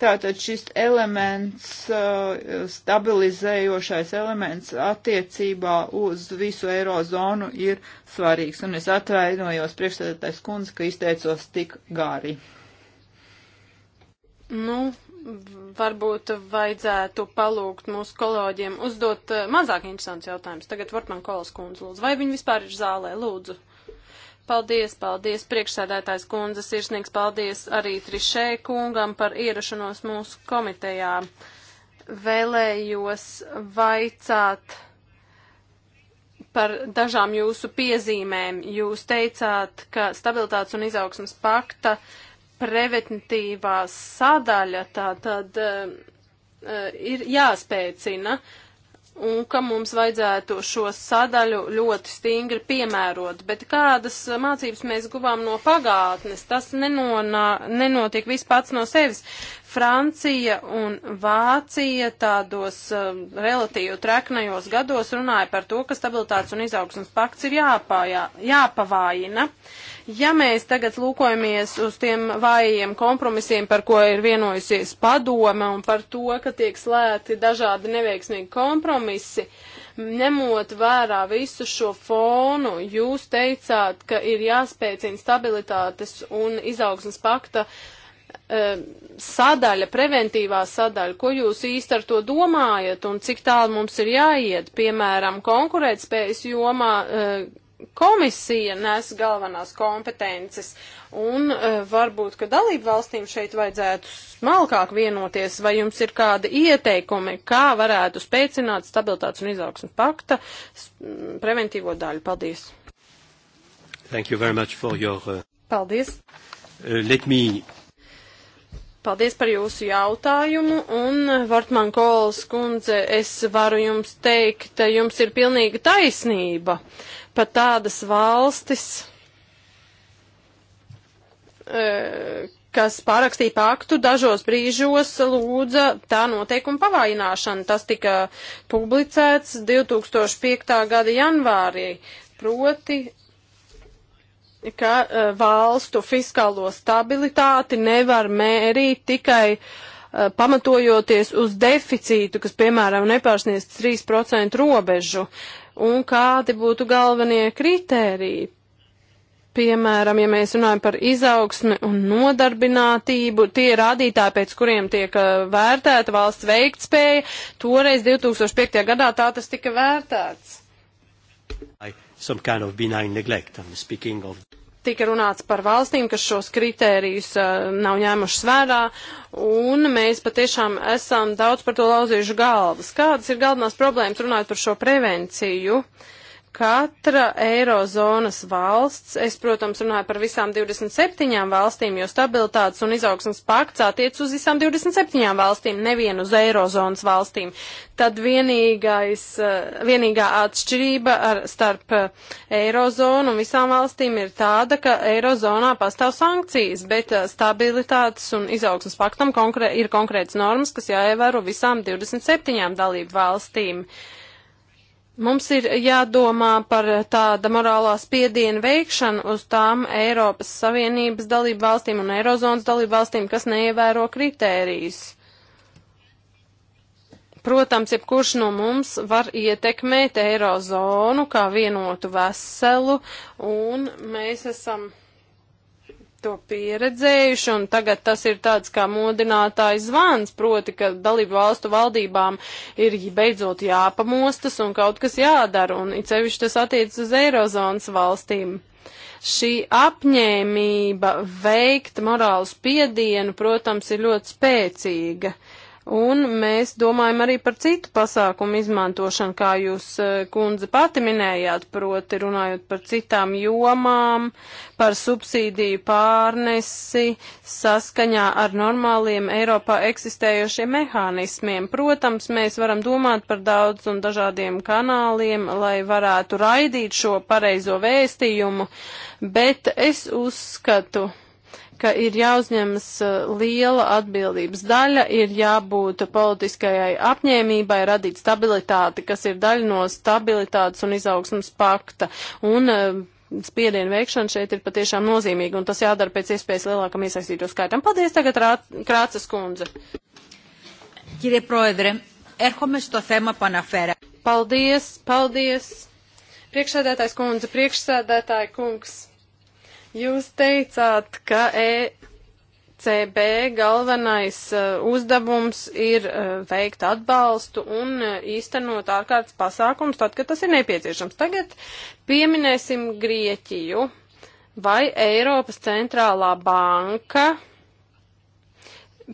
Tātad šis elements, uh, stabilizējošais elements attiecībā uz visu eirozonu ir svarīgs. Un es atvainojos priekšsēdētājs kundze, ka izteicos tik gāri. Nu, varbūt vajadzētu palūgt mūsu kolēģiem uzdot uh, mazāk interesants jautājums. Tagad Vortman Kolas kundze lūdzu. Vai viņi vispār ir zālē? Lūdzu. Paldies, paldies, priekšsēdētājs kundze, sirsnīgs paldies arī Trišē kungam par ierašanos mūsu komitejā. Vēlējos vaicāt par dažām jūsu piezīmēm. Jūs teicāt, ka stabilitātes un izaugsmas pakta preventīvā sadaļa tā tad uh, ir jāspēcina. Uh, un ka mums vajadzētu šo sadaļu ļoti stingri piemērot, bet kādas mācības mēs guvām no pagātnes, tas nenonā, nenotiek viss pats no sevis. Francija un Vācija tādos um, relatīvi treknajos gados runāja par to, ka stabilitātes un izaugsmas pakts ir jāpā, jā, jāpavājina. Ja mēs tagad lūkojamies uz tiem vājiem kompromisiem, par ko ir vienojusies padome un par to, ka tiek slēgti dažādi neveiksmīgi kompromisi, ņemot vērā visu šo fonu, jūs teicāt, ka ir jāspēcina stabilitātes un izaugsmas pakta uh, Um, sadaļa, preventīvā sadaļa, ko jūs īsti ar to domājat un cik tālu mums ir jāiet, piemēram, konkurētspējas jomā uh, komisija nes galvenās kompetences un uh, varbūt, ka dalību valstīm šeit vajadzētu smalkāk vienoties, vai jums ir kādi ieteikumi, kā varētu spēcināt stabilitātes un izaugsmas pakta preventīvo daļu. Paldies! Thank you very much for your... Uh... Paldies! Uh, let me Paldies par jūsu jautājumu, un Vartman Kols kundze, es varu jums teikt, jums ir pilnīga taisnība. Pat tādas valstis, e, kas pārakstīja paktu, dažos brīžos lūdza tā noteikuma pavājināšanu. Tas tika publicēts 2005. gada janvārī. Proti, ka uh, valstu fiskālo stabilitāti nevar mērīt tikai uh, pamatojoties uz deficītu, kas, piemēram, nepārsniedz 3% robežu, un kādi būtu galvenie kritēriji. Piemēram, ja mēs runājam par izaugsmi un nodarbinātību, tie rādītāji, pēc kuriem tiek uh, vērtēta valsts veiktspēja, toreiz 2005. gadā tā tas tika vērtēts. I some kind of benign neglect. I'm speaking of tika runāts par valstīm, kas šos kritērijus uh, nav ņēmušas vērā, un mēs patiešām esam daudz par to lauzījuši galvas. Kādas ir galvenās problēmas runājot par šo prevenciju? Uh, Katra eirozonas valsts, es, protams, runāju par visām 27 valstīm, jo stabilitātes un izaugsmas pakts attiec uz visām 27 valstīm, nevienu uz eirozonas valstīm. Tad vienīgais, eh, vienīgā atšķirība ar, starp eh, eirozonu un visām valstīm ir tāda, ka eirozonā pastāv sankcijas, bet eh, stabilitātes un izaugsmas paktam konkrē, ir konkrēts normas, kas jāievēro visām 27 dalību valstīm. Uh, Mums ir jādomā par tāda morālā spiediena veikšanu uz tām Eiropas Savienības dalību valstīm un Eirozonas dalību valstīm, kas neievēro kritērijus. Protams, jebkurš no mums var ietekmēt Eirozonu kā vienotu veselu, un mēs esam to pieredzējuši, un tagad tas ir tāds kā modinātājs zvans, proti, ka dalību valstu valdībām ir beidzot jāpamostas un kaut kas jādara, un it sevišķi tas attiec uz Eirozonas valstīm. Šī apņēmība veikt morālu spiedienu, protams, ir ļoti spēcīga. Uh, Un mēs domājam arī par citu pasākumu izmantošanu, kā jūs, eh, kundze, pati minējāt, proti runājot par citām jomām, par subsīdiju pārnesi saskaņā ar normāliem Eiropā eksistējošiem mehānismiem. Protams, mēs varam domāt par daudz un dažādiem kanāliem, lai varētu raidīt šo pareizo vēstījumu, bet es uzskatu, ka ir jāuzņemas e, liela atbildības daļa, ir jābūt politiskajai apņēmībai radīt stabilitāti, kas ir daļa no stabilitātes un izaugsmas pakta. Un, e, spiedienu veikšana šeit ir patiešām nozīmīga, un tas jādara pēc iespējas lielākam iesaistīto skaitam. Paldies tagad, Krācas kundze. Kirie proedre, erhome sto thēma panafēra. Paldies, paldies. Priekšsēdētājs kundze, priekšsēdētāja kungs. Jūs teicāt, ka ECB galvenais uh, uzdevums ir uh, veikt atbalstu un uh, īstenot ārkārtas pasākums tad, kad tas ir nepieciešams. Tagad pieminēsim Grieķiju. Vai Eiropas centrālā banka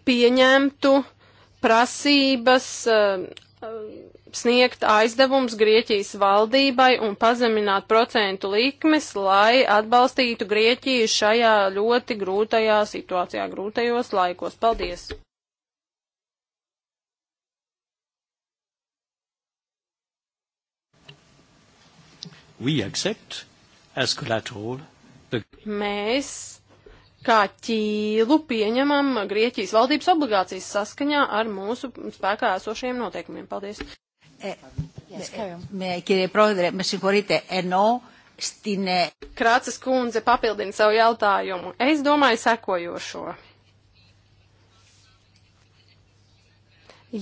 pieņemtu prasības uh, sniegt aizdevums Grieķijas valdībai un pazemināt procentu likmes, lai atbalstītu Grieķiju šajā ļoti grūtajā situācijā, grūtajos laikos. Paldies! We accept as collateral the... Mēs kā ķīlu pieņemam Grieķijas valdības obligācijas saskaņā ar mūsu spēkā esošajiem noteikumiem. Paldies! Κύριε Πρόεδρε, με συγχωρείτε, ενώ στην... Krācas kundze papildina savu jautājumu. Es domāju sekojošo.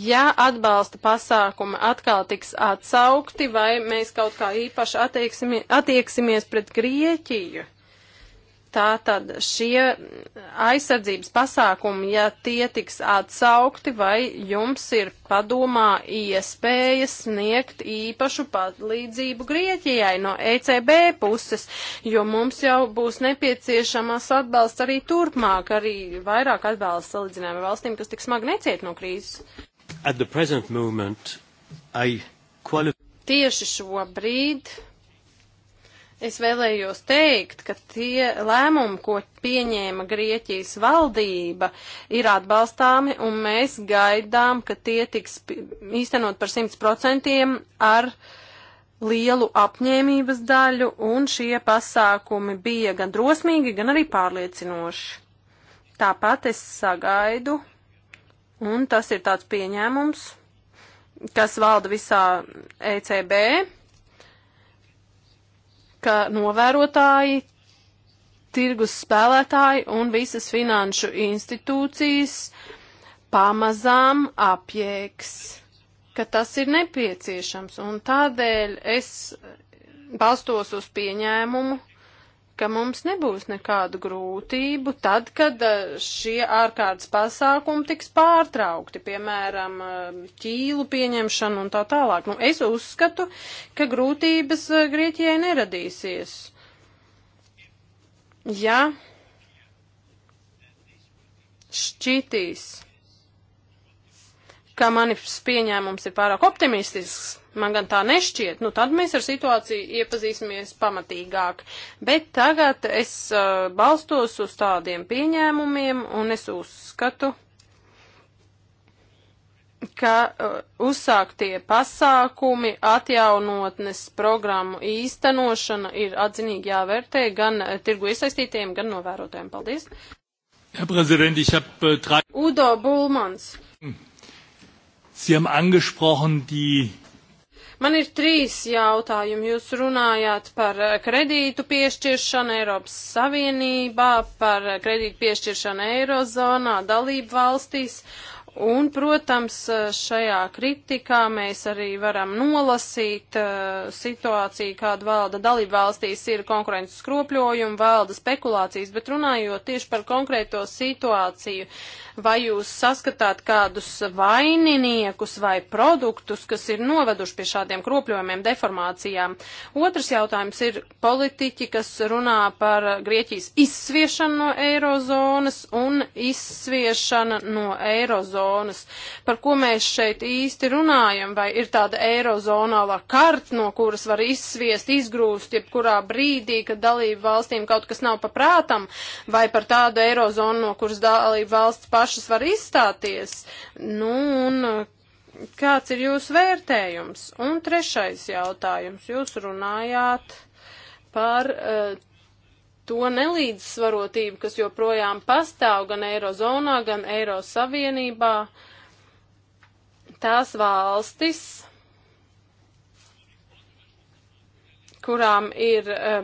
Ja atbalsta pasākumi atkal tiks atsaukti, vai mēs kaut kā īpaši attieksimies pret Grieķiju? Tātad šie aizsardzības pasākumi, ja tie tiks atsaukti, vai jums ir padomā iespējas sniegt īpašu palīdzību Grieķijai no ECB puses, jo mums jau būs nepieciešamas atbalsts arī turpmāk, arī vairāk atbalsts salīdzinājumā valstīm, kas tik smagi neciet no krīzes. Moment, I... Tieši šobrīd Es vēlējos teikt, ka tie lēmumi, ko pieņēma Grieķijas valdība, ir atbalstāmi, un mēs gaidām, ka tie tiks īstenot par 100% ar lielu apņēmības daļu, un šie pasākumi bija gan drosmīgi, gan arī pārliecinoši. Tāpat es sagaidu, un tas ir tāds pieņēmums, kas valda visā ECB ka novērotāji, tirgus spēlētāji un visas finanšu institūcijas pamazām apjēgs, ka tas ir nepieciešams. Un tādēļ es balstos uz pieņēmumu, ka mums nebūs nekādu grūtību tad, kad eh, šie ārkārtas pasākumi tiks pārtraukti, piemēram, eh, ķīlu pieņemšanu un tā tālāk. Nu, es uzskatu, ka grūtības eh, Grieķijai neradīsies. Ja šķitīs, ka manis pieņēmums ir pārāk optimistisks, Man gan tā nešķiet. Nu, tad mēs ar situāciju iepazīsimies pamatīgāk. Bet tagad es uh, balstos uz tādiem pieņēmumiem un es uzskatu, ka uh, uzsāktie pasākumi, atjaunotnes programmu īstenošana ir atzinīgi jāvērtē gan uh, tirgu iesaistītiem, gan novērotēm. Paldies! Herr Präsident, ich habe äh, drei. Udo Bullmanns. Sie haben angesprochen die Man ir trīs jautājumi. Jūs runājāt par eh, kredītu piešķiršanu Eiropas Savienībā, par eh, kredītu piešķiršanu Eirozonā, dalību valstīs. Un, protams, eh, šajā kritikā mēs arī varam nolasīt uh, situāciju, kāda valda dalība valstīs ir konkurences skropļojumi, valda spekulācijas, bet runājot tieši par konkrēto situāciju, Vai jūs saskatāt kādus vaininiekus vai produktus, kas ir noveduši pie šādiem kropļojumiem, deformācijām? Otrs jautājums ir politiķi, kas runā par Grieķijas izsviešanu no eirozonas un izsviešana no eirozonas. Par ko mēs šeit īsti runājam? Vai ir tāda eirozonālā karta, no kuras var izsviest, izgrūst, jebkurā brīdī, kad dalību valstīm kaut kas nav paprātam, vai par tādu eirozonu, no kuras dalību valsts paši pašas var izstāties. Nu, un uh, kāds ir jūsu vērtējums? Un trešais jautājums. Jūs runājāt par uh, to nelīdzsvarotību, kas joprojām pastāv gan Eirozonā, gan Eiros Savienībā. Tās valstis, kurām ir uh,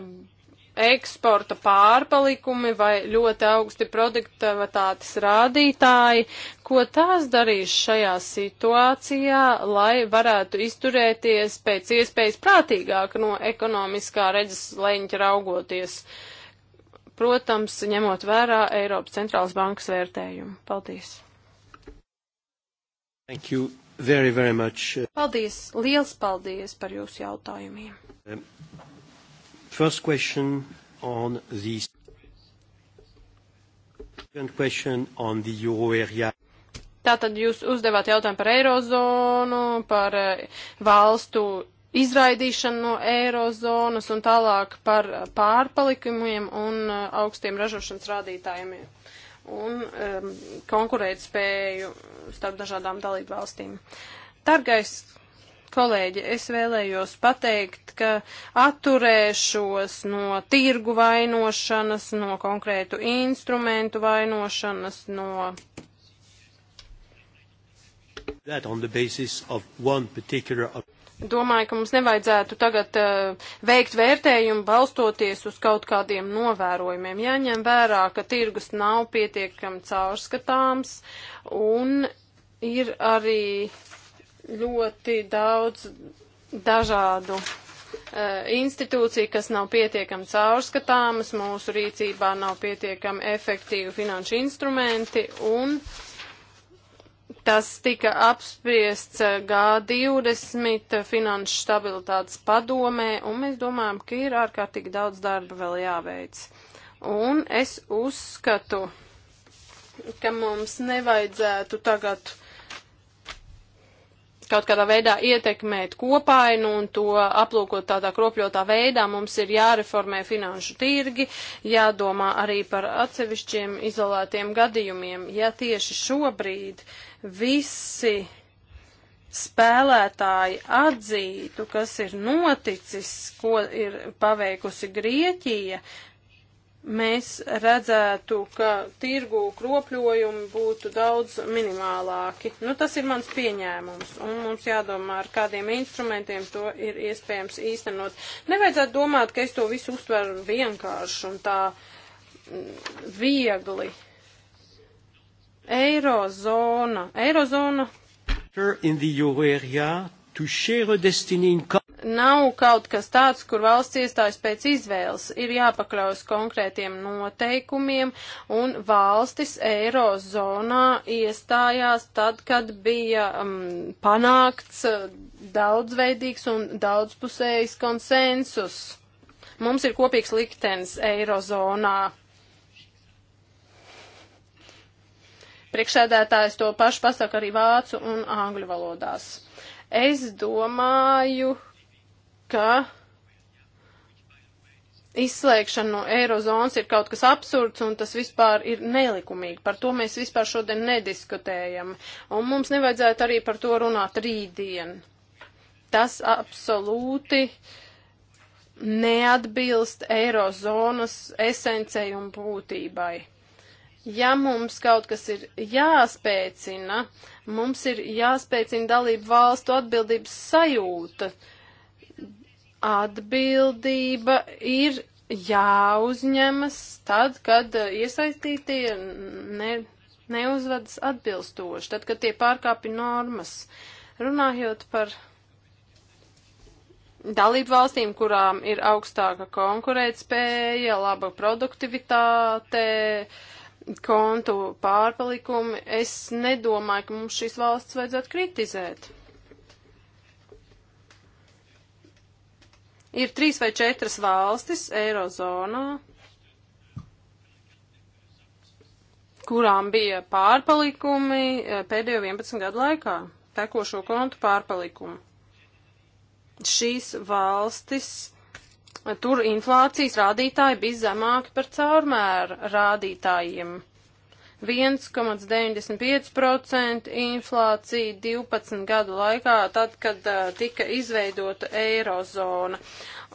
eksporta pārpalikumi vai ļoti augsti produktivitātes rādītāji, ko tās darīs šajā situācijā, lai varētu izturēties pēc iespējas prātīgāk no ekonomiskā redzes leņķa raugoties. Protams, ņemot vērā Eiropas centrālas bankas vērtējumu. Paldies! Thank you very, very much. Paldies! Liels paldies par jūsu jautājumiem! Um. First question on the second question on the euro area. Tātad jūs uzdevāt jautājumu par eirozonu, par eh, valstu izraidīšanu no eirozonas un tālāk par pārpalikumiem un eh, augstiem ražošanas rādītājiem un um, konkurētspēju starp dažādām dalību valstīm. Dargais Kolēģi, es vēlējos pateikt, ka atturēšos no tirgu vainošanas, no konkrētu instrumentu vainošanas, no. That on the basis of one particular domāju, ka mums nevajadzētu tagad uh, veikt vērtējumu balstoties uz kaut kādiem novērojumiem. Jāņem vērā, ka tirgus nav pietiekami caurskatāms un ir arī ļoti daudz dažādu e, institūcija, kas nav pietiekami caurskatāmas, mūsu rīcībā nav pietiekami efektīvi finanšu instrumenti, un tas tika apspriests e, G20 finanšu stabilitātes padomē, un mēs domājam, ka ir ārkārtīgi daudz darba vēl jāveic. Un es uzskatu, ka mums nevajadzētu tagad kaut kādā veidā ietekmēt kopainu un to aplūkot tādā kropļotā veidā. Mums ir jāreformē finanšu tirgi, jādomā arī par atsevišķiem izolētiem gadījumiem. Ja tieši šobrīd visi spēlētāji atzītu, kas ir noticis, ko ir paveikusi Grieķija, mēs redzētu, ka tirgu kropļojumi būtu daudz minimālāki. Nu, tas ir mans pieņēmums, un mums jādomā, ar kādiem instrumentiem to ir iespējams īstenot. Nevajadzētu domāt, ka es to visu uztveru vienkārši un tā mm, viegli. Eirozona. Eirozona. In the euro area to share a destiny in nav kaut kas tāds, kur valsts iestājas pēc izvēles. Ir jāpakļaus konkrētiem noteikumiem, un valstis eirozonā iestājās tad, kad bija um, panākts uh, daudzveidīgs un daudzpusējs konsensus. Mums ir kopīgs liktenis eirozonā. Priekšsēdētājs to pašu pasaka arī vācu un angļu valodās. Es domāju, ka izslēgšana no eirozonas ir kaut kas absurds un tas vispār ir nelikumīgi. Par to mēs vispār šodien nediskutējam. Un mums nevajadzētu arī par to runāt rītdien. Tas absolūti neatbilst eirozonas esencei un būtībai. Ja mums kaut kas ir jāspēcina, mums ir jāspēcina dalību valstu atbildības sajūta. Uh, atbildība ir jāuzņemas tad, kad eh, iesaistītie ne, neuzvedas atbilstoši, tad, kad tie pārkāpi normas. Runājot par dalību valstīm, kurām ir augstāka konkurētspēja, laba produktivitāte, kontu pārpalikumi, es nedomāju, ka mums šīs valsts vajadzētu kritizēt. Ir trīs vai četras valstis Eirozonā, kurām bija pārpalikumi eh, pēdējo 11 gadu laikā, tekošo kontu pārpalikumi. Šīs valstis, tur inflācijas rādītāji bija zemāki par caurmēra rādītājiem. 1,95% inflācija 12 gadu laikā, tad, kad uh, tika izveidota eirozona.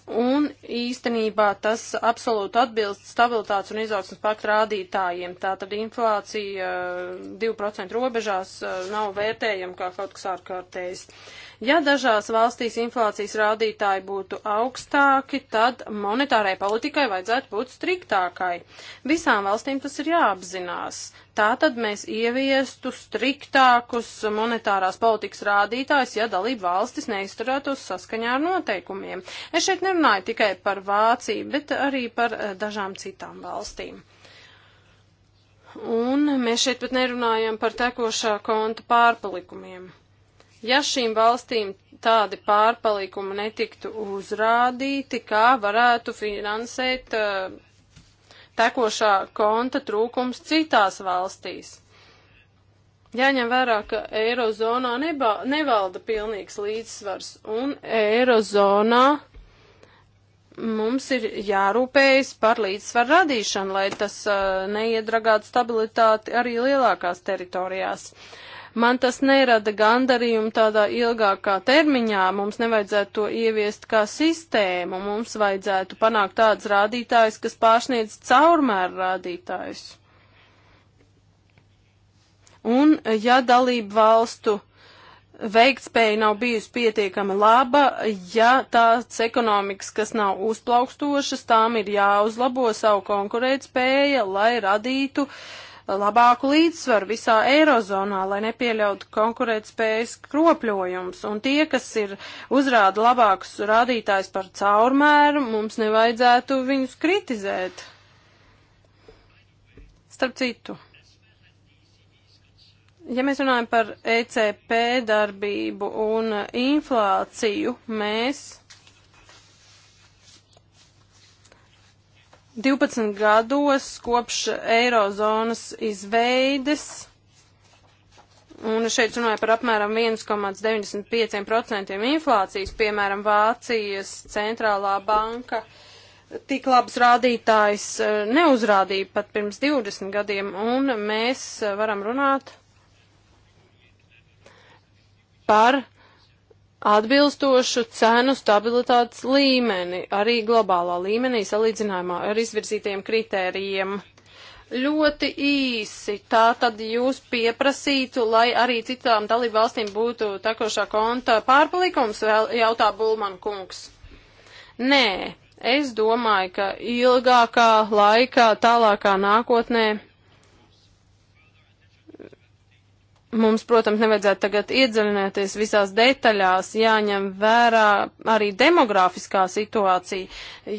Un īstenībā tas absolūti atbilst stabilitātes un izaugsmas pakta rādītājiem. Tātad inflācija uh, 2% robežās uh, nav vērtējama kā kaut kas ārkārtējs. Uh, Ja dažās valstīs inflācijas rādītāji būtu augstāki, tad monetārai politikai vajadzētu būt striktākai. Visām valstīm tas ir jāapzinās. Tātad mēs ieviestu striktākus monetārās politikas rādītājus, ja dalību valstis neizturētos saskaņā ar noteikumiem. Es šeit nerunāju tikai par Vāciju, bet arī par eh, dažām citām valstīm. Un mēs šeit pat nerunājam par tekošā konta pārpalikumiem. Ja šīm valstīm tādi pārpalikumi netiktu uzrādīti, kā varētu finansēt uh, tekošā konta trūkums citās valstīs. Jāņem vērā, ka Eirozonā neba, nevalda pilnīgs līdzsvars, un Eirozonā mums ir jārūpējas par līdzsvaru radīšanu, lai tas uh, neiedragātu stabilitāti arī lielākās teritorijās. Uh, Man tas nerada gandarījumu tādā ilgākā termiņā, mums nevajadzētu to ieviest kā sistēmu, mums vajadzētu panākt tāds rādītājs, kas pārsniedz caurmēru rādītājs. Un, ja dalību valstu veiktspēja nav bijusi pietiekami laba, ja tās ekonomikas, kas nav uzplaukstošas, tām ir jāuzlabo savu konkurētspēja, lai radītu uh, labāku līdzsvaru visā eirozonā, lai nepieļautu konkurētspējas kropļojums. Un tie, kas ir uzrāda labākus rādītājs par caurmēru, mums nevajadzētu viņus kritizēt. Starp citu, ja mēs runājam par ECP darbību un inflāciju, mēs 12 gados kopš eirozonas izveides, un šeit runāja par apmēram 1,95% inflācijas, piemēram, Vācijas centrālā banka tik labs rādītājs eh, neuzrādīja pat pirms 20 gadiem, un mēs eh, varam runāt par atbilstošu cenu stabilitātes līmeni, arī globālā līmenī salīdzinājumā ar izvirzītiem kritērijiem. Ļoti īsi, tā tad jūs pieprasītu, lai arī citām dalību valstīm būtu tekošā konta pārpalikums, vēl jautā Bulman kungs. Nē, es domāju, ka ilgākā laikā, tālākā nākotnē Mums, protams, nevajadzētu tagad iedziļināties visās detaļās, jāņem vērā arī demografiskā situācija.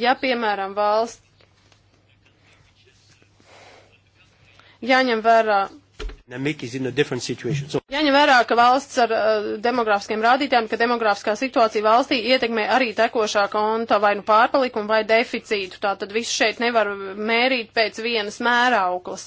Ja, piemēram, valsts jāņem vērā So... Jaņa vērā, ka valsts ar uh, demografiskiem rādītājiem, ka demografiskā situācija valstī ietekmē arī tekošā konta vai nu pārpalikumu vai deficītu, tā tad viss šeit nevar mērīt pēc vienas mērauklas.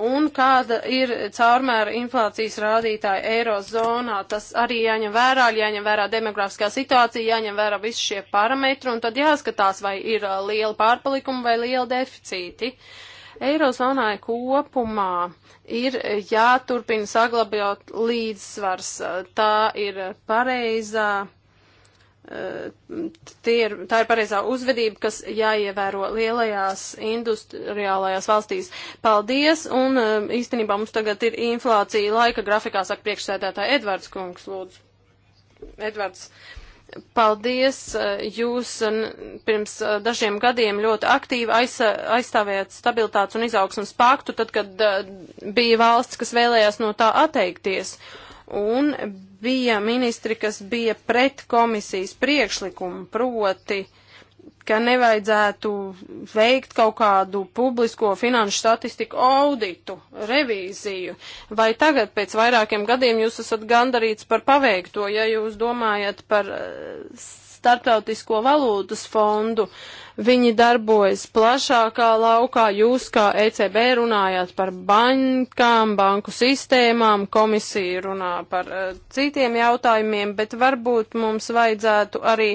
Un kāda ir caurmēra inflācijas rādītāja eirozonā, tas arī jāņem vērā, jāņem vērā demografiskā situācija, jāņem vērā visi šie parametri, un tad jāskatās, vai ir uh, liela pārpalikuma vai liela deficīti. Uh, Eirozonai kopumā ir jāturpina saglabāt līdzsvars. Tā ir pareizā. Eh, ir, tā ir pareizā uzvedība, kas jāievēro lielajās industriālajās valstīs. Paldies, un eh, īstenībā mums tagad ir inflācija laika grafikā, saka priekšsēdētāja Edvards Kungs, lūdzu. Edvards, Paldies! Eh, jūs eh, pirms eh, dažiem gadiem ļoti aktīvi aizstāvējāt stabilitātes un izaugsmas paktu, tad, kad bija valsts, kas vēlējās no tā atteikties. Un bija ministri, kas bija pret komisijas priekšlikumu, proti uh, ka nevajadzētu veikt kaut kādu publisko finanšu statistiku auditu, revīziju. Vai tagad pēc vairākiem gadiem jūs esat gandarīts par paveikto, ja jūs domājat par eh, starptautisko valūtas fondu? Uh, Viņi darbojas plašākā laukā. Jūs kā ECB runājāt par bankām, banku sistēmām, komisija runā par uh, citiem jautājumiem, bet varbūt mums vajadzētu arī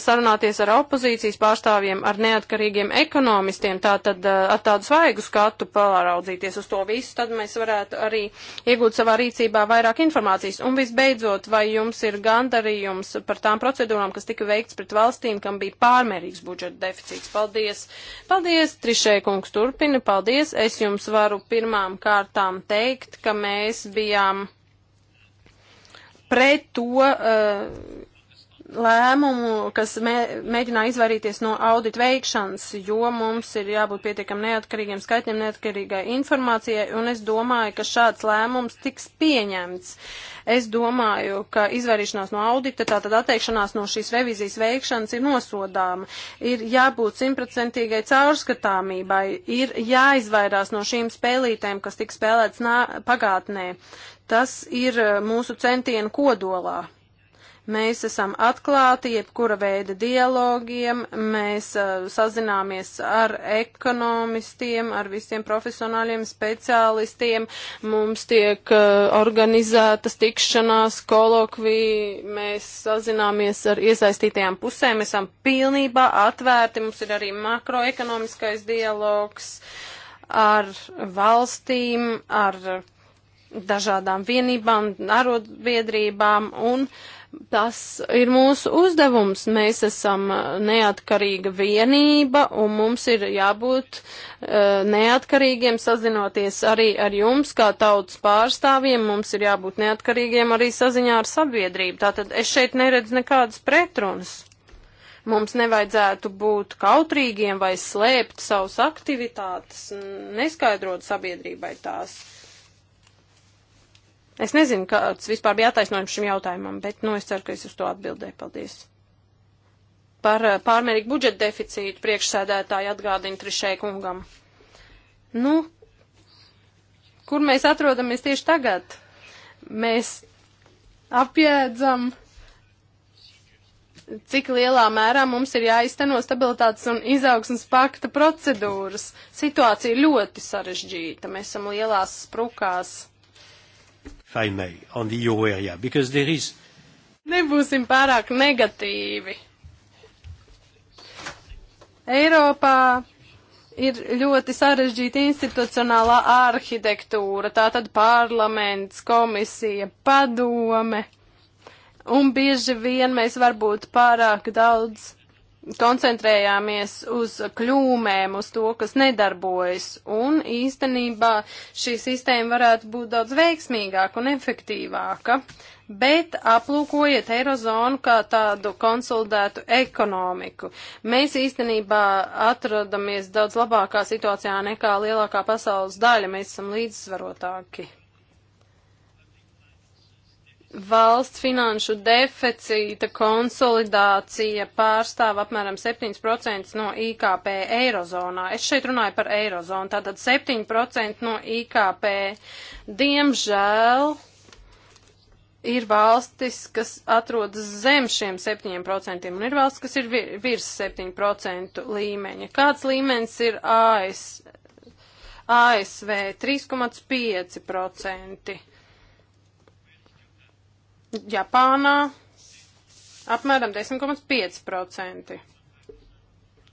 sarunāties ar opozīcijas pārstāvjiem, ar neatkarīgiem ekonomistiem, tā tad uh, ar tādu svaigu skatu pāraudzīties uz to visu, tad mēs varētu arī iegūt savā rīcībā vairāk informācijas. Un visbeidzot, vai jums ir gandarījums par tām procedūrām, kas tika veikts pret valstīm, kam bija pārmērīgs Savienības budžeta deficīts. Paldies! Paldies, Trišēkungs turpina. Paldies! Es jums varu pirmām kārtām teikt, ka mēs bijām pret to, eh, lēmumu, kas mē, mēģināja izvairīties no audit veikšanas, jo mums ir jābūt pietiekam neatkarīgiem skaitļiem, neatkarīgai informācijai, un es domāju, ka šāds lēmums tiks pieņemts. Es domāju, ka izvairīšanās no audita, tātad atteikšanās no šīs revizijas veikšanas ir nosodāma. Ir jābūt simtprocentīgai caurskatāmībai, ir jāizvairās no šīm spēlītēm, kas tiks spēlēts pagātnē. Tas ir mūsu centienu kodolā. Mēs esam atklāti jebkura veida dialogiem, mēs uh, sazināmies ar ekonomistiem, ar visiem profesionāļiem, speciālistiem, mums tiek uh, organizētas tikšanās, kolokvī, mēs sazināmies ar iesaistītajām pusēm, mēs esam pilnībā atvērti, mums ir arī makroekonomiskais dialogs ar valstīm, ar dažādām vienībām, arotbiedrībām un uh, Tas ir mūsu uzdevums. Mēs esam uh, neatkarīga vienība un mums ir jābūt uh, neatkarīgiem, sazinoties arī ar jums, kā tautas pārstāvjiem. Mums ir jābūt neatkarīgiem arī saziņā ar sabiedrību. Tātad es šeit neredzu nekādas pretrunas mums nevajadzētu būt kautrīgiem vai slēpt savus aktivitātes, neskaidrot sabiedrībai tās. Es nezinu, kāds vispār bija attaisnojums šim jautājumam, bet, nu, es ceru, ka es uz to atbildēju. Paldies. Par eh, pārmērīgu budžeta deficītu priekšsēdētāju atgādina Trišē kungam. Nu, kur mēs atrodamies tieši tagad? Mēs apjēdzam cik lielā mērā mums ir jāizteno stabilitātes un izaugsmas pakta procedūras. Situācija ļoti sarežģīta. Mēs esam lielās sprukās if I may, on the euro area, because there is. Nebūsim pārāk negatīvi. Eiropā ir ļoti sarežģīta institucionālā arhitektūra, tātad parlaments, komisija, padome, un bieži vien mēs varbūt pārāk daudz koncentrējāmies uz kļūmēm, uz to, kas nedarbojas, un īstenībā šī sistēma varētu būt daudz veiksmīgāka un efektīvāka, bet aplūkojiet Eirozonu kā tādu konsolidētu ekonomiku. Mēs īstenībā atrodamies daudz labākā situācijā nekā lielākā pasaules daļa, mēs esam līdzsvarotāki. Valsts finanšu deficīta konsolidācija pārstāv apmēram 7% no IKP eirozonā. Es šeit runāju par eirozonu, tātad 7% no IKP. Diemžēl ir valstis, kas atrodas zem šiem 7%, un ir valsts, kas ir vir, virs 7% līmeņa. Kāds līmenis ir AS, ASV? 3,5%. Japānā apmēram 10,5%.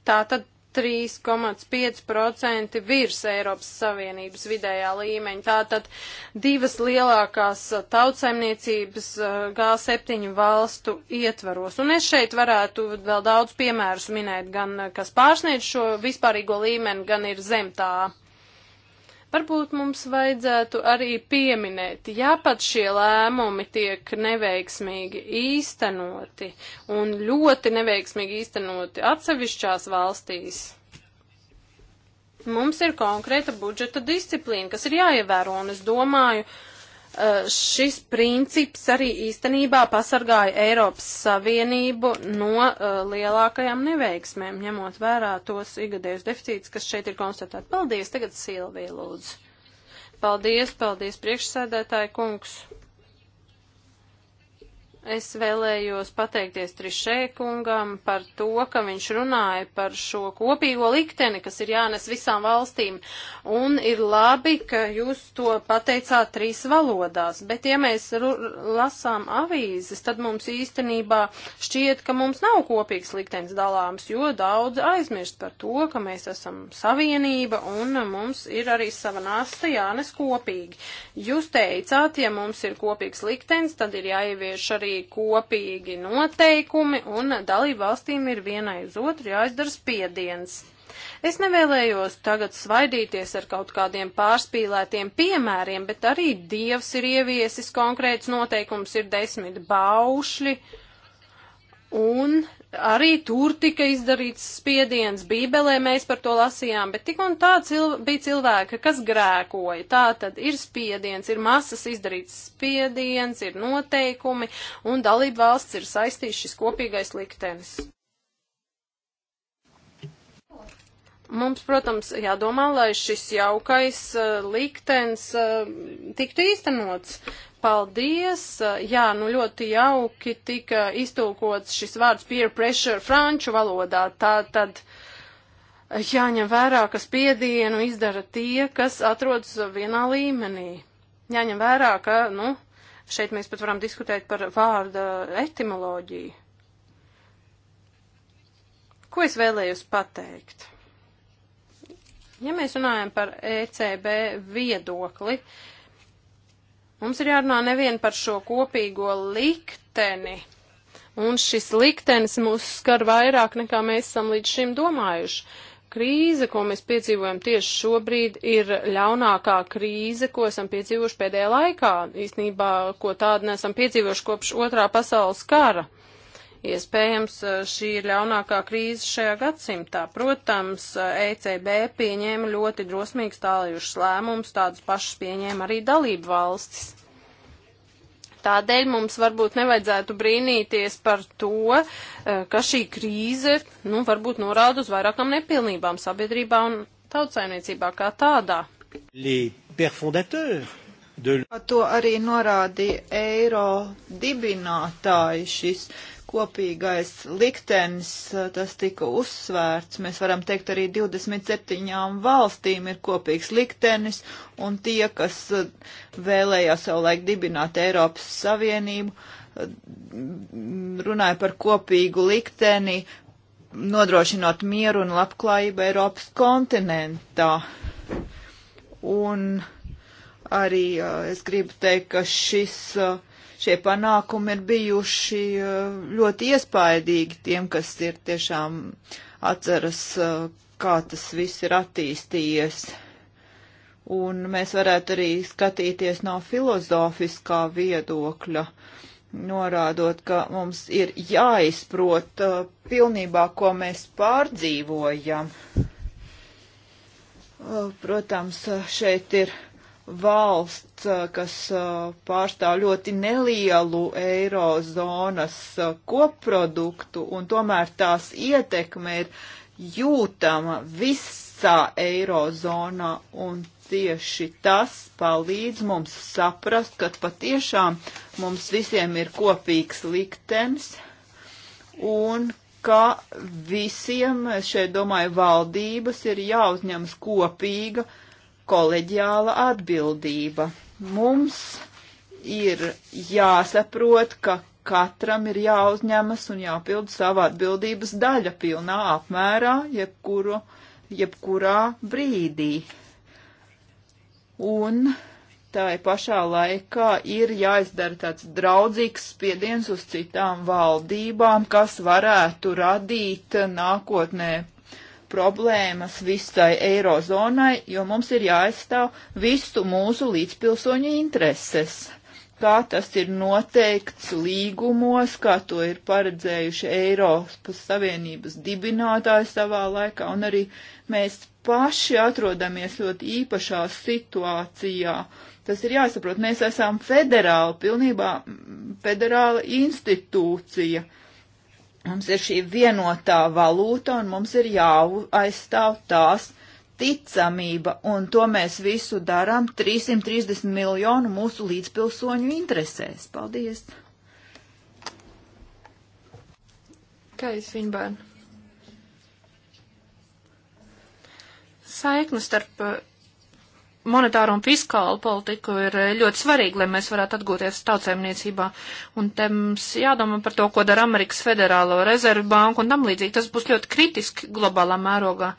Tātad 3,5% virs Eiropas Savienības vidējā līmeņa. Tātad divas lielākās uh, tautsaimniecības uh, G7 valstu ietvaros. Un es šeit varētu vēl daudz piemērus minēt, gan uh, kas pārsniedz šo vispārīgo līmeni, gan ir zem tā. Varbūt mums vajadzētu arī pieminēt, ja pat šie lēmumi tiek neveiksmīgi īstenoti un ļoti neveiksmīgi īstenoti atsevišķās valstīs. Mums ir konkrēta budžeta disciplīna, kas ir jāievēro, un es domāju, uh, Eh, šis princips arī īstenībā pasargāja Eiropas Savienību no eh, lielākajām neveiksmēm, ņemot vērā tos igadējus deficītus, kas šeit ir konstatēti. Paldies, tagad Silvija lūdzu. Paldies, paldies priekšsēdētāji kungs. Es vēlējos pateikties Trišē kungam par to, ka viņš runāja par šo kopīgo likteni, kas ir jānes visām valstīm, un ir labi, ka jūs to pateicāt trīs valodās, bet ja mēs lasām avīzes, tad mums īstenībā šķiet, ka mums nav kopīgs liktenis dalāms, jo daudz aizmirst par to, ka mēs esam savienība un mums ir arī sava nasta jānes kopīgi. Jūs teicāt, ja mums ir kopīgs liktenis, tad ir jāievieš arī arī kopīgi noteikumi, un dalību valstīm ir vienai uz otru jāizdara spiediens. Es nevēlējos tagad svaidīties ar kaut kādiem pārspīlētiem piemēriem, bet arī Dievs ir ieviesis konkrēts noteikums, ir desmit baušļi, un arī tur tika izdarīts spiediens, bībelē mēs par to lasījām, bet tik un tā cil bija cilvēki, kas grēkoja. Tā tad ir spiediens, ir masas izdarīts spiediens, ir noteikumi, un dalība valsts ir saistījuši šis kopīgais liktenis. Mums, protams, jādomā, lai šis jaukais uh, liktenis uh, tiktu īstenots paldies. Jā, nu ļoti jauki tika iztūkots šis vārds peer pressure franču valodā. Tā tad jāņem vērā, ka spiedienu izdara tie, kas atrodas vienā līmenī. Jāņem vērā, ka, nu, šeit mēs pat varam diskutēt par vārda etimoloģiju. Ko es vēlējos pateikt? Ja mēs runājam par ECB viedokli, uh, Mums ir jārunā nevien par šo kopīgo likteni, un šis liktenis mūs skar vairāk nekā mēs esam līdz šim domājuši. Krīze, ko mēs piedzīvojam tieši šobrīd, ir ļaunākā krīze, ko esam piedzīvojuši pēdējā laikā, īstenībā, ko tādu nesam piedzīvojuši kopš otrā pasaules kara. Uh, Iespējams, šī ir ļaunākā krīze šajā gadsimtā. Protams, ECB pieņēma ļoti drosmīgus tālējušus lēmumus, tādus pašus pieņēma arī dalību valstis. Tādēļ mums varbūt nevajadzētu brīnīties par to, ka šī krīze, nu, varbūt norāda uz vairākām nepilnībām sabiedrībā un tautsaimniecībā kā tādā. De... To arī norādīja eiro dibinātāji šis kopīgais liktenis, tas tika uzsvērts. Mēs varam teikt, arī 27 valstīm ir kopīgs liktenis, un tie, kas vēlējās savu laiku dibināt Eiropas Savienību, runāja par kopīgu likteni, nodrošinot mieru un labklājību Eiropas kontinentā. Un arī es gribu teikt, ka šis uh, šie panākumi ir bijuši uh, ļoti iespaidīgi tiem, kas ir tiešām atceras, uh, kā tas viss ir attīstījies. Un mēs varētu arī skatīties no filozofiskā viedokļa, norādot, ka mums ir jāizprot uh, pilnībā, ko mēs pārdzīvojam. Uh, protams, uh, šeit ir valsts, eh, kas eh, pārstāv ļoti nelielu eirozonas eh, koproduktu, un tomēr tās ietekme ir jūtama visā eirozonā, un tieši tas palīdz mums saprast, ka patiešām mums visiem ir kopīgs liktenis, un ka visiem, es šeit domāju, valdības ir jāuzņemas kopīga, uh, koleģiāla atbildība. Mums ir jāsaprot, ka katram ir jāuzņemas un jāpild savā atbildības daļa pilnā apmērā, jebkuru, jebkurā brīdī. Un tai pašā laikā ir jāizdara tāds draudzīgs spiediens uz citām valdībām, kas varētu radīt nākotnē problēmas visai eirozonai, jo mums ir jāaizstāv visu mūsu līdzpilsoņu intereses. Kā tas ir noteikts līgumos, kā to ir paredzējuši Eiropas Savienības dibinātāji savā laikā, un arī mēs paši atrodamies ļoti īpašā situācijā. Tas ir jāsaprot, mēs esam federāli, pilnībā federāla institūcija Mums ir šī vienotā valūta un mums ir jāaizstāv tās ticamība, un to mēs visu darām 330 miljonu mūsu līdzpilsoņu interesēs. Paldies! Kā jūs viņu bērnu? Saiknes starp monetāru un fiskālu politiku ir eh, ļoti svarīgi, lai mēs varētu atgūties tautsēmniecībā. Un te mums jādomā par to, ko dara Amerikas Federālo rezervu banku un tam līdzīgi. Tas būs ļoti kritiski globālā mērogā.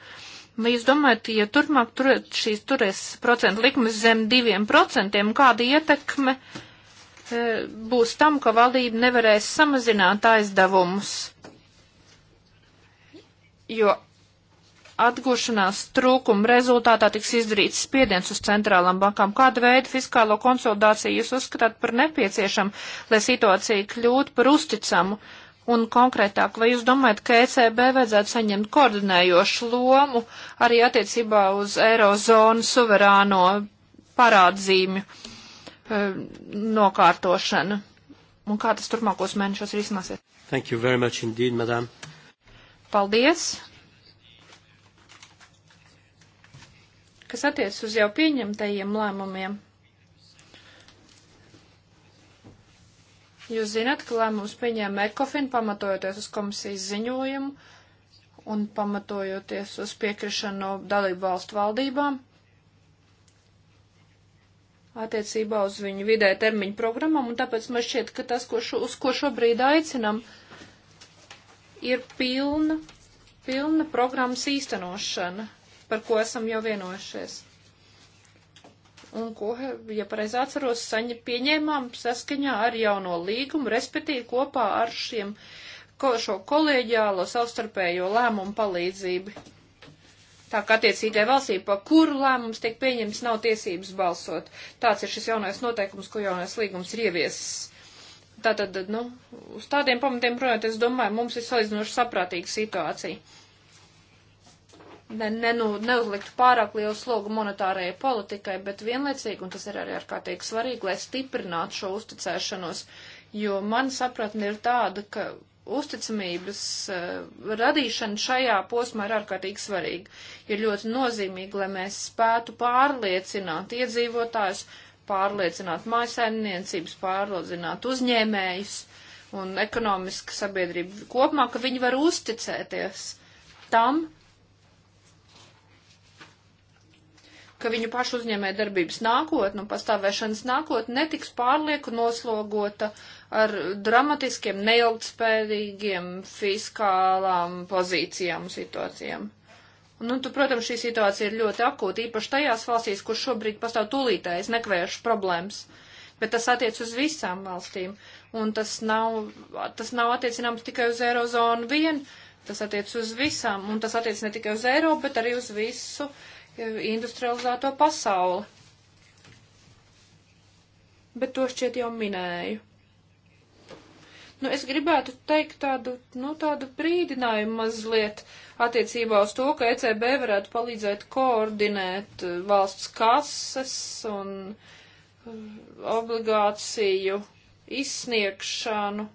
Vai jūs domājat, ja turpmāk tur, šīs turēs procentu likmes zem diviem procentiem, kāda ietekme e, būs tam, ka valdība nevarēs samazināt aizdevumus? Jo atgūšanās trūkuma rezultātā tiks izdarīts spiediens uz centrālām bankām. Kāda veida fiskālo konsolidāciju jūs uzskatāt par nepieciešamu, lai situācija kļūtu par uzticamu? Un konkrētāk, vai jūs domājat, ka ECB vajadzētu saņemt koordinējošu lomu arī attiecībā uz eirozonu suverāno parādzīmju e, nokārtošanu? Un kā tas turpmākos mēnešos risināsies? Thank you very much indeed, madam. Paldies. kas attiec uz jau pieņemtajiem lēmumiem. Jūs zināt, ka lēmums pieņēma Ekofin pamatojoties uz komisijas ziņojumu un pamatojoties uz piekrišanu no dalību valstu valdībām attiecībā uz viņu vidē termiņu programmam, un tāpēc man šķiet, ka tas, ko šo, uz ko šobrīd aicinam, ir pilna, pilna programmas īstenošana par ko esam jau vienojušies. Un ko, ja pareizi atceros, saņa pieņēmām saskaņā ar jauno līgumu, respektīvi kopā ar šiem, ko, šo kolēģiālo savstarpējo lēmumu palīdzību. Tā kā attiecīgai valstī, pa kuru lēmums tiek pieņemts, nav tiesības balsot. Tāds ir šis jaunais noteikums, ko jaunais līgums ir ieviesis. Tātad, nu, uz tādiem pamatiem, protams, es domāju, mums ir salīdzinoši saprātīga situācija ne, ne, nu, neuzliktu pārāk lielu slogu monetārajai politikai, bet vienlaicīgi, un tas ir arī ārkārtīgi svarīgi, lai stiprinātu šo uzticēšanos, jo man sapratni ir tāda, ka uzticamības uh, radīšana šajā posmā ir ārkārtīgi svarīga. Ir ļoti nozīmīgi, lai mēs spētu pārliecināt iedzīvotājus, pārliecināt mājasaimniecības, pārliecināt uzņēmējus un ekonomiska sabiedrība kopumā, ka viņi var uzticēties tam, ka viņu pašu uzņēmē darbības nākotne un pastāvēšanas nākotne netiks pārlieku noslogota ar dramatiskiem, neilgtspējīgiem fiskālām pozīcijām un situācijām. Nu, tu, protams, šī situācija ir ļoti akūta, īpaši tajās valstīs, kur šobrīd pastāv tūlītējas nekvējušas problēmas bet tas attiec uz visām valstīm. Un tas nav, tas nav attiecināms tikai uz Eirozonu vien, tas attiec uz visām, un tas attiec ne tikai uz Eiropu, bet arī uz visu industrializēto pasauli. Bet to šķiet jau minēju. Nu, es gribētu teikt tādu, nu, tādu brīdinājumu mazliet attiecībā uz to, ka ECB varētu palīdzēt koordinēt uh, valsts kases un uh, obligāciju izsniegšanu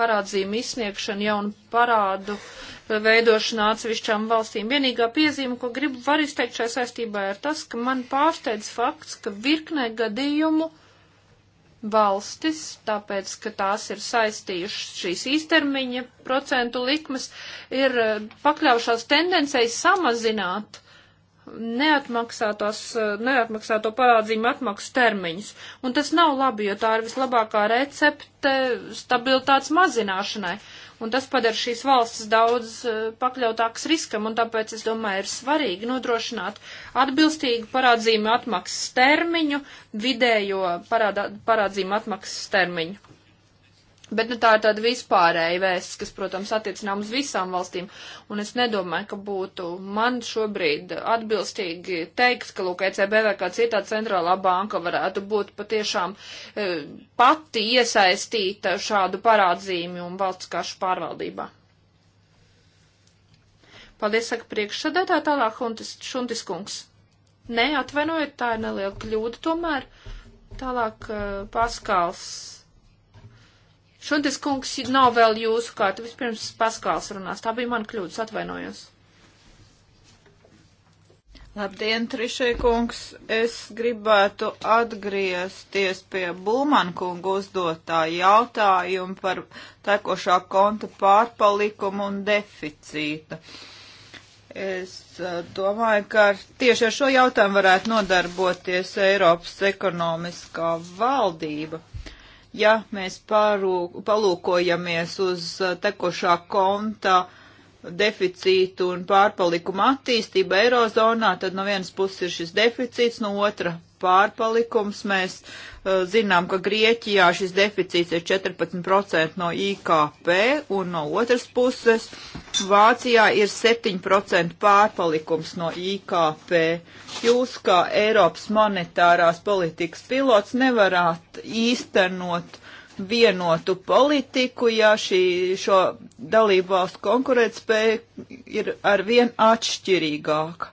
parādzījumu izsniegšanu, jaunu parādu veidošanā atsevišķām valstīm. Vienīgā piezīme, ko gribu var izteikt šajā saistībā, ir tas, ka man pārsteidz fakts, ka virknē gadījumu valstis, tāpēc, ka tās ir saistījušas šīs īstermiņa procentu likmes, ir eh, pakļaušās tendencei samazināt neatmaksātās, eh, neatmaksāto parādzību atmaksu termiņus. Un tas nav labi, jo tā ir vislabākā recepte stabilitātes mazināšanai. Un tas padara šīs valstis daudz eh, pakļautākas riskam, un tāpēc, es domāju, ir svarīgi nodrošināt atbilstīgu parādzību atmaksas termiņu, vidējo parādā, parādzību atmaksas termiņu. Bet nu, tā ir tāda vispārēja vēsts, kas, protams, attiecinām uz visām valstīm, un es nedomāju, ka būtu man šobrīd atbilstīgi teikt, ka, lūk, ECB vai kā citā centrālā banka varētu būt patiešām e, pati iesaistīta šādu parādzīmju un valsts kašu pārvaldībā. Paldies, saka priekšsēdētā tālāk, Huntis, Šuntis kungs. Nē, atvainojiet, tā ir neliela kļūda tomēr. Tālāk uh, Paskals Šuntis kungs nav vēl jūsu kārta. Vispirms Paskāls runās. Tā bija man kļūdas, atvainojos. Labdien, Trišē kungs! Es gribētu atgriezties pie Bulman kungu uzdotā jautājuma par tekošā konta pārpalikumu un deficītu. Es eh, domāju, ka tieši ar šo jautājumu varētu nodarboties Eiropas ekonomiskā valdība ja mēs parūk, palūkojamies uz uh, tekošā konta uh, deficītu un pārpalikumu attīstību Eirozonā, tad no vienas puses ir šis deficīts, no otra pārpalikums. Mēs uh, zinām, ka Grieķijā šis deficīts ir 14% no IKP, un no otras puses Vācijā ir 7% pārpalikums no IKP. Jūs, kā Eiropas monetārās politikas pilots, nevarat īstenot vienotu politiku, ja šī, šo dalību valstu konkurētspēja ir arvien atšķirīgāka.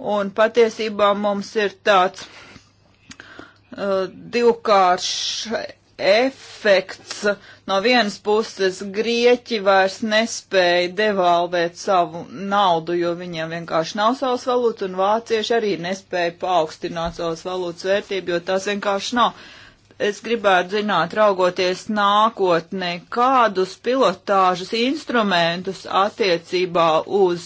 Un patiesībā mums ir tāds uh, divkāršs efekts. No vienas puses grieķi vairs nespēja devalvēt savu naudu, jo viņiem vienkārši nav savas valūtas, un vācieši arī nespēja paaugstināt savas valūtas vērtību, jo tās vienkārši nav. Uh, Es gribētu zināt, raugoties nākotnē, kādus pilotāžas instrumentus attiecībā uz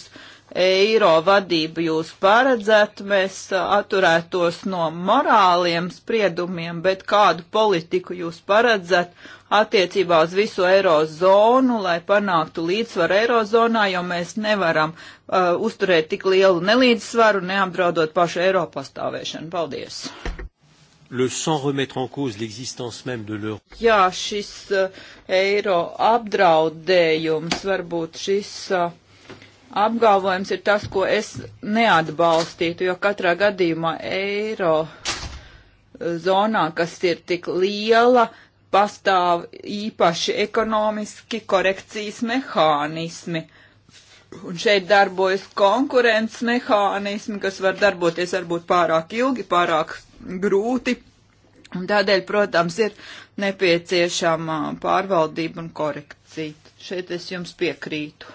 eiro vadību jūs paredzētu, mēs atturētos no morāliem spriedumiem, bet kādu politiku jūs paredzat attiecībā uz visu eirozonu, lai panāktu līdzsvaru eirozonā, jo mēs nevaram uh, uzturēt tik lielu nelīdzsvaru, neapdraudot pašu Eiropas stāvēšanu. Paldies! le sans remettre en cause l'existence même de l'euro. Jā, šis uh, eiro apdraudējums, varbūt šis uh, apgalvojums ir tas, ko es neatbalstītu, jo katrā gadījumā eiro eh, zonā, kas ir tik liela, pastāv īpaši ekonomiski korekcijas mehānismi. Un šeit darbojas konkurences mehānismi, kas var darboties varbūt pārāk ilgi, pārāk grūti. Un tādēļ, protams, ir nepieciešama pārvaldība un korekcija. Šeit es jums piekrītu.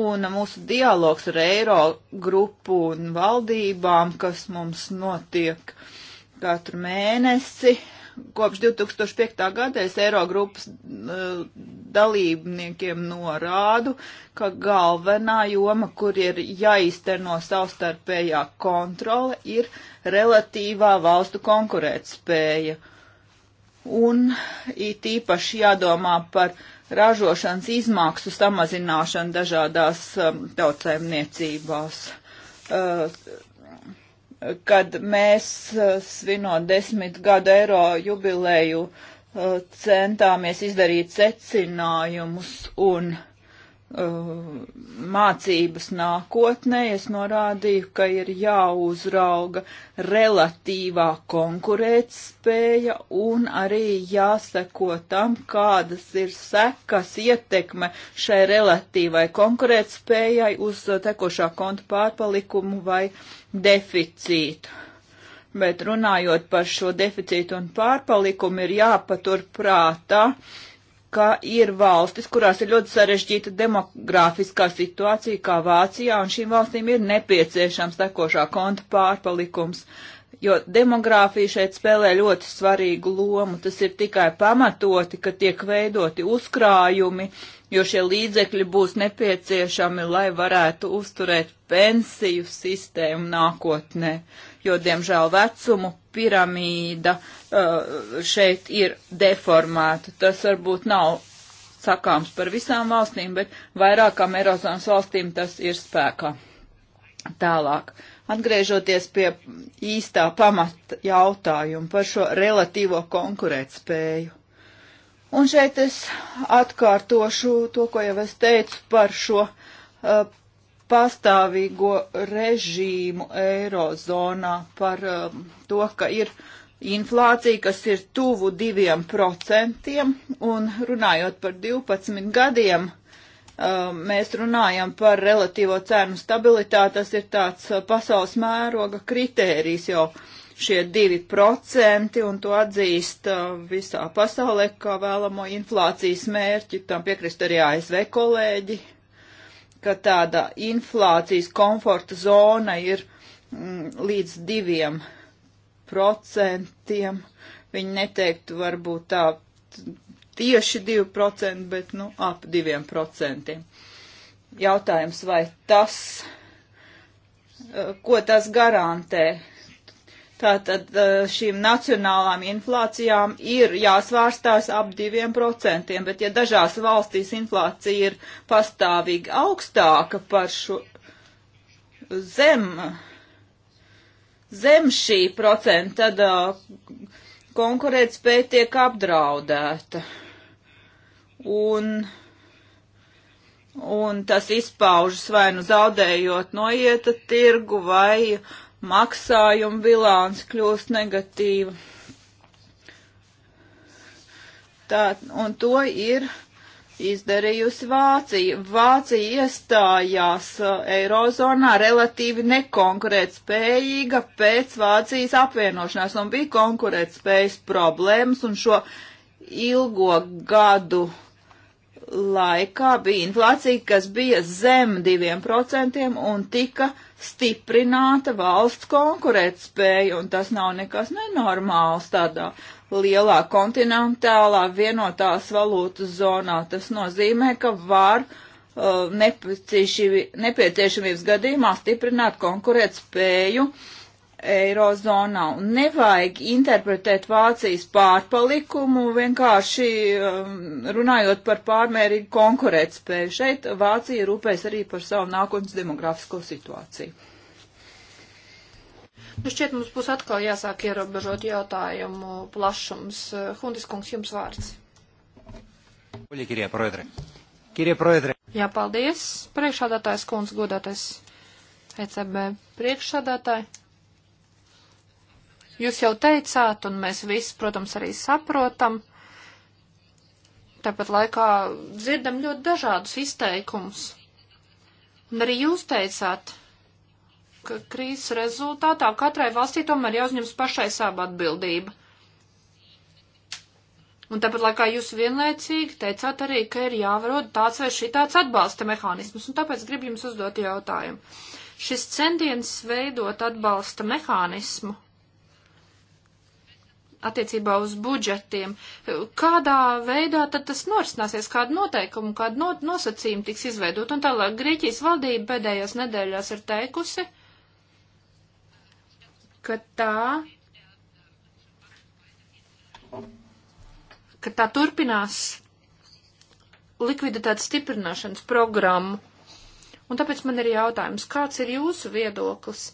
Un mūsu dialogs ar eiro grupu un valdībām, kas mums notiek katru mēnesi, kopš 2005. gada es eiro grupas e, dalībniekiem norādu, ka galvenā joma, kur ir jāizterno savstarpējā kontrole, ir relatīvā valstu konkurētspēja. Un it īpaši jādomā par ražošanas izmaksu samazināšanu dažādās um, tautsēmniecībās. Uh, kad mēs uh, svinot desmit gadu eiro jubilēju uh, centāmies izdarīt secinājumus un Uh, mācības nākotnē es norādīju, ka ir jāuzrauga relatīvā konkurētspēja un arī jāseko tam, kādas ir sekas ietekme šai relatīvai konkurētspējai uz tekošā konta pārpalikumu vai deficītu. Bet runājot par šo deficītu un pārpalikumu, ir jāpatur prātā, uh, ka ir valstis, kurās ir ļoti sarežģīta demografiskā situācija, kā Vācijā, un šīm valstīm ir nepieciešams tekošā konta pārpalikums, jo demografija šeit spēlē ļoti svarīgu lomu. Tas ir tikai pamatoti, ka tiek veidoti uzkrājumi, jo šie līdzekļi būs nepieciešami, lai varētu uzturēt pensiju sistēmu nākotnē, jo, diemžēl, vecumu piramīda uh, Uh, šeit ir deformēta. Tas varbūt nav sakāms par visām valstīm, bet vairākām Eirozonas valstīm tas ir spēkā. Tālāk, atgriežoties pie īstā pamata jautājuma par šo relatīvo konkurētspēju. Un šeit es atkārtošu to, ko jau es teicu par šo uh, pastāvīgo režīmu Eirozonā, par uh, to, ka ir uh, inflācija, kas ir tuvu diviem procentiem, un runājot par 12 gadiem, uh, mēs runājam par relatīvo cēnu stabilitāti, tas ir tāds uh, pasaules mēroga kritērijs jau šie divi procenti, un to atzīst uh, visā pasaulē, kā vēlamo inflācijas mērķi, tam piekrist arī ASV kolēģi, ka tāda inflācijas komforta zona ir mm, līdz diviem procentiem procentiem. Viņi neteiktu varbūt tā tieši 2%, bet nu ap 2%. Jautājums, vai tas, ko tas garantē? Tātad eh, šīm nacionālām inflācijām ir jāsvārstās ap 2%, bet ja dažās valstīs inflācija ir pastāvīgi augstāka par šo zem zem šī procenta, tad uh, konkurētspēja tiek apdraudēta. Un, un tas izpaužas vai nu zaudējot noieta tirgu, vai maksājuma bilāns kļūst negatīva. Tā, un to ir izdarījusi Vācija. Vācija iestājās uh, Eirozonā relatīvi nekonkurēt spējīga pēc Vācijas apvienošanās un bija konkurēt spējas problēmas un šo ilgo gadu laikā bija inflācija, kas bija zem diviem procentiem un tika stiprināta valsts konkurētspēja, un tas nav nekas nenormāls tādā lielā kontinentālā vienotās valūtas zonā. Tas nozīmē, ka var uh, nepieciešamības gadījumā stiprināt konkurēt spēju Eirozonā. Un nevajag interpretēt Vācijas pārpalikumu, vienkārši um, runājot par pārmērīgu konkurēt spēju. Šeit Vācija rūpēs arī par savu nākotnes demografisko situāciju. Nu šķiet, mums būs atkal jāsāk ierobežot jautājumu plašums. Hundis kungs, jums vārds. Jā, paldies. Priekšādātājs kungs, godātais ECB priekšādātāji. Jūs jau teicāt, un mēs visi, protams, arī saprotam. Tāpat laikā dzirdam ļoti dažādus izteikumus. Un arī jūs teicāt, ka krīzes rezultātā katrai valstī tomēr jāuzņems pašai savu atbildību. Un tāpat laikā jūs vienlaicīgi teicāt arī, ka ir jāvarot tāds vai šitāds atbalsta mehānismus, un tāpēc gribu jums uzdot jautājumu. Šis centiens veidot atbalsta mehānismu attiecībā uz budžetiem, kādā veidā tad tas norisināsies, kāda noteikuma, kāda not nosacījuma tiks izveidot, un tālāk Grieķijas valdība pēdējās nedēļās ir teikusi, ka tā, ka tā turpinās likviditātes stiprināšanas programmu. Un tāpēc man ir jautājums, kāds ir jūsu viedoklis?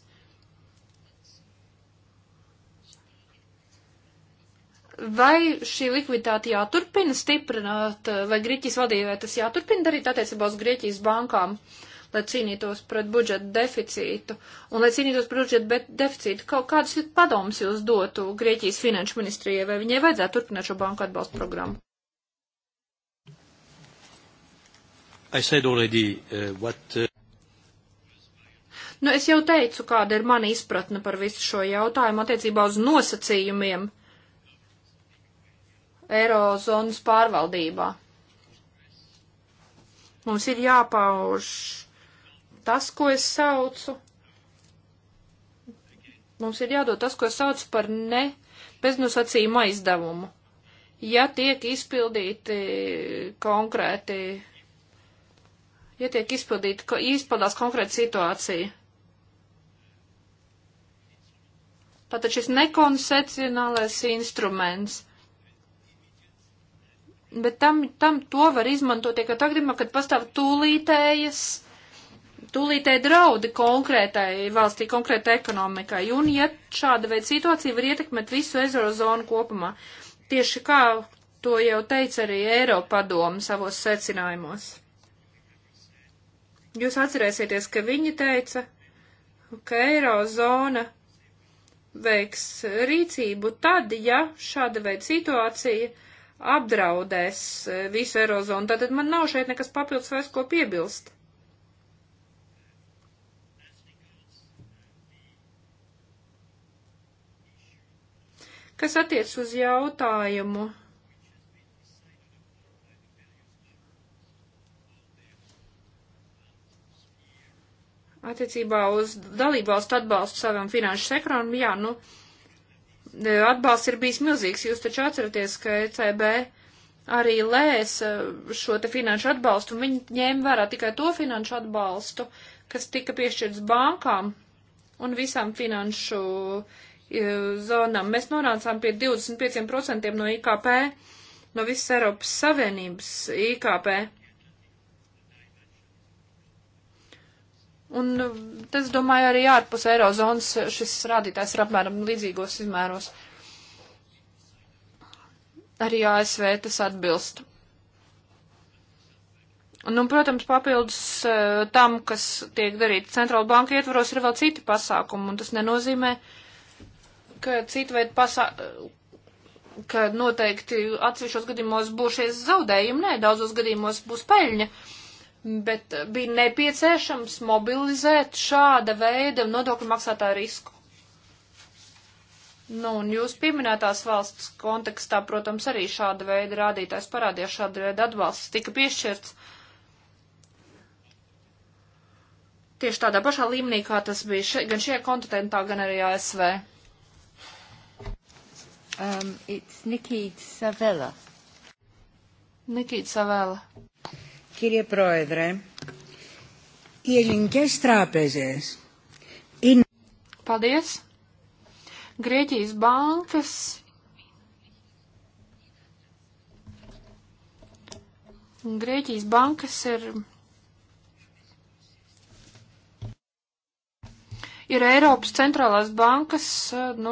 Vai šī likviditāte jāturpina stiprināt, vai Grieķijas vadībai tas jāturpina darīt attiecībā uz Grieķijas bankām? Uh, lai cīnītos pret budžeta deficītu un lai cīnītos pret budžeta deficītu. Kaut kādus padomus jūs dotu Grieķijas finanšu ministrijai, vai viņai vajadzētu turpināt šo banku atbalstu programmu? I said already uh, what. Uh... Nu, es jau teicu, kāda ir mana izpratne par visu šo jautājumu attiecībā uz nosacījumiem Eirozonas pārvaldībā. Mums ir jāpauž tas, ko es saucu, mums ir jādod tas, ko es saucu par ne beznosacījumu aizdevumu, ja tiek izpildīti konkrēti, ja tiek izpildīti, izpildās konkrēta situācija. Tātad šis nekoncepcionālais instruments. Bet tam, tam to var izmantot tikai tagad, kad pastāv tūlītējas tūlītēji draudi konkrētai valstī, konkrētai ekonomikai. Un, ja šāda veida situācija var ietekmēt visu eirozonu kopumā, tieši kā to jau teica arī Eiropadoma savos secinājumos. Jūs atcerēsieties, ka viņi teica, ka eirozona veiks rīcību tad, ja šāda veida situācija apdraudēs eh, visu eirozonu. Tātad man nav šeit nekas papildus vairs ko piebilst. Kas attiec uz jautājumu attiecībā uz dalībvalstu atbalstu savam finanšu sektoram, jā, nu, atbalsts ir bijis milzīgs. Jūs taču atceraties, ka ECB arī lēsa eh, šo te finanšu atbalstu, un viņi ņēma vērā tikai to finanšu atbalstu, kas tika piešķirts bankām un visām finanšu E, zonām. Mēs nonācām pie 25% no IKP, no visas Eiropas Savienības IKP. Un e, tas, domāju, arī ārpus Eirozonas šis rādītājs ir apmēram līdzīgos izmēros. Arī ASV tas atbilst. Nu, protams, papildus e, tam, kas tiek darīts centrāla banka ietvaros, ir vēl citi pasākumi, un tas nenozīmē, uh, ka citu veidu pasā ka noteikti atsevišķos gadījumos būs šie zaudējumi, nē, daudzos gadījumos būs peļņa, bet bija nepieciešams mobilizēt šāda veida nodokļu maksātāju risku. Nu, un jūs pieminētās valsts kontekstā, protams, arī šāda veida rādītājs parādījās, šāda veida atbalsts tika piešķirts. Tieši tādā pašā līmenī, kā tas bija še, gan šajā kontinentā, gan arī ASV. Um, it's Nikita Savela. Nikita Savela. Κύριε Πρόεδρε, οι ελληνικές τράπεζες είναι... Paldies. Grieķijas bankas Grieķijas bankas ir ir Eiropas centrālās bankas, eh, nu,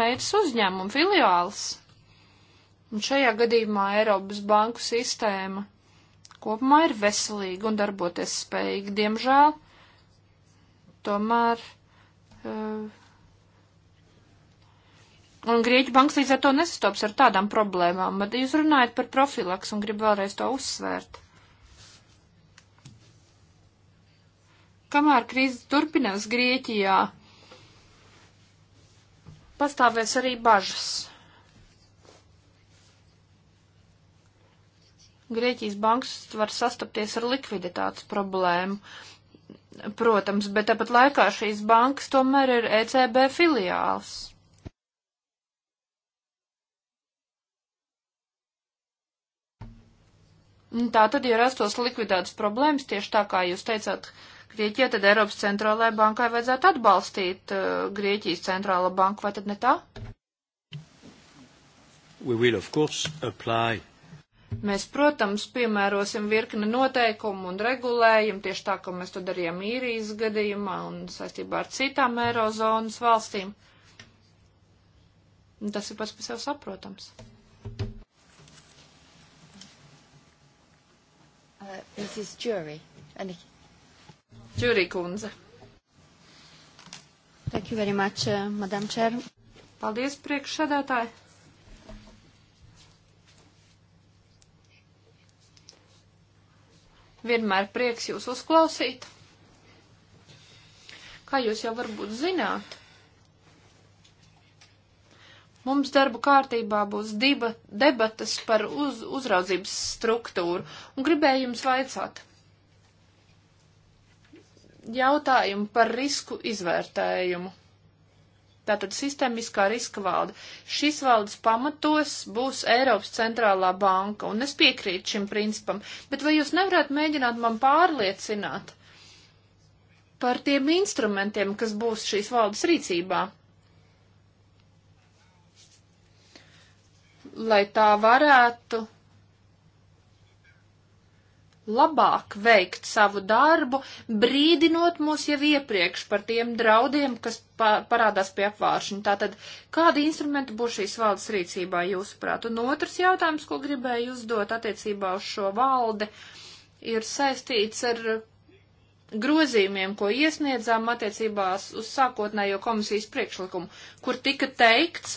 meitas uzņēmuma filiāls. Un šajā gadījumā Eiropas banku sistēma kopumā ir veselīga un darboties spējīga. Diemžēl, tomēr. Uh, Un Grieķu banks līdz ar to nesastops ar tādām problēmām, bet jūs runājat par profilaks un gribu vēlreiz to uzsvērt. Kamēr krīze turpinās Grieķijā, pastāvēs arī bažas. Grieķijas bankas var sastapties ar likviditātes problēmu, protams, bet tāpat laikā šīs bankas tomēr ir ECB filiāls. Tā tad, ja rastos likviditātes problēmas, tieši tā kā jūs teicāt, uh, Grieķijā, tad Eiropas centrālajai bankai vajadzētu atbalstīt uh, Grieķijas centrālo banku, vai tad ne tā? Mēs, protams, piemērosim virkni noteikumu un regulējumu, tieši tā, kā mēs to darījām īrijas gadījumā un saistībā ar citām eirozonas valstīm. Tas ir pats par sevi saprotams. Uh, Mrs. Jury, Annika. Čurī kundze. Thank you very much, uh, Madam Chair. Paldies, priekšsēdētāji. Vienmēr prieks jūs uzklausīt. Kā jūs jau varbūt zināt, mums darbu kārtībā būs diba, debatas par uz, uzraudzības struktūru, un gribēju jums vaicāt, jautājumu par risku izvērtējumu. Tātad sistēmiskā riska valde. Šīs valdes pamatos būs Eiropas centrālā banka, un es piekrītu šim principam, bet vai jūs nevarētu mēģināt man pārliecināt par tiem instrumentiem, kas būs šīs valdes rīcībā? Lai tā varētu labāk veikt savu darbu, brīdinot mūs jau iepriekš par tiem draudiem, kas pa parādās pie apvāršana. Tātad, kādi instrumenti būs šīs valdes rīcībā, jūsuprāt? Un otrs jautājums, ko gribēju uzdot attiecībā uz šo valdi, ir saistīts ar grozījumiem, ko iesniedzām attiecībās uz sākotnējo komisijas priekšlikumu, kur tika teikts,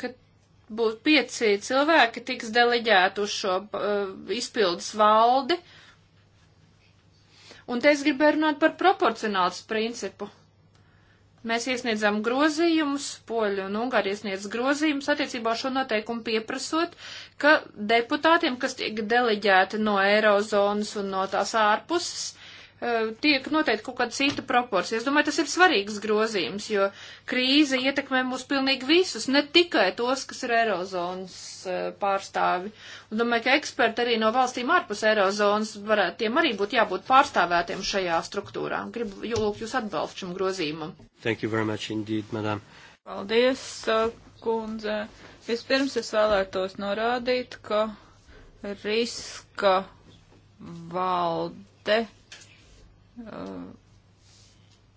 ka būs pieci cilvēki tiks deleģēti uz šo uh, izpildes valdi, uh, Un te es gribēju runāt par proporcionāls principu. Mēs iesniedzām grozījumus, poļu un ungāri iesniedz grozījumus attiecībā šo noteikumu pieprasot, ka deputātiem, kas tiek deleģēti no Eirozonas un no tās ārpuses, Eh, tiek noteikti kaut kāda cita proporcija. Es domāju, tas ir svarīgs grozījums, jo krīze ietekmē mūs pilnīgi visus, ne tikai tos, kas ir Eirozonas eh, pārstāvi. Un domāju, ka eksperti arī no valstīm ārpus Eirozonas varētu, tiem arī būtu jābūt pārstāvētiem šajā struktūrā. Gribu lūgt jūs atbalstu šim grozījumam. Thank you very much indeed, madam. Paldies, eh, kundze. Vispirms es vēlētos norādīt, ka riska valde Uh,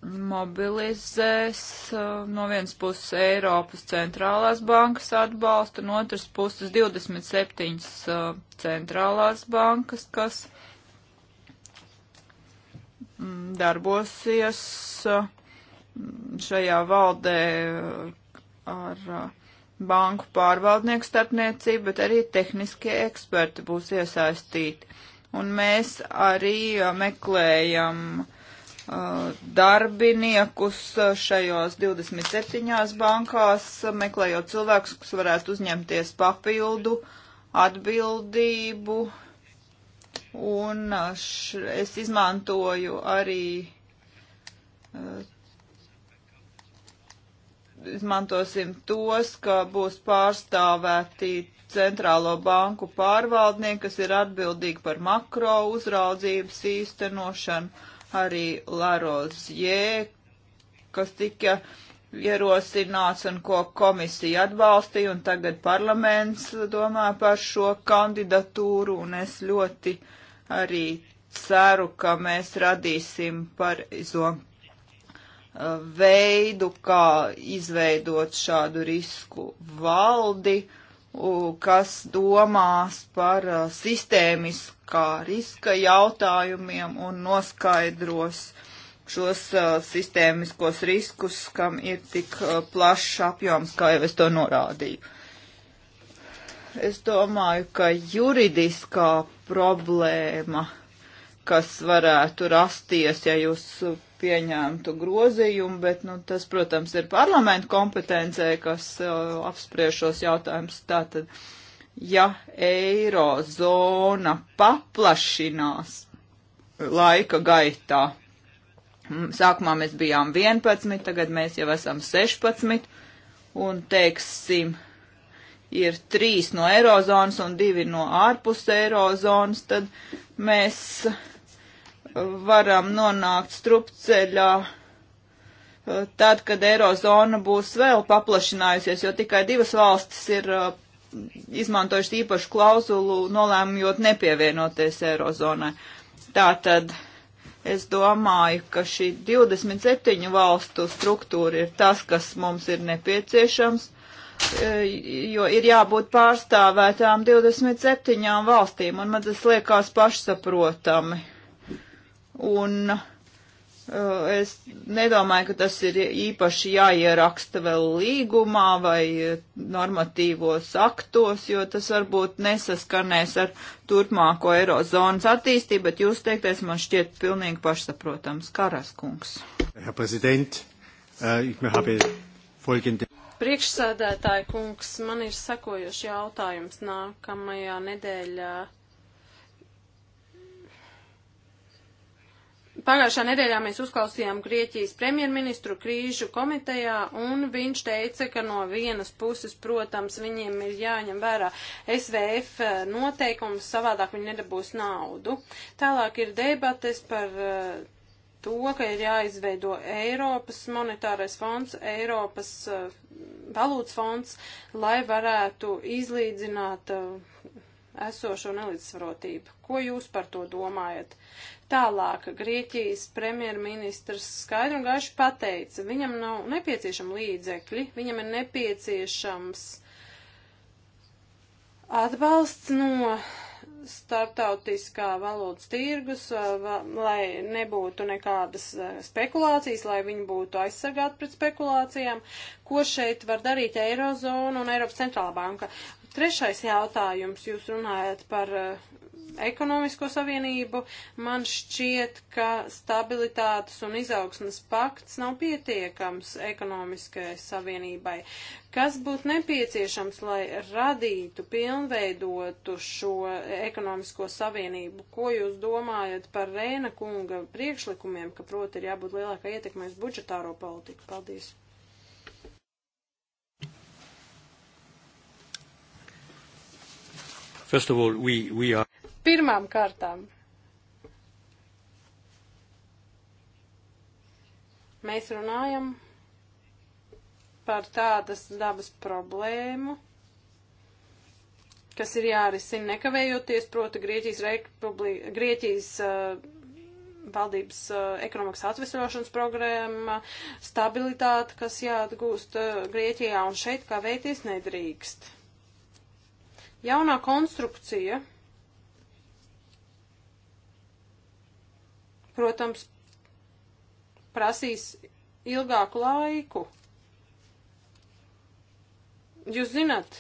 mobilizēs uh, no vienas puses Eiropas centrālās bankas atbalstu, no otras puses 27 uh, centrālās bankas, kas mm, darbosies šajā valdē ar banku pārvaldnieku starpniecību, bet arī tehniskie eksperti būs iesaistīti un mēs arī uh, meklējam uh, darbiniekus uh, šajos 27 bankās, meklējot cilvēkus, kas varētu uzņemties papildu atbildību. Un š, es izmantoju arī, izmantosim tos, ka būs pārstāvēti centrālo banku pārvaldnieki, kas ir atbildīgi par makro uzraudzības īstenošanu, arī Larozjē, kas tika ierosināts un ko komisija atbalstīja, un tagad parlaments domā par šo kandidatūru, un es ļoti arī ceru, ka mēs radīsim par izo uh, veidu, kā izveidot šādu risku valdi, uh, kas domās par uh, sistēmiskā riska jautājumiem un noskaidros šos uh, sistēmiskos riskus, kam ir tik uh, plašs apjoms, kā jau es to norādīju. Es domāju, ka juridiskā problēma kas varētu rasties, ja jūs pieņemtu grozījumu, bet, nu, tas, protams, ir parlamentu kompetencē, kas uh, apspriež šos jautājumus. Tātad, ja eirozona paplašinās laika gaitā, sākumā mēs bijām 11, tagad mēs jau esam 16, un, teiksim, ir trīs no eirozonas un divi no ārpus eirozonas, tad mēs varam nonākt strupceļā eh, tad, kad Eirozona būs vēl paplašinājusies, jo tikai divas valstis ir eh, izmantojušas īpašu klauzulu nolēmjot nepievienoties Eirozonai. Tātad es domāju, ka šī 27 valstu struktūra ir tas, kas mums ir nepieciešams, eh, jo ir jābūt pārstāvētām 27 valstīm, un man tas liekas pašsaprotami un uh, es nedomāju, ka tas ir īpaši jāieraksta vēl līgumā vai normatīvos aktos, jo tas varbūt nesaskanēs ar turpmāko eirozonas attīstību, bet jūs teiktais man šķiet pilnīgi pašsaprotams. Karaskungs. Herr Präsident, äh, ich habe folgende. Priekšsēdētāja kungs, man ir sakojuši jautājums nākamajā nedēļā Pagājušā nedēļā mēs uzklausījām Grieķijas premjerministru krīžu komitejā, un viņš teica, ka no vienas puses, protams, viņiem ir jāņem vērā SVF noteikums, savādāk viņi nedabūs naudu. Tālāk ir debates par eh, to, ka ir jāizveido Eiropas monetārais fonds, Eiropas eh, valūtas fonds, lai varētu izlīdzināt eh, esošo nelīdzsvarotību. Ko jūs par to domājat? Tālāk Grieķijas premjerministrs skaidri un gaiši pateica, viņam nav nepieciešama līdzekļi, viņam ir nepieciešams atbalsts no starptautiskā valodas tirgus, va, lai nebūtu nekādas spekulācijas, lai viņi būtu aizsargāti pret spekulācijām. Ko šeit var darīt Eirozona un Eiropas centrālā banka? Trešais jautājums, jūs runājat par uh, ekonomisko savienību, man šķiet, ka stabilitātes un izaugsmas pakts nav pietiekams ekonomiskai savienībai. Kas būtu nepieciešams, lai radītu, pilnveidotu šo ekonomisko savienību? Ko jūs domājat par Rēna kunga priekšlikumiem, ka proti ir jābūt lielākai ietekmēs budžetāro politiku? Paldies! First of all, we, we are Pirmām kārtām. Mēs runājam par tādas dabas problēmu, kas ir jārisina nekavējoties, proti Grieķijas, republi, Grieķijas uh, valdības uh, ekonomikas atvesļošanas programma, stabilitāte, kas jāatgūst uh, Grieķijā, un šeit kā vēties nedrīkst. Jaunā konstrukcija protams, prasīs ilgāku laiku. Jūs zinat,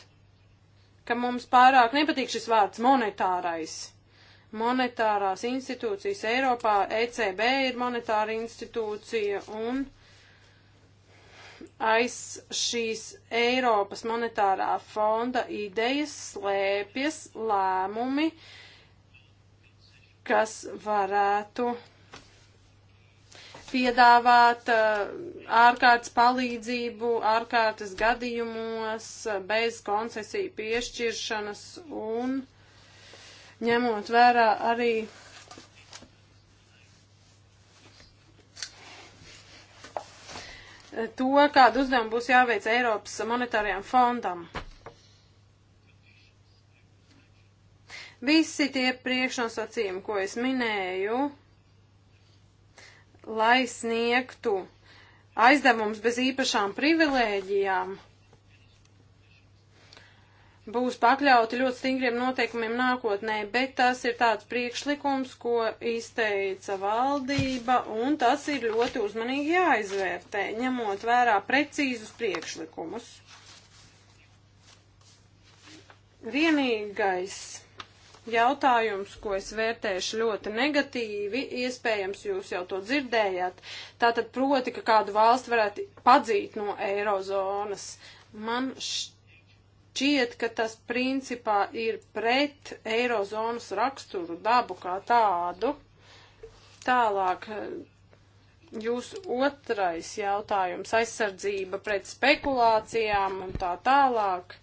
ka mums pārāk nepatīk šis vārds monetārais. Monetārās institūcijas Eiropā, ECB ir monetāra institūcija un aiz šīs Eiropas monetārā fonda idejas slēpjas lēmumi, kas varētu piedāvāt eh, ārkārtas palīdzību ārkārtas gadījumos eh, bez koncesiju piešķiršanas un ņemot vērā arī to, kādu uzdevumu būs jāveic Eiropas monetārajām fondam. Visi tie priekšnosacījumi, ko es minēju, lai sniegtu aizdevums bez īpašām privilēģijām, būs pakļauti ļoti stingriem noteikumiem nākotnē, bet tas ir tāds priekšlikums, ko izteica valdība, un tas ir ļoti uzmanīgi jāizvērtē, ņemot vērā precīzus priekšlikumus. Vienīgais jautājums, ko es vērtēšu ļoti negatīvi, iespējams jūs jau to dzirdējāt, tātad proti, ka kādu valstu varētu padzīt no eirozonas. Man šķiet, ka tas principā ir pret eirozonas raksturu dabu kā tādu. Tālāk jūsu otrais jautājums - aizsardzība pret spekulācijām un tā tālāk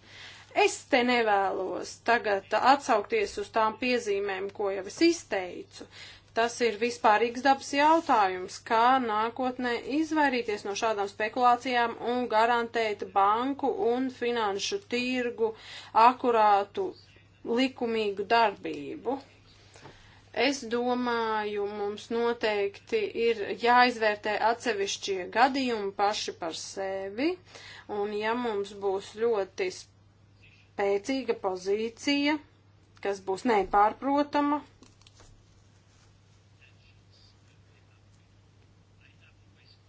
Es te nevēlos tagad atsaukties uz tām piezīmēm, ko jau es izteicu. Tas ir vispārīgs dabas jautājums, kā nākotnē izvairīties no šādām spekulācijām un garantēt banku un finanšu tirgu akurātu likumīgu darbību. Es domāju, mums noteikti ir jāizvērtē atsevišķie gadījumi paši par sevi, un ja mums būs ļoti spēcīga pozīcija, kas būs nepārprotama.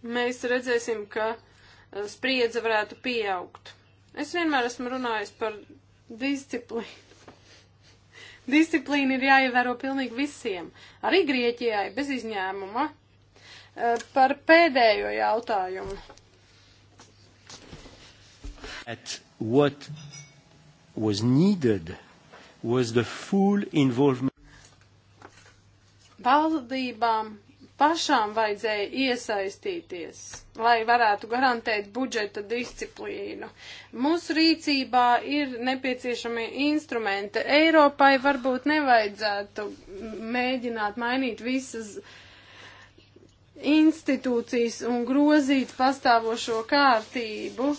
Mēs redzēsim, ka eh, spriedze varētu pieaugt. Es vienmēr esmu runājis par disciplīnu. Disciplīna ir jāievēro pilnīgi visiem, arī Grieķijai, bez izņēmuma. Eh, par pēdējo jautājumu. At what was needed was the full involvement. Valdībām pašām vajadzēja iesaistīties, lai varētu garantēt budžeta disciplīnu. Mūsu rīcībā ir nepieciešami instrumenti. Eiropai varbūt nevajadzētu mēģināt mainīt visas institūcijas un grozīt pastāvošo kārtību.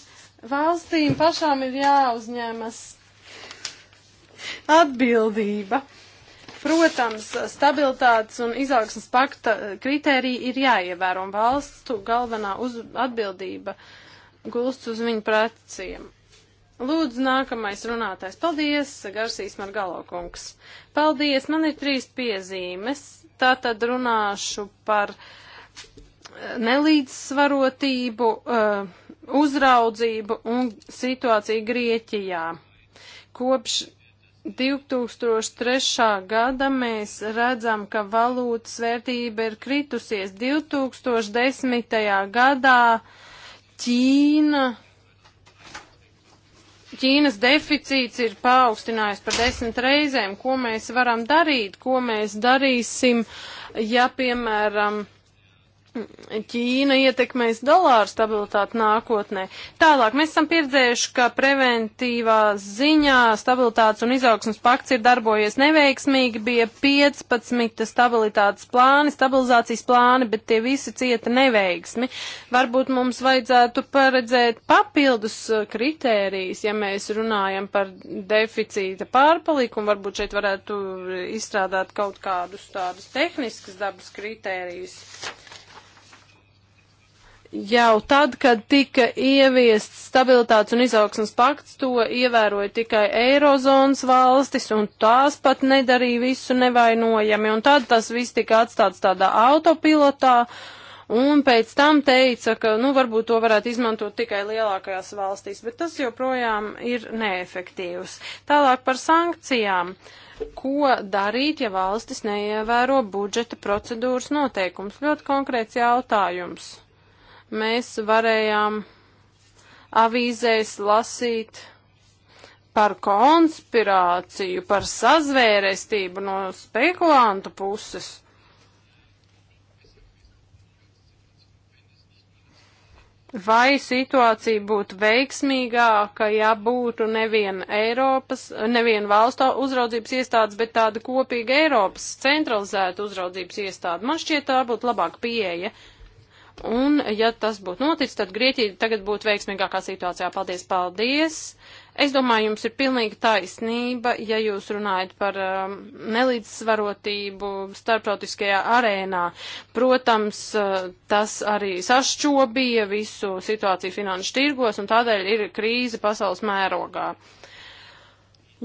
Valstīm pašām ir jāuzņemas atbildība. Protams, stabilitātes un izaugsmas pakta kritērija ir jāievēro un valstu galvenā uz atbildība gulst uz viņu preciem. Lūdzu, nākamais runātājs. Paldies, Garsīs Margalokungs. Paldies, man ir trīs piezīmes. Tātad runāšu par eh, nelīdzsvarotību, eh, uzraudzību un situāciju Grieķijā. Kopš 2003. gada mēs redzam, ka valūtas vērtība ir kritusies. 2010. gadā Ķīna, Ķīnas deficīts ir paaugstinājis par desmit reizēm. Ko mēs varam darīt? Ko mēs darīsim, ja, piemēram, Ķīna ietekmēs dolāru stabilitāti nākotnē. Tālāk mēs esam pieredzējuši, ka preventīvā ziņā stabilitātes un izaugsmas pakts ir darbojies neveiksmīgi, bija 15 stabilitātes plāni, stabilizācijas plāni, bet tie visi cieta neveiksmi. Varbūt mums vajadzētu paredzēt papildus uh, kritērijas, ja mēs runājam par deficīta pārpalikumu, varbūt šeit varētu izstrādāt kaut kādus tādus tehniskas dabas kritērijus jau tad, kad tika ieviests stabilitātes un izaugsmas pakts, to ievēroja tikai eirozonas valstis, un tās pat nedarīja visu nevainojami, un tad tas viss tika atstāts tādā autopilotā, un pēc tam teica, ka, nu, varbūt to varētu izmantot tikai lielākajās valstīs, bet tas joprojām ir neefektīvs. Tālāk par sankcijām. Ko darīt, ja valstis neievēro budžeta procedūras noteikums? Ļoti konkrēts jautājums mēs varējām avīzēs lasīt par konspirāciju, par sazvērestību no spekulantu puses. Vai situācija būtu veiksmīgāka, ja būtu nevien Eiropas, nevien valstu uzraudzības iestādes, bet tāda kopīga Eiropas centralizēta uzraudzības iestāde? Man šķiet, tā būtu labāka pieeja. Uh, Un, ja tas būtu noticis, tad Grieķija tagad būtu veiksmīgākā situācijā. Paldies, paldies! Es domāju, jums ir pilnīga taisnība, ja jūs runājat par um, nelīdzsvarotību starptautiskajā arēnā. Protams, uh, tas arī sašķobīja visu situāciju finanšu tirgos, un tādēļ ir krīze pasaules mērogā. Uh,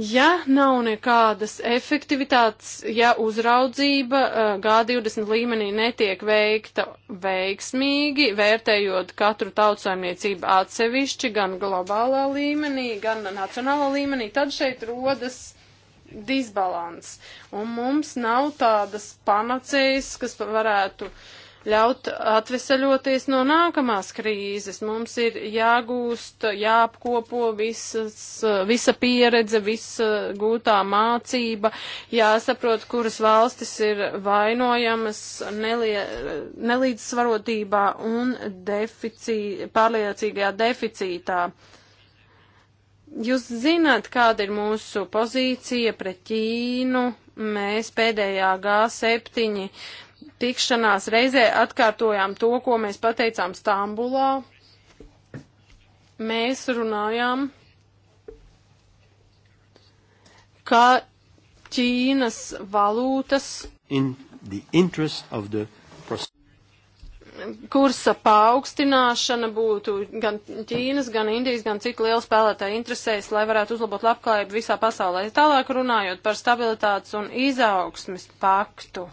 Ja nav nekādas efektivitātes, ja uzraudzība eh, G20 līmenī netiek veikta veiksmīgi, vērtējot katru tautsaimniecību atsevišķi, gan globālā līmenī, gan nacionālā līmenī, tad šeit rodas disbalans. Un mums nav tādas panacējas, kas varētu uh, ļaut atvesaļoties no nākamās krīzes. Mums ir jāgūst, jāapkopo visas, visa pieredze, visa gūtā mācība, jāsaprot, kuras valstis ir vainojamas nelie, nelīdzsvarotībā un deficī, pārliecīgajā deficītā. Jūs zināt, kāda ir mūsu pozīcija pret Ķīnu. Mēs pēdējā G7 tikšanās reizē atkārtojām to, ko mēs pateicām Stambulā. Mēs runājām, ka Ķīnas valūtas In the kursa paaugstināšana būtu gan Ķīnas, gan Indijas, gan citu lielu spēlētāju interesēs, lai varētu uzlabot labklājību visā pasaulē. Tālāk runājot par stabilitātes un izaugsmes paktu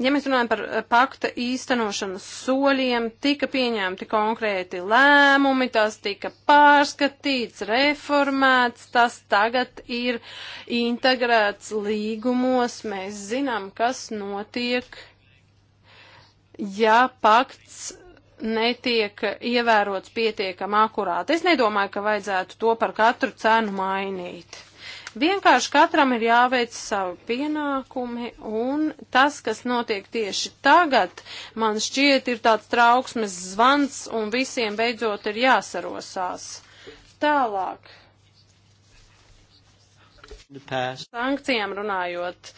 ja mēs runājam par eh, pakta īstenošanas soļiem, tika pieņemti konkrēti lēmumi, tas tika pārskatīts, reformēts, tas tagad ir integrēts līgumos, mēs zinām, kas notiek, ja pakts netiek ievērots pietiekamā kurāt. Es nedomāju, ka vajadzētu to par katru cenu mainīt. Vienkārši katram ir jāveic savi pienākumi, un tas, kas notiek tieši tagad, man šķiet, ir tāds trauksmes zvans, un visiem beidzot ir jāsarosās. Tālāk. Sankcijām runājot,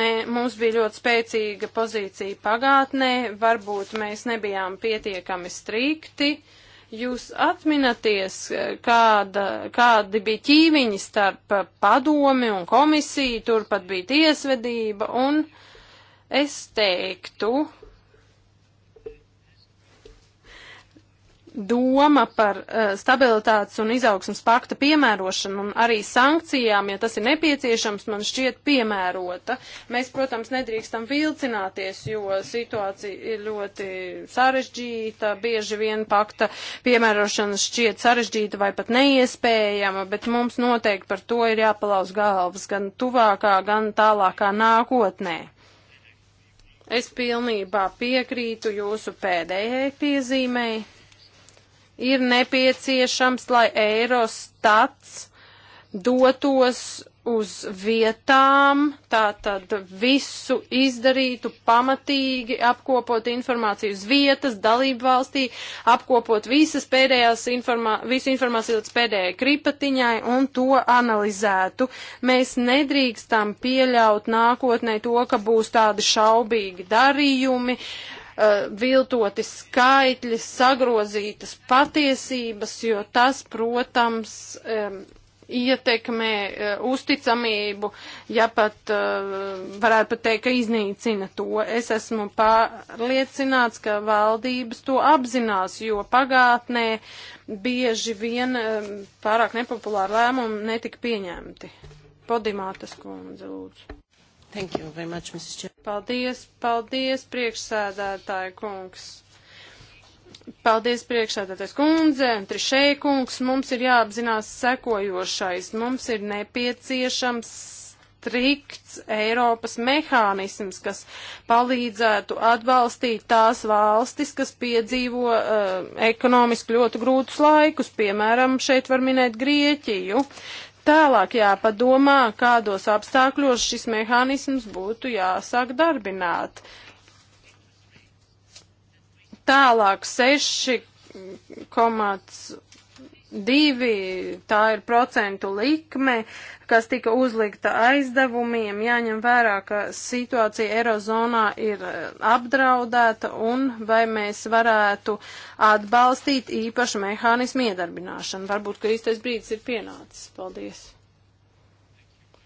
mē, mums bija ļoti spēcīga pozīcija pagātnē, varbūt mēs nebijām pietiekami strikti. Uh, Jūs atminaties, eh, kāda, kādi bija ķīviņi starp eh, padomi un komisiju, turpat bija tiesvedība, un es teiktu, doma par uh, stabilitātes un izaugsmas pakta piemērošanu un arī sankcijām, ja tas ir nepieciešams, man šķiet piemērota. Mēs, protams, nedrīkstam vilcināties, jo situācija ir ļoti sarežģīta, bieži vien pakta piemērošana šķiet sarežģīta vai pat neiespējama, bet mums noteikti par to ir jāpalauz galvas gan tuvākā, gan tālākā nākotnē. Es pilnībā piekrītu jūsu pēdējai piezīmei ir nepieciešams, lai Eirostats dotos uz vietām, tātad visu izdarītu pamatīgi, apkopot informāciju uz vietas, dalību valstī, apkopot visas pēdējās informā visu informāciju līdz pēdējai kripatiņai un to analizētu. Mēs nedrīkstam pieļaut nākotnē to, ka būs tādi šaubīgi darījumi, uh, uh, viltoti skaitļi, sagrozītas patiesības, jo tas, protams, um, ietekmē uh, uzticamību, ja pat uh, varētu pat teikt, ka iznīcina to. Es esmu pārliecināts, ka valdības to apzinās, jo pagātnē bieži vien uh, pārāk nepopulāri lēmumi netika pieņemti. Podimātas kundze, lūdzu. Thank you very much, Mrs. Chair. Paldies, paldies, priekšsēdētāja kungs. Paldies, priekšsēdētājs kundze, trešēja kungs. Mums ir jāapzinās sekojošais. Mums ir nepieciešams strikts Eiropas mehānisms, kas palīdzētu atbalstīt tās valstis, kas piedzīvo uh, ekonomiski ļoti grūtus laikus. Piemēram, šeit var minēt Grieķiju. Tālāk jāpadomā, kādos apstākļos šis mehānisms būtu jāsāk darbināt. Tālāk 6,1 2, tā ir procentu likme, kas tika uzlikta aizdevumiem, jāņem vērā, ka situācija Eirozonā ir e, apdraudēta un vai mēs varētu atbalstīt īpašu mehānismu iedarbināšanu. Varbūt, ka īstais brīdis ir pienācis. Paldies!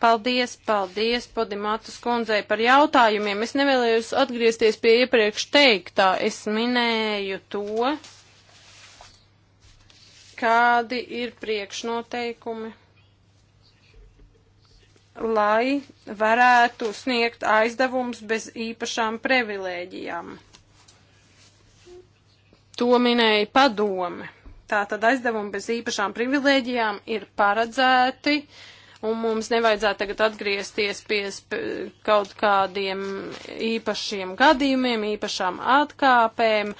Paldies, paldies, Podimātas kundzei par jautājumiem. Es nevēlējos atgriezties pie iepriekš teiktā. Es minēju to kādi ir priekšnoteikumi, lai varētu sniegt aizdevums bez īpašām privilēģijām. To minēja padome. Tātad aizdevumi bez īpašām privilēģijām ir paredzēti uh, un mums nevajadzētu tagad atgriezties pie kaut kādiem īpašiem gadījumiem, īpašām atkāpēm.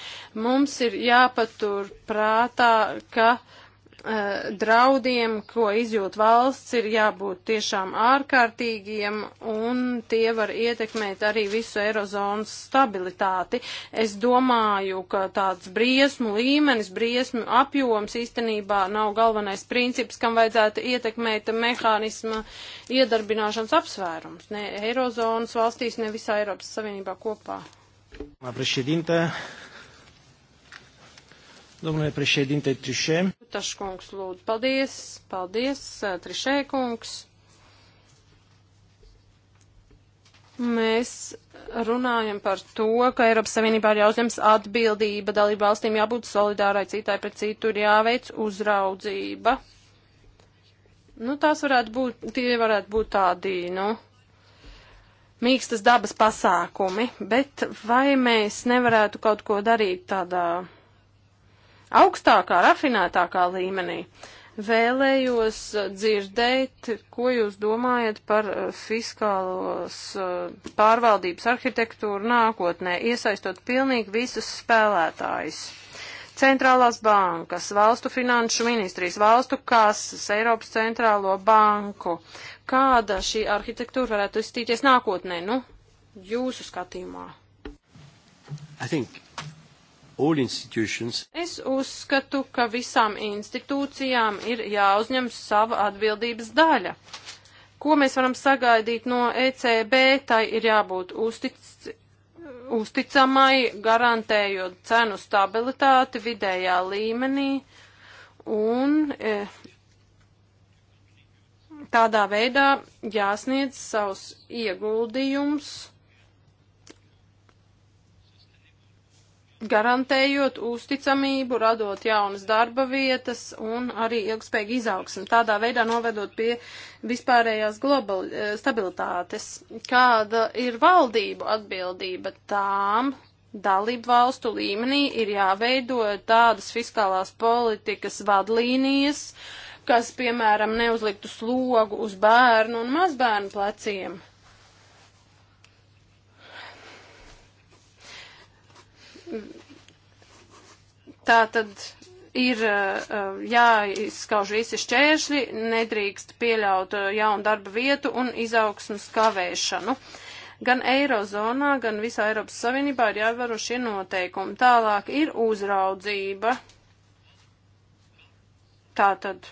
Mums ir jāpatur prātā, ka uh, Eh, draudiem, ko izjūt valsts, ir jābūt tiešām ārkārtīgiem, un tie var ietekmēt arī visu Eirozonas stabilitāti. Es domāju, ka tāds briesmu līmenis, briesmu apjoms īstenībā nav galvenais princips, kam vajadzētu ietekmēt mehānisma iedarbināšanas apsvērums. Ne Eirozonas valstīs, ne visā Eiropas Savienībā kopā. Mā, Domnule președinte Trišē. Taškungs, lūdzu, paldies, paldies, Trišē kungs. Mēs runājam par to, ka Eiropas Savienībā ir jāuzņems atbildība, dalību valstīm jābūt solidārai citai pret citu, ir jāveic uzraudzība. Nu, tās varētu būt, tie varētu būt tādi, nu, mīkstas dabas pasākumi, bet vai mēs nevarētu kaut ko darīt tādā augstākā, rafinētākā līmenī. Vēlējos uh, dzirdēt, ko jūs domājat par uh, fiskālos uh, pārvaldības arhitektūru nākotnē, iesaistot pilnīgi visus spēlētājus centrālās bankas, valstu finanšu ministrijas, valstu kases, Eiropas centrālo banku. Kāda šī arhitektūra varētu izstīties nākotnē, nu, jūsu skatījumā? I think Es uzskatu, ka visām institūcijām ir jāuzņem sava atbildības daļa. Ko mēs varam sagaidīt no ECB, tai ir jābūt uztic, uzticamai, garantējot cenu stabilitāti vidējā līmenī un e, tādā veidā jāsniedz savus ieguldījums garantējot uzticamību, radot jaunas darba vietas un arī ilgspējīgu izaugsmu. Tādā veidā novedot pie vispārējās global, eh, stabilitātes. Kāda ir valdību atbildība tām? Dalību valstu līmenī ir jāveido tādas fiskālās politikas vadlīnijas, kas, piemēram, neuzliktu slogu uz bērnu un mazbērnu pleciem. Tā tad ir eh, jāizskauž visi šķēršļi, nedrīkst pieļaut eh, jaunu darba vietu un izaugsmas kavēšanu. Gan Eirozonā, gan visā Eiropas Savienībā ir jāvaro šie noteikumi. Tālāk ir uzraudzība. Tātad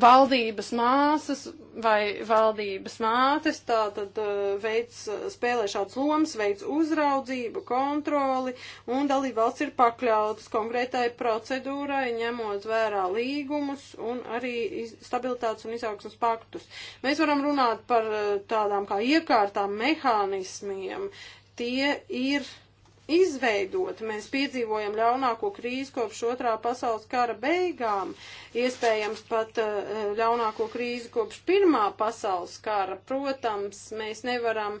valdības māsas vai valdības mātes tātad eh, veids, eh, spēlē šāds lomas, veids uzraudzību, kontroli un dalībvalsts ir pakļautas konkrētai procedūrai, ņemot vērā līgumus un arī stabilitātes un izaugsmas paktus. Mēs varam runāt par eh, tādām kā iekārtām, mehānismiem. Tie ir izveidota. Mēs piedzīvojam ļaunāko krīzi kopš otrā pasaules kara beigām, iespējams pat eh, ļaunāko krīzi kopš pirmā pasaules kara. Protams, mēs nevaram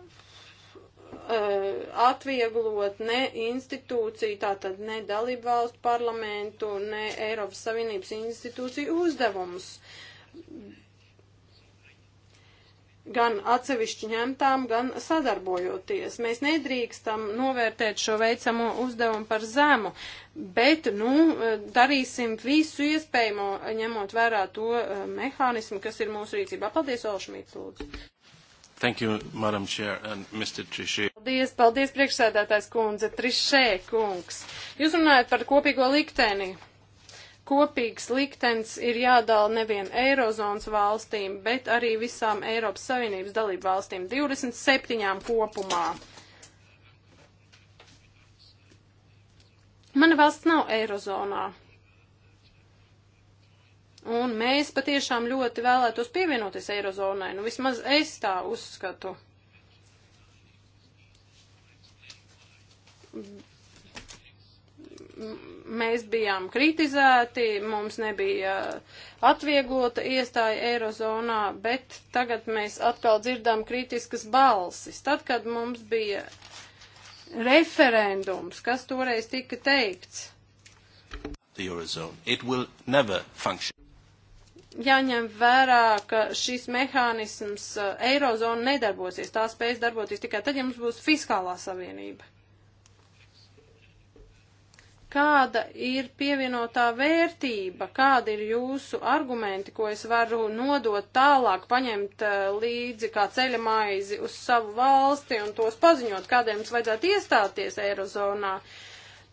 eh, atvieglot ne institūciju, tātad ne dalību valstu parlamentu, ne Eiropas Savienības institūciju uzdevumus gan atsevišķi ņemtām, gan sadarbojoties. Mēs nedrīkstam novērtēt šo veicamo uzdevumu par zemu, bet, nu, darīsim visu iespējamo, ņemot vērā to uh, mehānismu, kas ir mūsu rīcībā. Paldies, Olšmīts, lūdzu. Thank you, Madam Chair and Mr. Trichet. Paldies, paldies, priekšsēdētājs kundze, Trichet kungs. Jūs runājat par kopīgo likteni kopīgs liktenis ir jādala nevien Eirozonas valstīm, bet arī visām Eiropas Savienības dalību valstīm - 27 kopumā. Mana valsts nav Eirozonā. Un mēs patiešām ļoti vēlētos pievienoties Eirozonai. Nu, vismaz es tā uzskatu mēs bijām kritizēti, mums nebija uh, atvieglota iestāja Eirozonā, bet tagad mēs atkal dzirdām kritiskas balsis. Tad, kad mums bija referendums, kas toreiz tika teikts? The Eurozone. It will never function jāņem vērā, ka šis mehānisms uh, Eirozona nedarbosies. Tā spēs darboties tikai tad, ja mums būs fiskālā savienība. Kāda ir pievienotā vērtība, kādi ir jūsu argumenti, ko es varu nodot tālāk, paņemt eh, līdzi kā ceļa maizi uz savu valsti un tos paziņot, kādiem mums vajadzētu iestāties Eirozonā?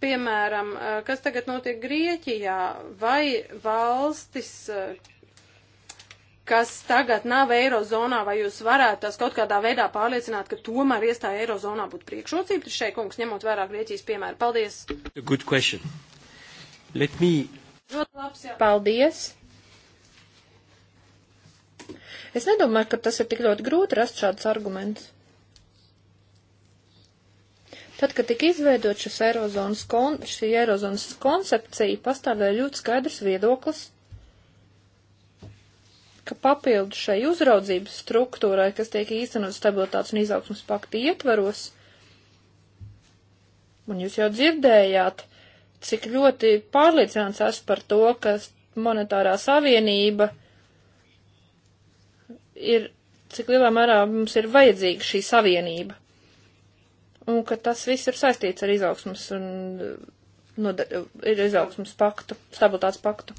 Piemēram, eh, kas tagad notiek Grieķijā, vai valstis, eh, kas tagad nav Eirozonā, vai jūs varētu tas kaut kādā veidā pārliecināt, ka tomēr iestāja Eirozonā būtu priekšrocība šeit, kungs, ņemot vērā Grieķijas piemēru? Paldies! Good question. Let me... Ļoti labs, jā. Paldies! Es nedomāju, ka tas ir tik ļoti grūti rast šādus argumentus. Tad, kad tika izveidot šis Eirozonas, kon, šī Eirozonas koncepcija, pastāvēja ļoti skaidrs viedoklis, ka papildu šai uzraudzības struktūrai, kas tiek īstenot stabilitātes un izaugsmas pakti ietvaros, un jūs jau dzirdējāt, cik ļoti pārliecināts esmu par to, ka monetārā savienība ir, cik lielā mērā mums ir vajadzīga šī savienība, un ka tas viss ir saistīts ar izaugsmas un, no, nu, ir izaugsmas paktu, stabilitātes paktu.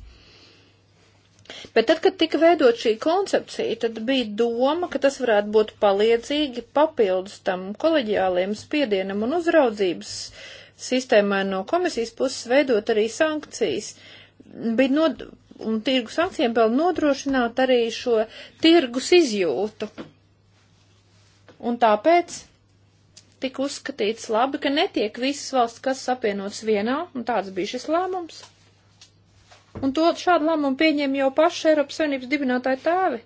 Bet tad, kad tika veidot šī koncepcija, tad bija doma, ka tas varētu būt paliedzīgi papildus tam koleģiāliem spiedienam un uzraudzības sistēmai no komisijas puses veidot arī sankcijas. Bija nod un tirgus akcijiem vēl nodrošināt arī šo tirgus izjūtu. Un tāpēc tika uzskatīts labi, ka netiek visas valsts, kas apvienots vienā, un tāds bija šis lēmums. Un to šādu lēmumu pieņem jau paši Eiropas Savienības dibinātāji tēvi.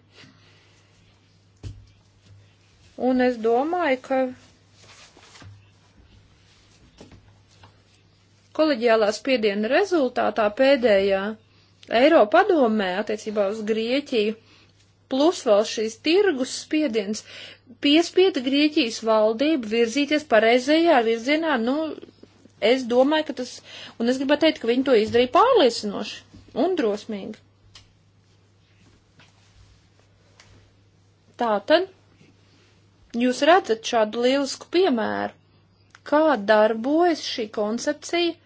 Un es domāju, ka koleģiālā spiediena rezultātā pēdējā Eiropadomē attiecībā uz Grieķiju, plus vēl šīs tirgus spiediens, piespieda Grieķijas valdību virzīties pareizajā virzienā, nu, es domāju, ka tas, un es gribētu teikt, ka viņi to izdarīja pārliecinoši un drosmīgi. Tātad, jūs redzat šādu lielisku piemēru, kā darbojas šī koncepcija,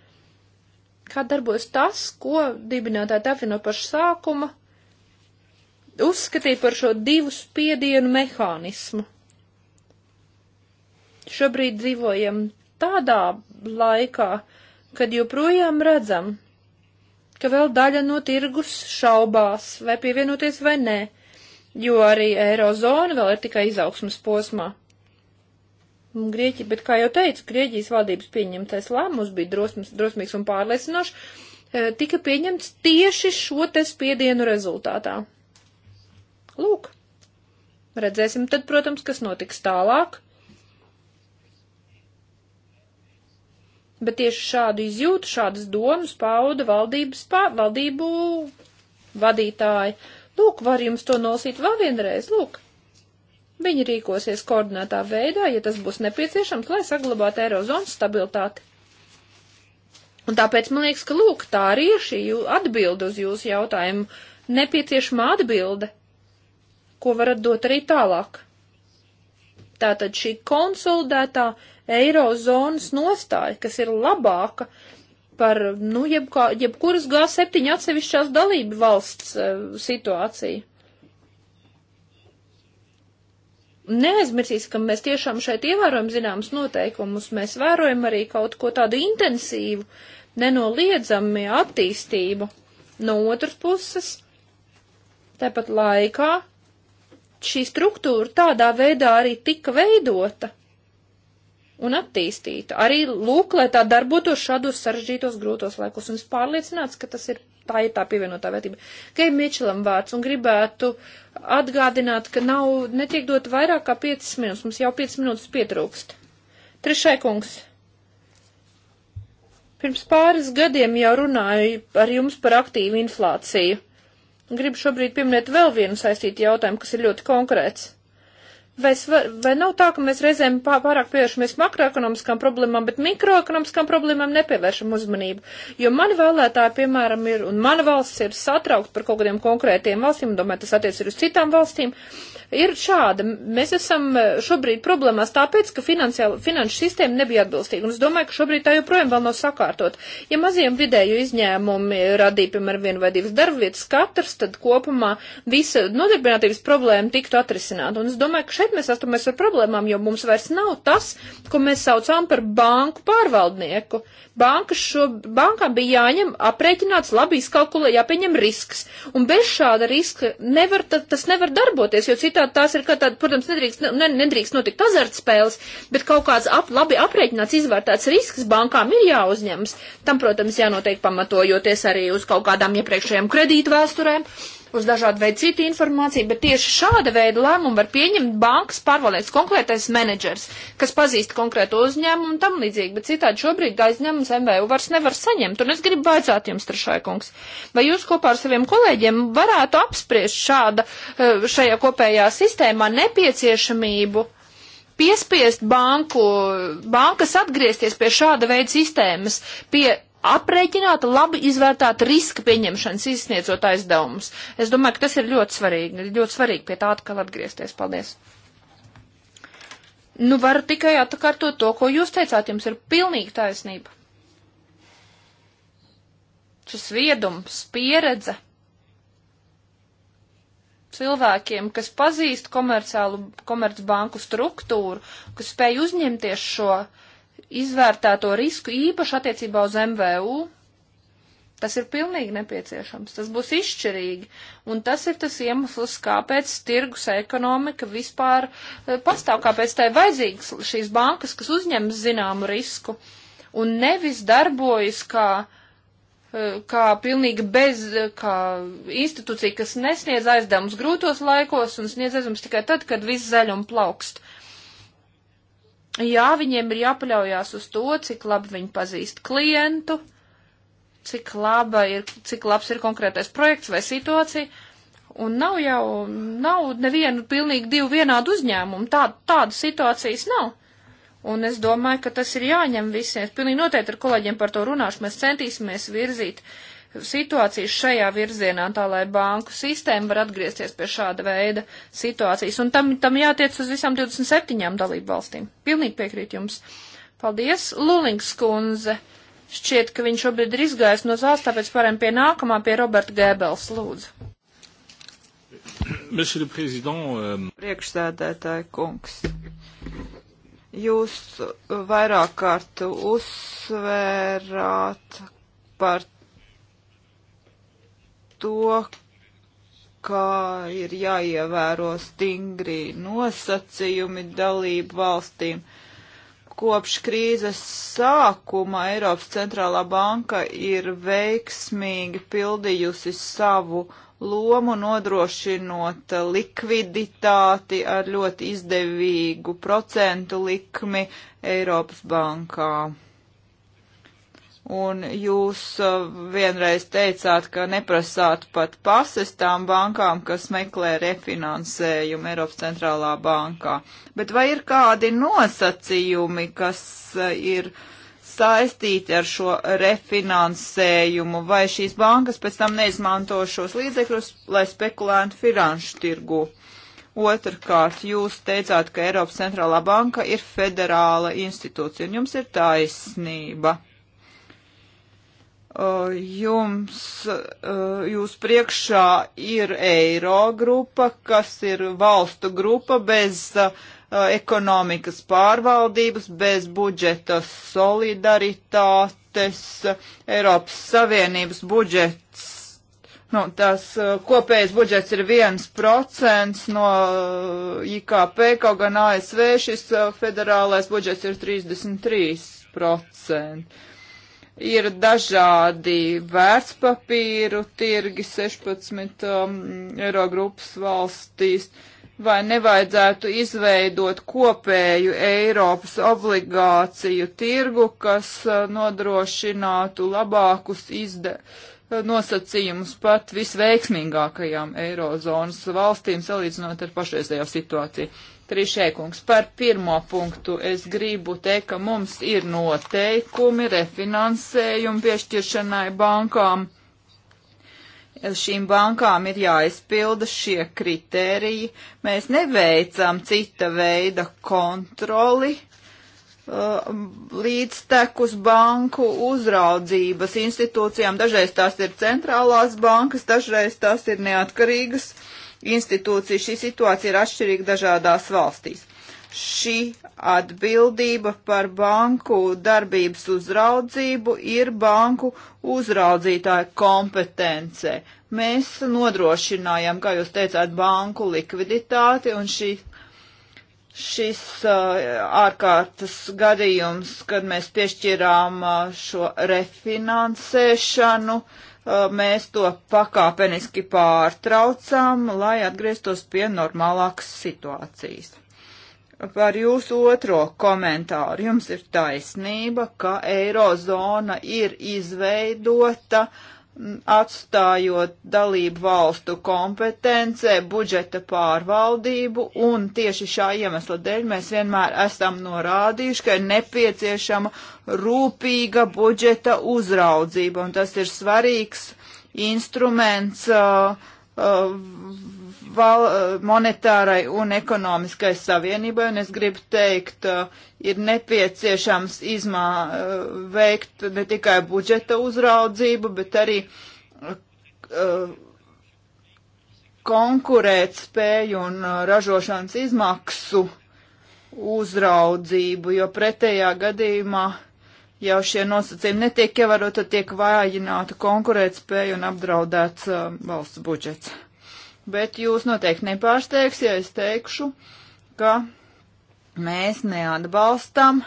kā darbojas tas, ko dibinātāji Tafi no paša sākuma uzskatīja par šo divu spiedienu mehānismu. Šobrīd dzīvojam tādā laikā, kad joprojām redzam ka vēl daļa no tirgus šaubās, vai pievienoties vai nē, jo arī Eirozona vēl ir tikai izaugsmas posmā. Grieķi, bet, kā jau teicu, Grieķijas valdības pieņemtais lēmums bija drosmas, drosmīgs un pārliecinošs, e, tika pieņemts tieši šo te spiedienu rezultātā. Lūk, redzēsim tad, protams, kas notiks tālāk. Bet tieši šādu izjūtu, šādas domas pauda valdības, pā, valdību vadītāji. Lūk, var jums to nolasīt vēl vienreiz, lūk. Viņi rīkosies koordinētā veidā, ja tas būs nepieciešams, lai saglabātu Eirozonas stabilitāti. Un tāpēc man liekas, ka lūk, tā arī ir šī atbilde uz jūsu jautājumu, nepieciešama atbilde, ko varat dot arī tālāk. Tātad šī konsolidētā eirozonas nostāja, kas ir labāka par, nu, jebkā, jebkuras G7 atsevišķās dalību valsts uh, situāciju. Neaizmirsīs, ka mēs tiešām šeit ievērojam zināmas noteikumus, mēs vērojam arī kaut ko tādu intensīvu, nenoliedzami attīstību. No otras puses, tāpat laikā šī struktūra tādā veidā arī tika veidota un attīstīta. Arī lūk, lai tā darbotos šādos sarežģītos grūtos laikos, un es pārliecināts, ka tas ir tā ir tā pievienotā vērtība. Kei Mičelam vārds un gribētu atgādināt, ka nav, netiek dot vairāk kā 5 minūtes, mums jau 5 minūtes pietrūkst. Trešai kungs. Pirms pāris gadiem jau runāju ar jums par aktīvu inflāciju. Gribu šobrīd pieminēt vēl vienu saistītu jautājumu, kas ir ļoti konkrēts. Vai, vai nav tā, ka mēs reizēm pārāk pievēršamies makroekonomiskām problēmām, bet mikroekonomiskām problēmām nepievēršam uzmanību? Jo mani vēlētāji, piemēram, ir, un mana valsts ir satraukta par kaut kādiem konkrētiem valstīm, domāju, tas attiec ir uz citām valstīm, ir šāda. Mēs esam eh, šobrīd problēmās tāpēc, ka finanšu sistēma nebija atbilstīga, un es domāju, ka šobrīd tā joprojām vēl nav sakārtot. Ja maziem vidēju izņēmumi radīja, piemēram, vienu vai divas darbvietas katrs, tad kopumā visa nodarbinātības problēma tiktu atrisināta. Un es domāju, ka šeit šeit mēs astumies ar problēmām, jo mums vairs nav tas, ko mēs saucām par banku pārvaldnieku. Bankas šo, bankām bija jāņem aprēķināts, labi izkalkulē, jāpieņem risks. Un bez šāda riska nevar, tas nevar darboties, jo citādi tās ir kā tāda, protams, nedrīkst, ne, nedrīkst notikt azartspēles, bet kaut kāds ap, labi aprēķināts, izvērtēts risks bankām ir jāuzņemas. Tam, protams, jānotiek pamatojoties arī uz kaut kādām iepriekšējām kredītu vēsturēm uz dažādu veidu citu informāciju, bet tieši šāda veida lēmumu var pieņemt bankas pārvaldēts konkrētais menedžers, kas pazīst konkrētu uzņēmumu un tam līdzīgi, bet citādi šobrīd aizņēmums MVU vairs nevar saņemt, un es gribu vaicāt jums, trešai kungs, vai jūs kopā ar saviem kolēģiem varētu apspriest šāda, eh, šajā kopējā sistēmā nepieciešamību piespiest banku, bankas atgriezties pie šāda veida sistēmas, pie aprēķināta, labi izvērtāta riska pieņemšanas izsniedzot aizdevumus. Es domāju, ka tas ir ļoti svarīgi, ļoti svarīgi pie tā atkal atgriezties. Paldies! Nu, varu tikai atkārtot to, ko jūs teicāt, jums ir pilnīgi taisnība. Šis viedums, pieredze cilvēkiem, kas pazīst komerciālu, komercbanku struktūru, kas spēj uzņemties šo uh, izvērtēto risku īpaši attiecībā uz MVU. Tas ir pilnīgi nepieciešams, tas būs izšķirīgi, un tas ir tas iemesls, kāpēc tirgus ekonomika vispār eh, pastāv, kāpēc tai vajadzīgs šīs bankas, kas uzņem zināmu risku un nevis darbojas kā eh, kā pilnīgi bez, eh, kā institūcija, kas nesniedz aizdevumus grūtos laikos un sniedz aizdevumus tikai tad, kad viss zaļum plaukst. Uh, Jā, viņiem ir jāpaļaujās uz to, cik labi viņi pazīst klientu, cik, laba ir, cik labs ir konkrētais projekts vai situācija. Un nav jau, nav nevienu pilnīgi divu vienādu uzņēmumu. Tā, tādas situācijas nav. Un es domāju, ka tas ir jāņem visiem. Es pilnīgi noteikti ar kolēģiem par to runāšu. Mēs centīsimies virzīt uh, situācijas šajā virzienā, tā lai banku sistēma var atgriezties pie šāda veida situācijas. Un tam, tam jātiec uz visām 27 dalību valstīm. Pilnīgi piekrīt jums. Paldies, Lulings kundze. Šķiet, ka viņš šobrīd ir izgājis no zāles, tāpēc pārējām pie nākamā, pie Roberta Gēbels, lūdzu. Euh, Priekšsēdētāji kungs, jūs vairāk kārt uzsvērāt par to, ka ir jāievēro stingri nosacījumi dalību valstīm. Kopš krīzes sākuma Eiropas centrālā banka ir veiksmīgi pildījusi savu lomu nodrošinot likviditāti ar ļoti izdevīgu procentu likmi Eiropas bankām Un jūs uh, vienreiz teicāt, ka neprasāt pat pases tām bankām, kas meklē refinansējumu Eiropas centrālā bankā. Bet vai ir kādi nosacījumi, kas uh, ir saistīti ar šo refinansējumu, vai šīs bankas pēc tam neizmanto šos līdzekļus, lai spekulētu finanšu tirgu? Otrkārt, jūs teicāt, ka Eiropas centrālā banka ir federāla institūcija, un jums ir taisnība jums, eh, jūs priekšā ir eiro grupa, kas ir valstu grupa bez eh, ekonomikas pārvaldības, bez budžeta solidaritātes, Eiropas Savienības budžets. Nu, tas eh, kopējais budžets ir viens procents no IKP, kaut gan ASV šis federālais budžets ir 33 procenti ir dažādi vērtspapīru tirgi 16 um, eiro grupas valstīs, vai nevajadzētu izveidot kopēju Eiropas obligāciju tirgu, kas uh, nodrošinātu labākus izde uh, nosacījumus pat visveiksmīgākajām Eirozonas valstīm, salīdzinot ar pašreizējo situāciju. Trišēkungs, par pirmo punktu es gribu teikt, ka mums ir noteikumi refinansējumu piešķiršanai bankām. Šīm bankām ir jāizpilda šie kritēriji. Mēs neveicam cita veida kontroli uh, līdztekus banku uzraudzības institūcijām. Dažreiz tās ir centrālās bankas, dažreiz tās ir neatkarīgas uh, institūciju. Šī situācija ir atšķirīga dažādās valstīs. Šī atbildība par banku darbības uzraudzību ir banku uzraudzītāja kompetence. Mēs nodrošinājām, kā jūs teicāt, banku likviditāti un šī šis uh, ārkārtas gadījums, kad mēs piešķirām uh, šo refinansēšanu, mēs to pakāpeniski pārtraucām, lai atgrieztos pie normālākas situācijas. Par jūsu otro komentāru jums ir taisnība, ka eirozona ir izveidota uh, atstājot dalību valstu kompetencē budžeta pārvaldību, un tieši šā iemesla dēļ mēs vienmēr esam norādījuši, ka ir nepieciešama rūpīga budžeta uzraudzība, un tas ir svarīgs instruments uh, uh, val, eh, monetārai un ekonomiskai savienībai, un es gribu teikt, eh, ir nepieciešams izmā eh, veikt ne tikai budžeta uzraudzību, bet arī uh, konkurēt spēju un ražošanas izmaksu uzraudzību, jo pretējā gadījumā jau šie nosacījumi netiek ievērot, tad tiek vājināta konkurētspēja un apdraudēts uh, valsts budžets bet jūs noteikti nepārsteigs, ja es teikšu, ka mēs neatbalstam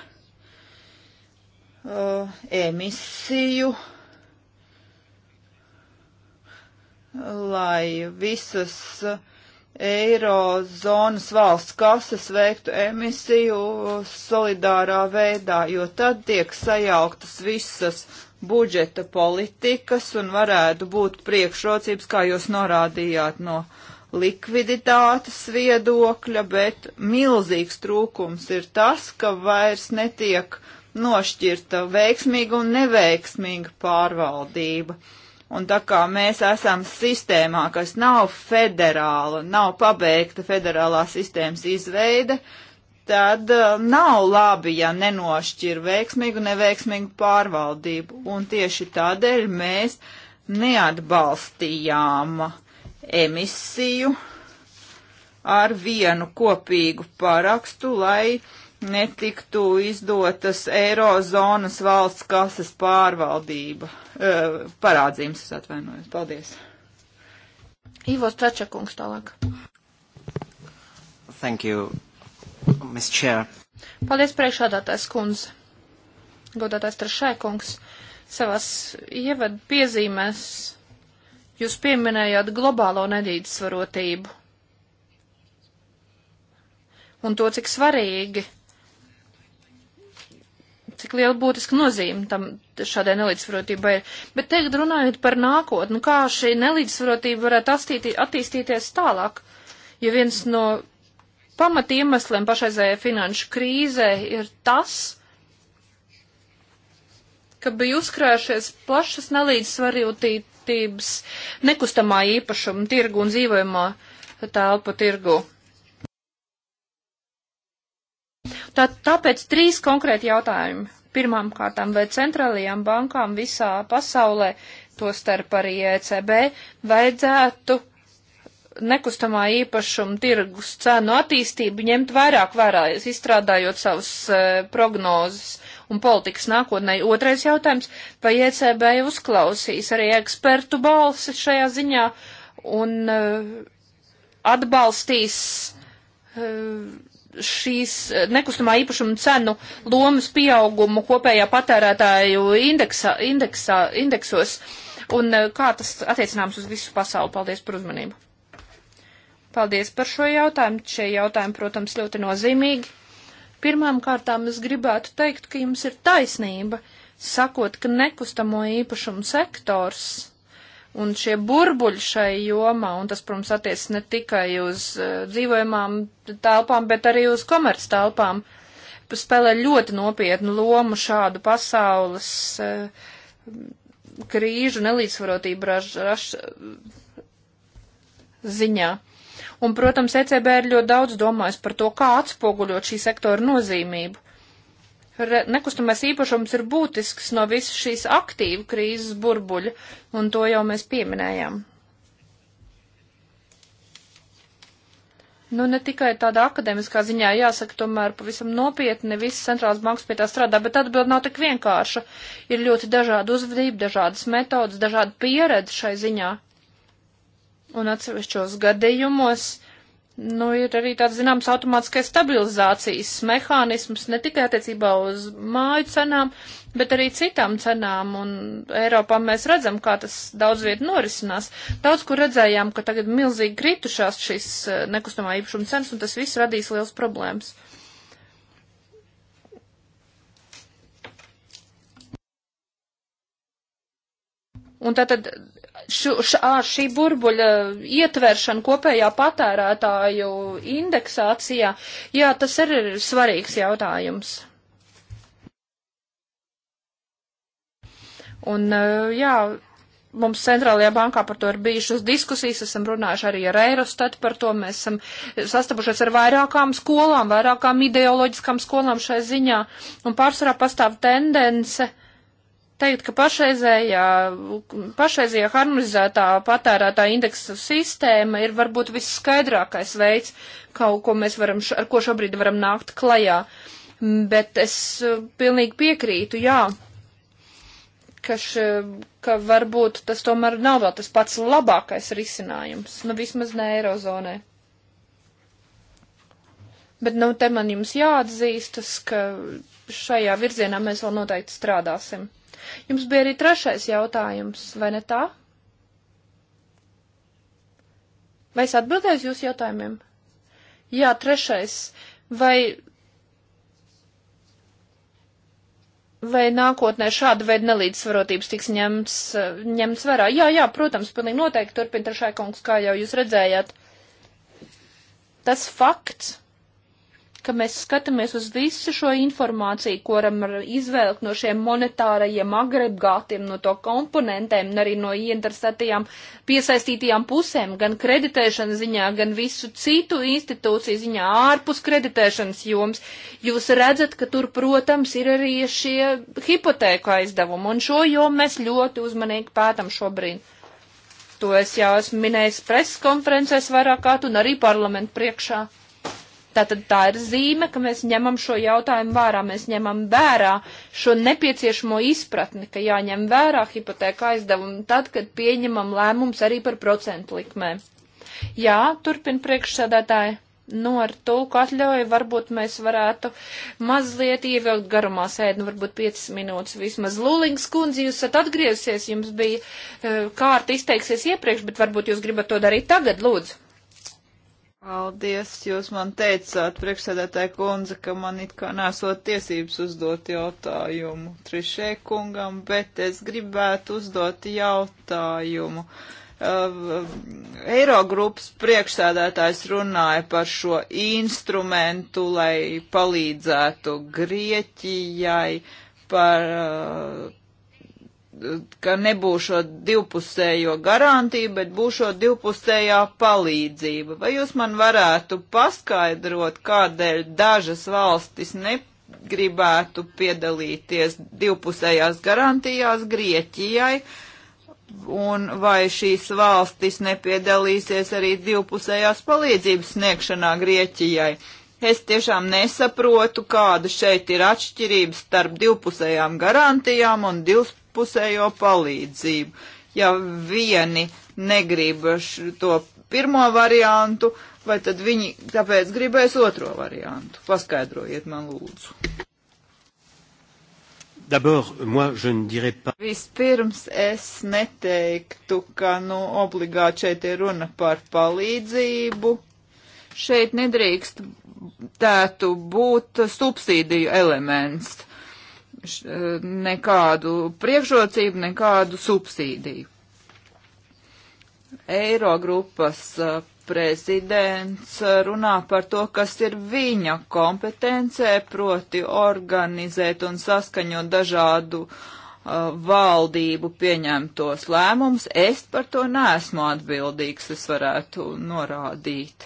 uh, emisiju, lai visas Eirozonas valsts kases veiktu emisiju solidārā veidā, jo tad tiek sajauktas visas budžeta politikas un varētu būt priekšrocības, kā jūs norādījāt, no likviditātes viedokļa, bet milzīgs trūkums ir tas, ka vairs netiek nošķirta veiksmīga un neveiksmīga pārvaldība. Un tā kā mēs esam sistēmā, kas nav federāla, nav pabeigta federālā sistēmas izveide, uh, tad eh, nav labi, ja nenošķir veiksmīgu un neveiksmīgu pārvaldību. Un tieši tādēļ mēs neatbalstījām emisiju ar vienu kopīgu parakstu, lai netiktu izdotas Eirozonas valsts kases pārvaldība. E, eh, parādzījums, es atvainojos. Paldies. Ivo Stračakungs tālāk. Thank you. Paldies, priekšādātājs kundze. Godātājs trešai kungs, savās ievad piezīmēs jūs pieminējāt globālo nedīdzsvarotību un to, cik svarīgi, cik liela būtiska nozīme tam šādai nelīdzsvarotībai ir. Bet teikt, runājot par nākotni, kā šī nelīdzsvarotība varētu attīstīties tālāk, jo viens no Pamat iemesliem pašreizējai finanšu krīzē ir tas, ka bija uzkrājušies plašas nelīdzsvarotības nekustamā īpašuma tirgu un dzīvojamā telpu tirgu. Tā, tāpēc trīs konkrēti jautājumi. Pirmām kārtām, vai centrālajām bankām visā pasaulē, to starp arī ECB, vajadzētu nekustamā īpašuma tirgus cēnu attīstību ņemt vairāk vērā, izstrādājot savas uh, e, prognozes un politikas nākotnē. Otrais jautājums, vai ECB uzklausīs arī ekspertu balsi šajā ziņā un uh, atbalstīs uh, šīs nekustamā īpašuma cenu lomas pieaugumu kopējā patērētāju indeksā, indeksā, indeksos un kā tas attiecināms uz visu pasauli. Paldies par uzmanību! Paldies par šo jautājumu. Šie jautājumi, protams, ļoti nozīmīgi. Pirmām kārtām es gribētu teikt, ka jums ir taisnība, sakot, ka nekustamo īpašumu sektors un šie burbuļi šai jomā, un tas, protams, attiec ne tikai uz uh, dzīvojamām telpām, bet arī uz komerc telpām, spēlē ļoti nopietnu lomu šādu pasaules uh, krīžu nelīdzsvarotību raž, raž, ziņā. Un, protams, ECB ir ļoti daudz domājis par to, kā atspoguļot šī sektora nozīmību. Re, nekustamais īpašums ir būtisks no visas šīs aktīvu krīzes burbuļa, un to jau mēs pieminējām. Nu, ne tikai tādā akadēmiskā ziņā jāsaka, tomēr pavisam nopietni visas centrālās bankas pie tā strādā, bet atbild nav tik vienkārša. Ir ļoti dažāda uzvedība, dažādas metodas, dažāda pieredze šai ziņā. Un atsevišķos gadījumos, nu, ir arī tāds zināms automātiskais stabilizācijas mehānisms ne tikai attiecībā uz māju cenām, bet arī citām cenām. Un Eiropā mēs redzam, kā tas daudz viet norisinās. Daudz, kur redzējām, ka tagad milzīgi kritušās šīs eh, nekustamā īpašuma cenas, un tas viss radīs liels problēmas. Un tātad š, š, ar šī burbuļa ietveršanu kopējā patērētāju indeksācijā, jā, tas arī ir svarīgs jautājums. Un, eh, jā, mums centrālajā bankā par to ir bijušas diskusijas, esam runājuši arī ar Eirostatu par to, mēs esam sastapušies ar vairākām skolām, vairākām ideoloģiskām skolām šai ziņā, un pārsvarā pastāv tendence teikt, ka pašreizējā, pašreizējā harmonizētā patērētā indeksa sistēma ir varbūt visskaidrākais veids, kaut ko mēs varam, ar ko šobrīd varam nākt klajā. Bet es e, pilnīgi piekrītu, jā, ka, š, ka varbūt tas tomēr nav vēl tas pats labākais risinājums, nu vismaz ne Eirozonē. Bet, nu, te man jums jāatzīstas, ka šajā virzienā mēs vēl noteikti strādāsim. Jums bija arī trešais jautājums, vai ne tā? Vai es atbildēju jūsu jautājumiem? Jā, trešais. Vai, vai nākotnē šāda veida nelīdzsvarotības tiks ņemts, ņemts vērā? Jā, jā, protams, pilnīgi noteikti turpina trešai kungs, kā jau jūs redzējāt. Tas fakts, ka mēs skatāmies uz visu šo informāciju, ko varam izvēlēt no šiem monetārajiem agregātiem, no to komponentēm un arī no ieinteresētajām piesaistītajām pusēm, gan kreditēšanas ziņā, gan visu citu institūciju ziņā ārpus kreditēšanas joms. Jūs redzat, ka tur, protams, ir arī šie hipotēku aizdevumi, un šo jomu mēs ļoti uzmanīgi pētam šobrīd. To es jau esmu minējis preskonferencēs vairāk kārt un arī parlamentu priekšā. Tātad tā ir zīme, ka mēs ņemam šo jautājumu vērā, mēs ņemam vērā šo nepieciešamo izpratni, ka jāņem vērā hipotēka aizdevumi tad, kad pieņemam lēmums arī par procentu likmēm. Jā, turpin priekšsēdētāji. Nu, ar tulku atļauju varbūt mēs varētu mazliet ievilkt garumā sēdi, nu varbūt 5 minūtes vismaz. Lulings kundze, jūs esat atgriezusies, jums bija eh, kārta izteiksies iepriekš, bet varbūt jūs gribat to darīt tagad, lūdzu. Paldies, jūs man teicāt, priekšsēdētāja kundze, ka man it kā nesot tiesības uzdot jautājumu Trišē kungam, bet es gribētu uzdot jautājumu. Uh, Eirogrupas priekšsēdētājs runāja par šo instrumentu, lai palīdzētu Grieķijai par uh, ka nebūšo divpusējo garantiju, bet būšo divpusējā palīdzība. Vai jūs man varētu paskaidrot, kādēļ dažas valstis negribētu piedalīties divpusējās garantijās Grieķijai? Un vai šīs valstis nepiedalīsies arī divpusējās palīdzības sniegšanā Grieķijai? Es tiešām nesaprotu, kāda šeit ir atšķirība starp divpusējām garantijām un divs, divpusējo palīdzību. Ja vieni negrib to pirmo variantu, vai tad viņi tāpēc gribēs otro variantu? Paskaidrojiet man lūdzu. D'abord, moi, je ne dirais pas. Vispirms es neteiktu, ka, nu, obligāti šeit ir runa par palīdzību. Šeit nedrīkst tētu būt subsīdiju elements. E, nekādu priekšrocību, nekādu subsīdiju. Eirogrupas e, prezidents e, runā par to, kas ir viņa kompetencē, proti organizēt un saskaņot dažādu uh, valdību pieņemtos lēmumus. Es par to neesmu atbildīgs, es varētu norādīt.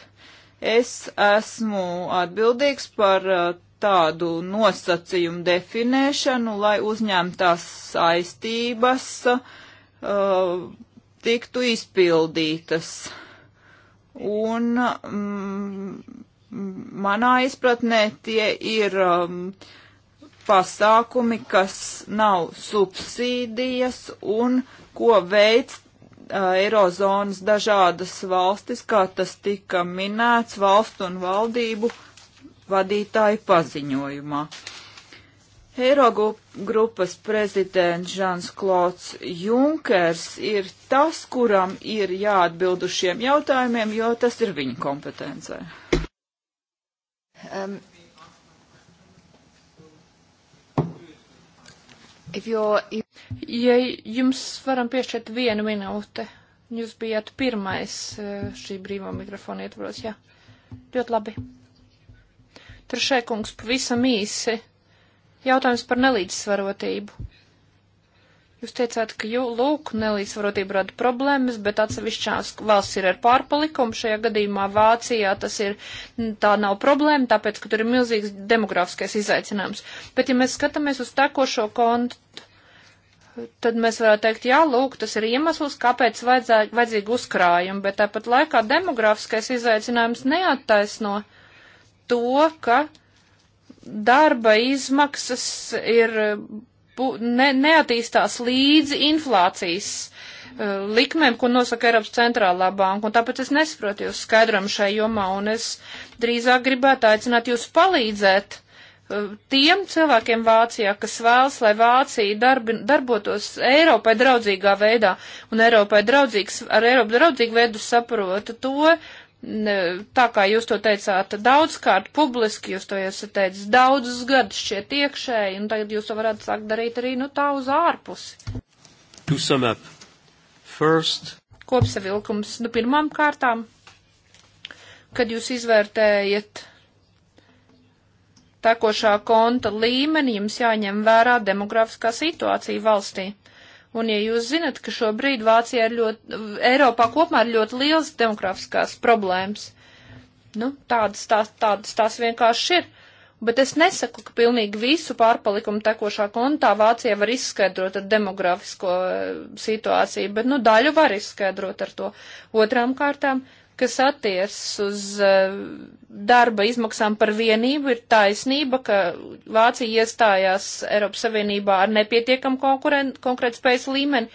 Es esmu atbildīgs par uh, tādu nosacījumu definēšanu, lai uzņemtās saistības uh, tiktu izpildītas. Un mm, manā izpratnē tie ir um, pasākumi, kas nav subsīdijas un ko veids uh, Eirozonas dažādas valstis, kā tas tika minēts, valstu un valdību vadītāja paziņojumā. Eirogrupas prezidents Žans Klots Junkers ir tas, kuram ir jāatbild uz šiem jautājumiem, jo tas ir viņa kompetencē. Um, if if... Ja jums varam piešķirt vienu minūti, jūs bijāt pirmais eh, šī brīvā mikrofona ietvaros, jā. Ļoti labi. Trešai kungs pavisam īsi. Jautājums par nelīdzsvarotību. Jūs teicāt, ka jū, lūk, nelīdzsvarotība rada problēmas, bet atsevišķās valsts ir ar pārpalikumu. Šajā gadījumā Vācijā tas ir, tā nav problēma, tāpēc, ka tur ir milzīgs demografiskais izaicinājums. Bet, ja mēs skatāmies uz tekošo kontu, tad mēs varētu teikt, jā, lūk, tas ir iemesls, kāpēc vajadzīgi uzkrājumi, bet tāpat laikā demografiskais izaicinājums neattaisno. No to, ka darba izmaksas ir ne, neattīstās līdz inflācijas uh, likmēm, ko nosaka Eiropas centrālā banka, un tāpēc es nesaprotu jūs skaidram šai jomā, un es drīzāk gribētu aicināt jūs palīdzēt uh, tiem cilvēkiem Vācijā, kas vēlas, lai Vācija darbi, darbotos Eiropai draudzīgā veidā, un Eiropai draudzīgs, ar Eiropu draudzīgu veidu saprota to, tā kā jūs to teicāt daudzkārt publiski, jūs to esat teicis daudzus gadus šķiet iekšēji, un tagad jūs to varētu sākt darīt arī nu tā uz ārpusi. To sum up. First. Kopsavilkums. Nu, pirmām kārtām, kad jūs izvērtējat tekošā konta līmeni, jums jāņem vērā demografiskā situācija valstī. Un ja jūs zinat, ka šobrīd Vācijā ir ļoti, Eiropā kopumā ir ļoti liels demografiskās problēmas, nu, tādas, tās, tādas tās vienkārši ir. Bet es nesaku, ka pilnīgi visu pārpalikumu tekošā kontā Vācija var izskaidrot ar demografisko eh, situāciju, bet, nu, daļu var izskaidrot ar to. Otrām kārtām, kas attiecas uz eh, darba izmaksām par vienību, ir taisnība, ka Vācija iestājās Eiropas Savienībā ar nepietiekamu konkurētspējas līmeni,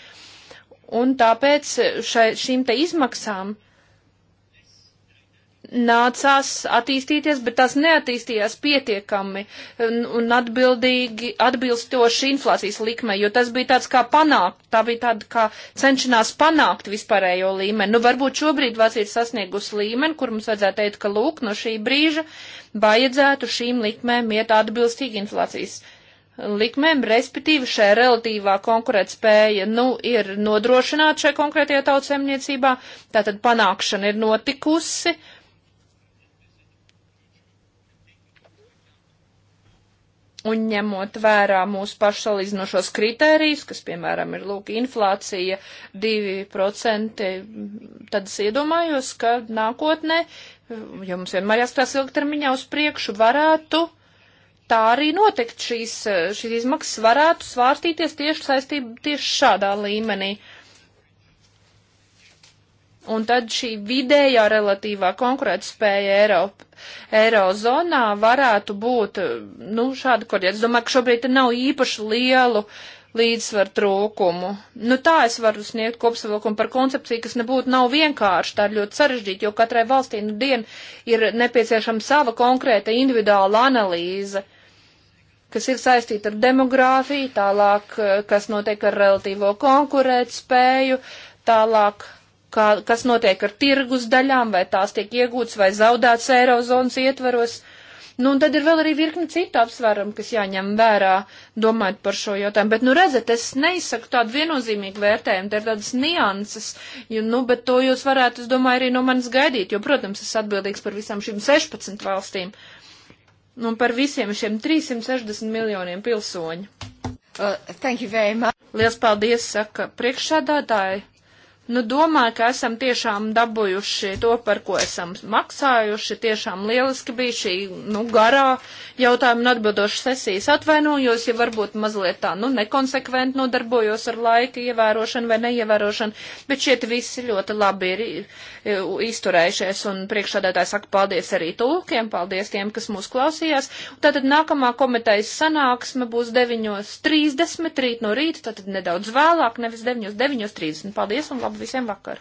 un tāpēc šai, šīm te izmaksām uh, nācās attīstīties, bet tās neattīstījās pietiekami un atbildīgi atbilstoši inflācijas likmē, jo tas bija tāds kā panākt, tā bija tāda kā cenšanās panākt vispārējo līmeni. Nu, varbūt šobrīd Vācija ir sasniegusi līmeni, kur mums vajadzētu teikt, ka lūk, no šī brīža vajadzētu šīm likmēm iet atbilstīgi inflācijas likmēm, respektīvi šai relatīvā konkurētspēja, nu, ir nodrošināta šai konkrētajā tautsēmniecībā, tātad panākšana ir notikusi, uh, Un ņemot vērā mūsu pašsalīdzinošos kritērijus, kas, piemēram, ir, lūk, inflācija 2%, tad es iedomājos, ka nākotnē, jo mums vienmēr jāskatās ilgtermiņā uz priekšu, varētu tā arī notikt. Šīs, šīs izmaksas varētu svārstīties tieši saistību tieši šādā līmenī. Uh, Un tad šī vidējā relatīvā konkurētspēja Eiropa, Eirozonā varētu būt, nu, šāda korģēta. Es domāju, ka šobrīd nav īpaši lielu līdzsvaru trūkumu. Nu, tā es varu sniegt kopsavilkumu par koncepciju, kas nebūtu nav vienkārši, tā ir ļoti sarežģīta, jo katrai valstī nu dien ir nepieciešama sava konkrēta individuāla analīze kas ir saistīta ar demogrāfiju, tālāk, eh, kas notiek ar relatīvo konkurētspēju, tālāk, kā, kas notiek ar tirgus daļām, vai tās tiek iegūtas vai zaudētas eirozonas ietveros. Nu, un tad ir vēl arī virkni citu apsvērumu, kas jāņem vērā, domājot par šo jautājumu. Bet, nu, redzat, es neizsaku tādu viennozīmīgu vērtējumu, te ir tādas nianses, jo, nu, bet to jūs varētu, es domāju, arī no manis gaidīt, jo, protams, es atbildīgs par visām šīm 16 valstīm un par visiem šiem 360 miljoniem pilsoņu. Uh, thank you very much. Liels paldies, saka priekšsādātāji. Nu, domāju, ka esam tiešām dabūjuši to, par ko esam maksājuši. Tiešām lieliski bija šī, nu, garā jautājuma un atbildoša sesijas. Atvainojos, ja varbūt mazliet tā, nu, nekonsekventi nodarbojos ar laika ievērošanu vai neievērošanu, bet šiet visi ļoti labi ir izturējušies un priekšādātāji saka paldies arī tūkiem, paldies tiem, kas mūs klausījās. Tātad nākamā komitejas sanāksme būs 9.30 rīt no rīta, tātad nedaudz vēlāk, nevis 9.30. Paldies un labu! visiem vakar!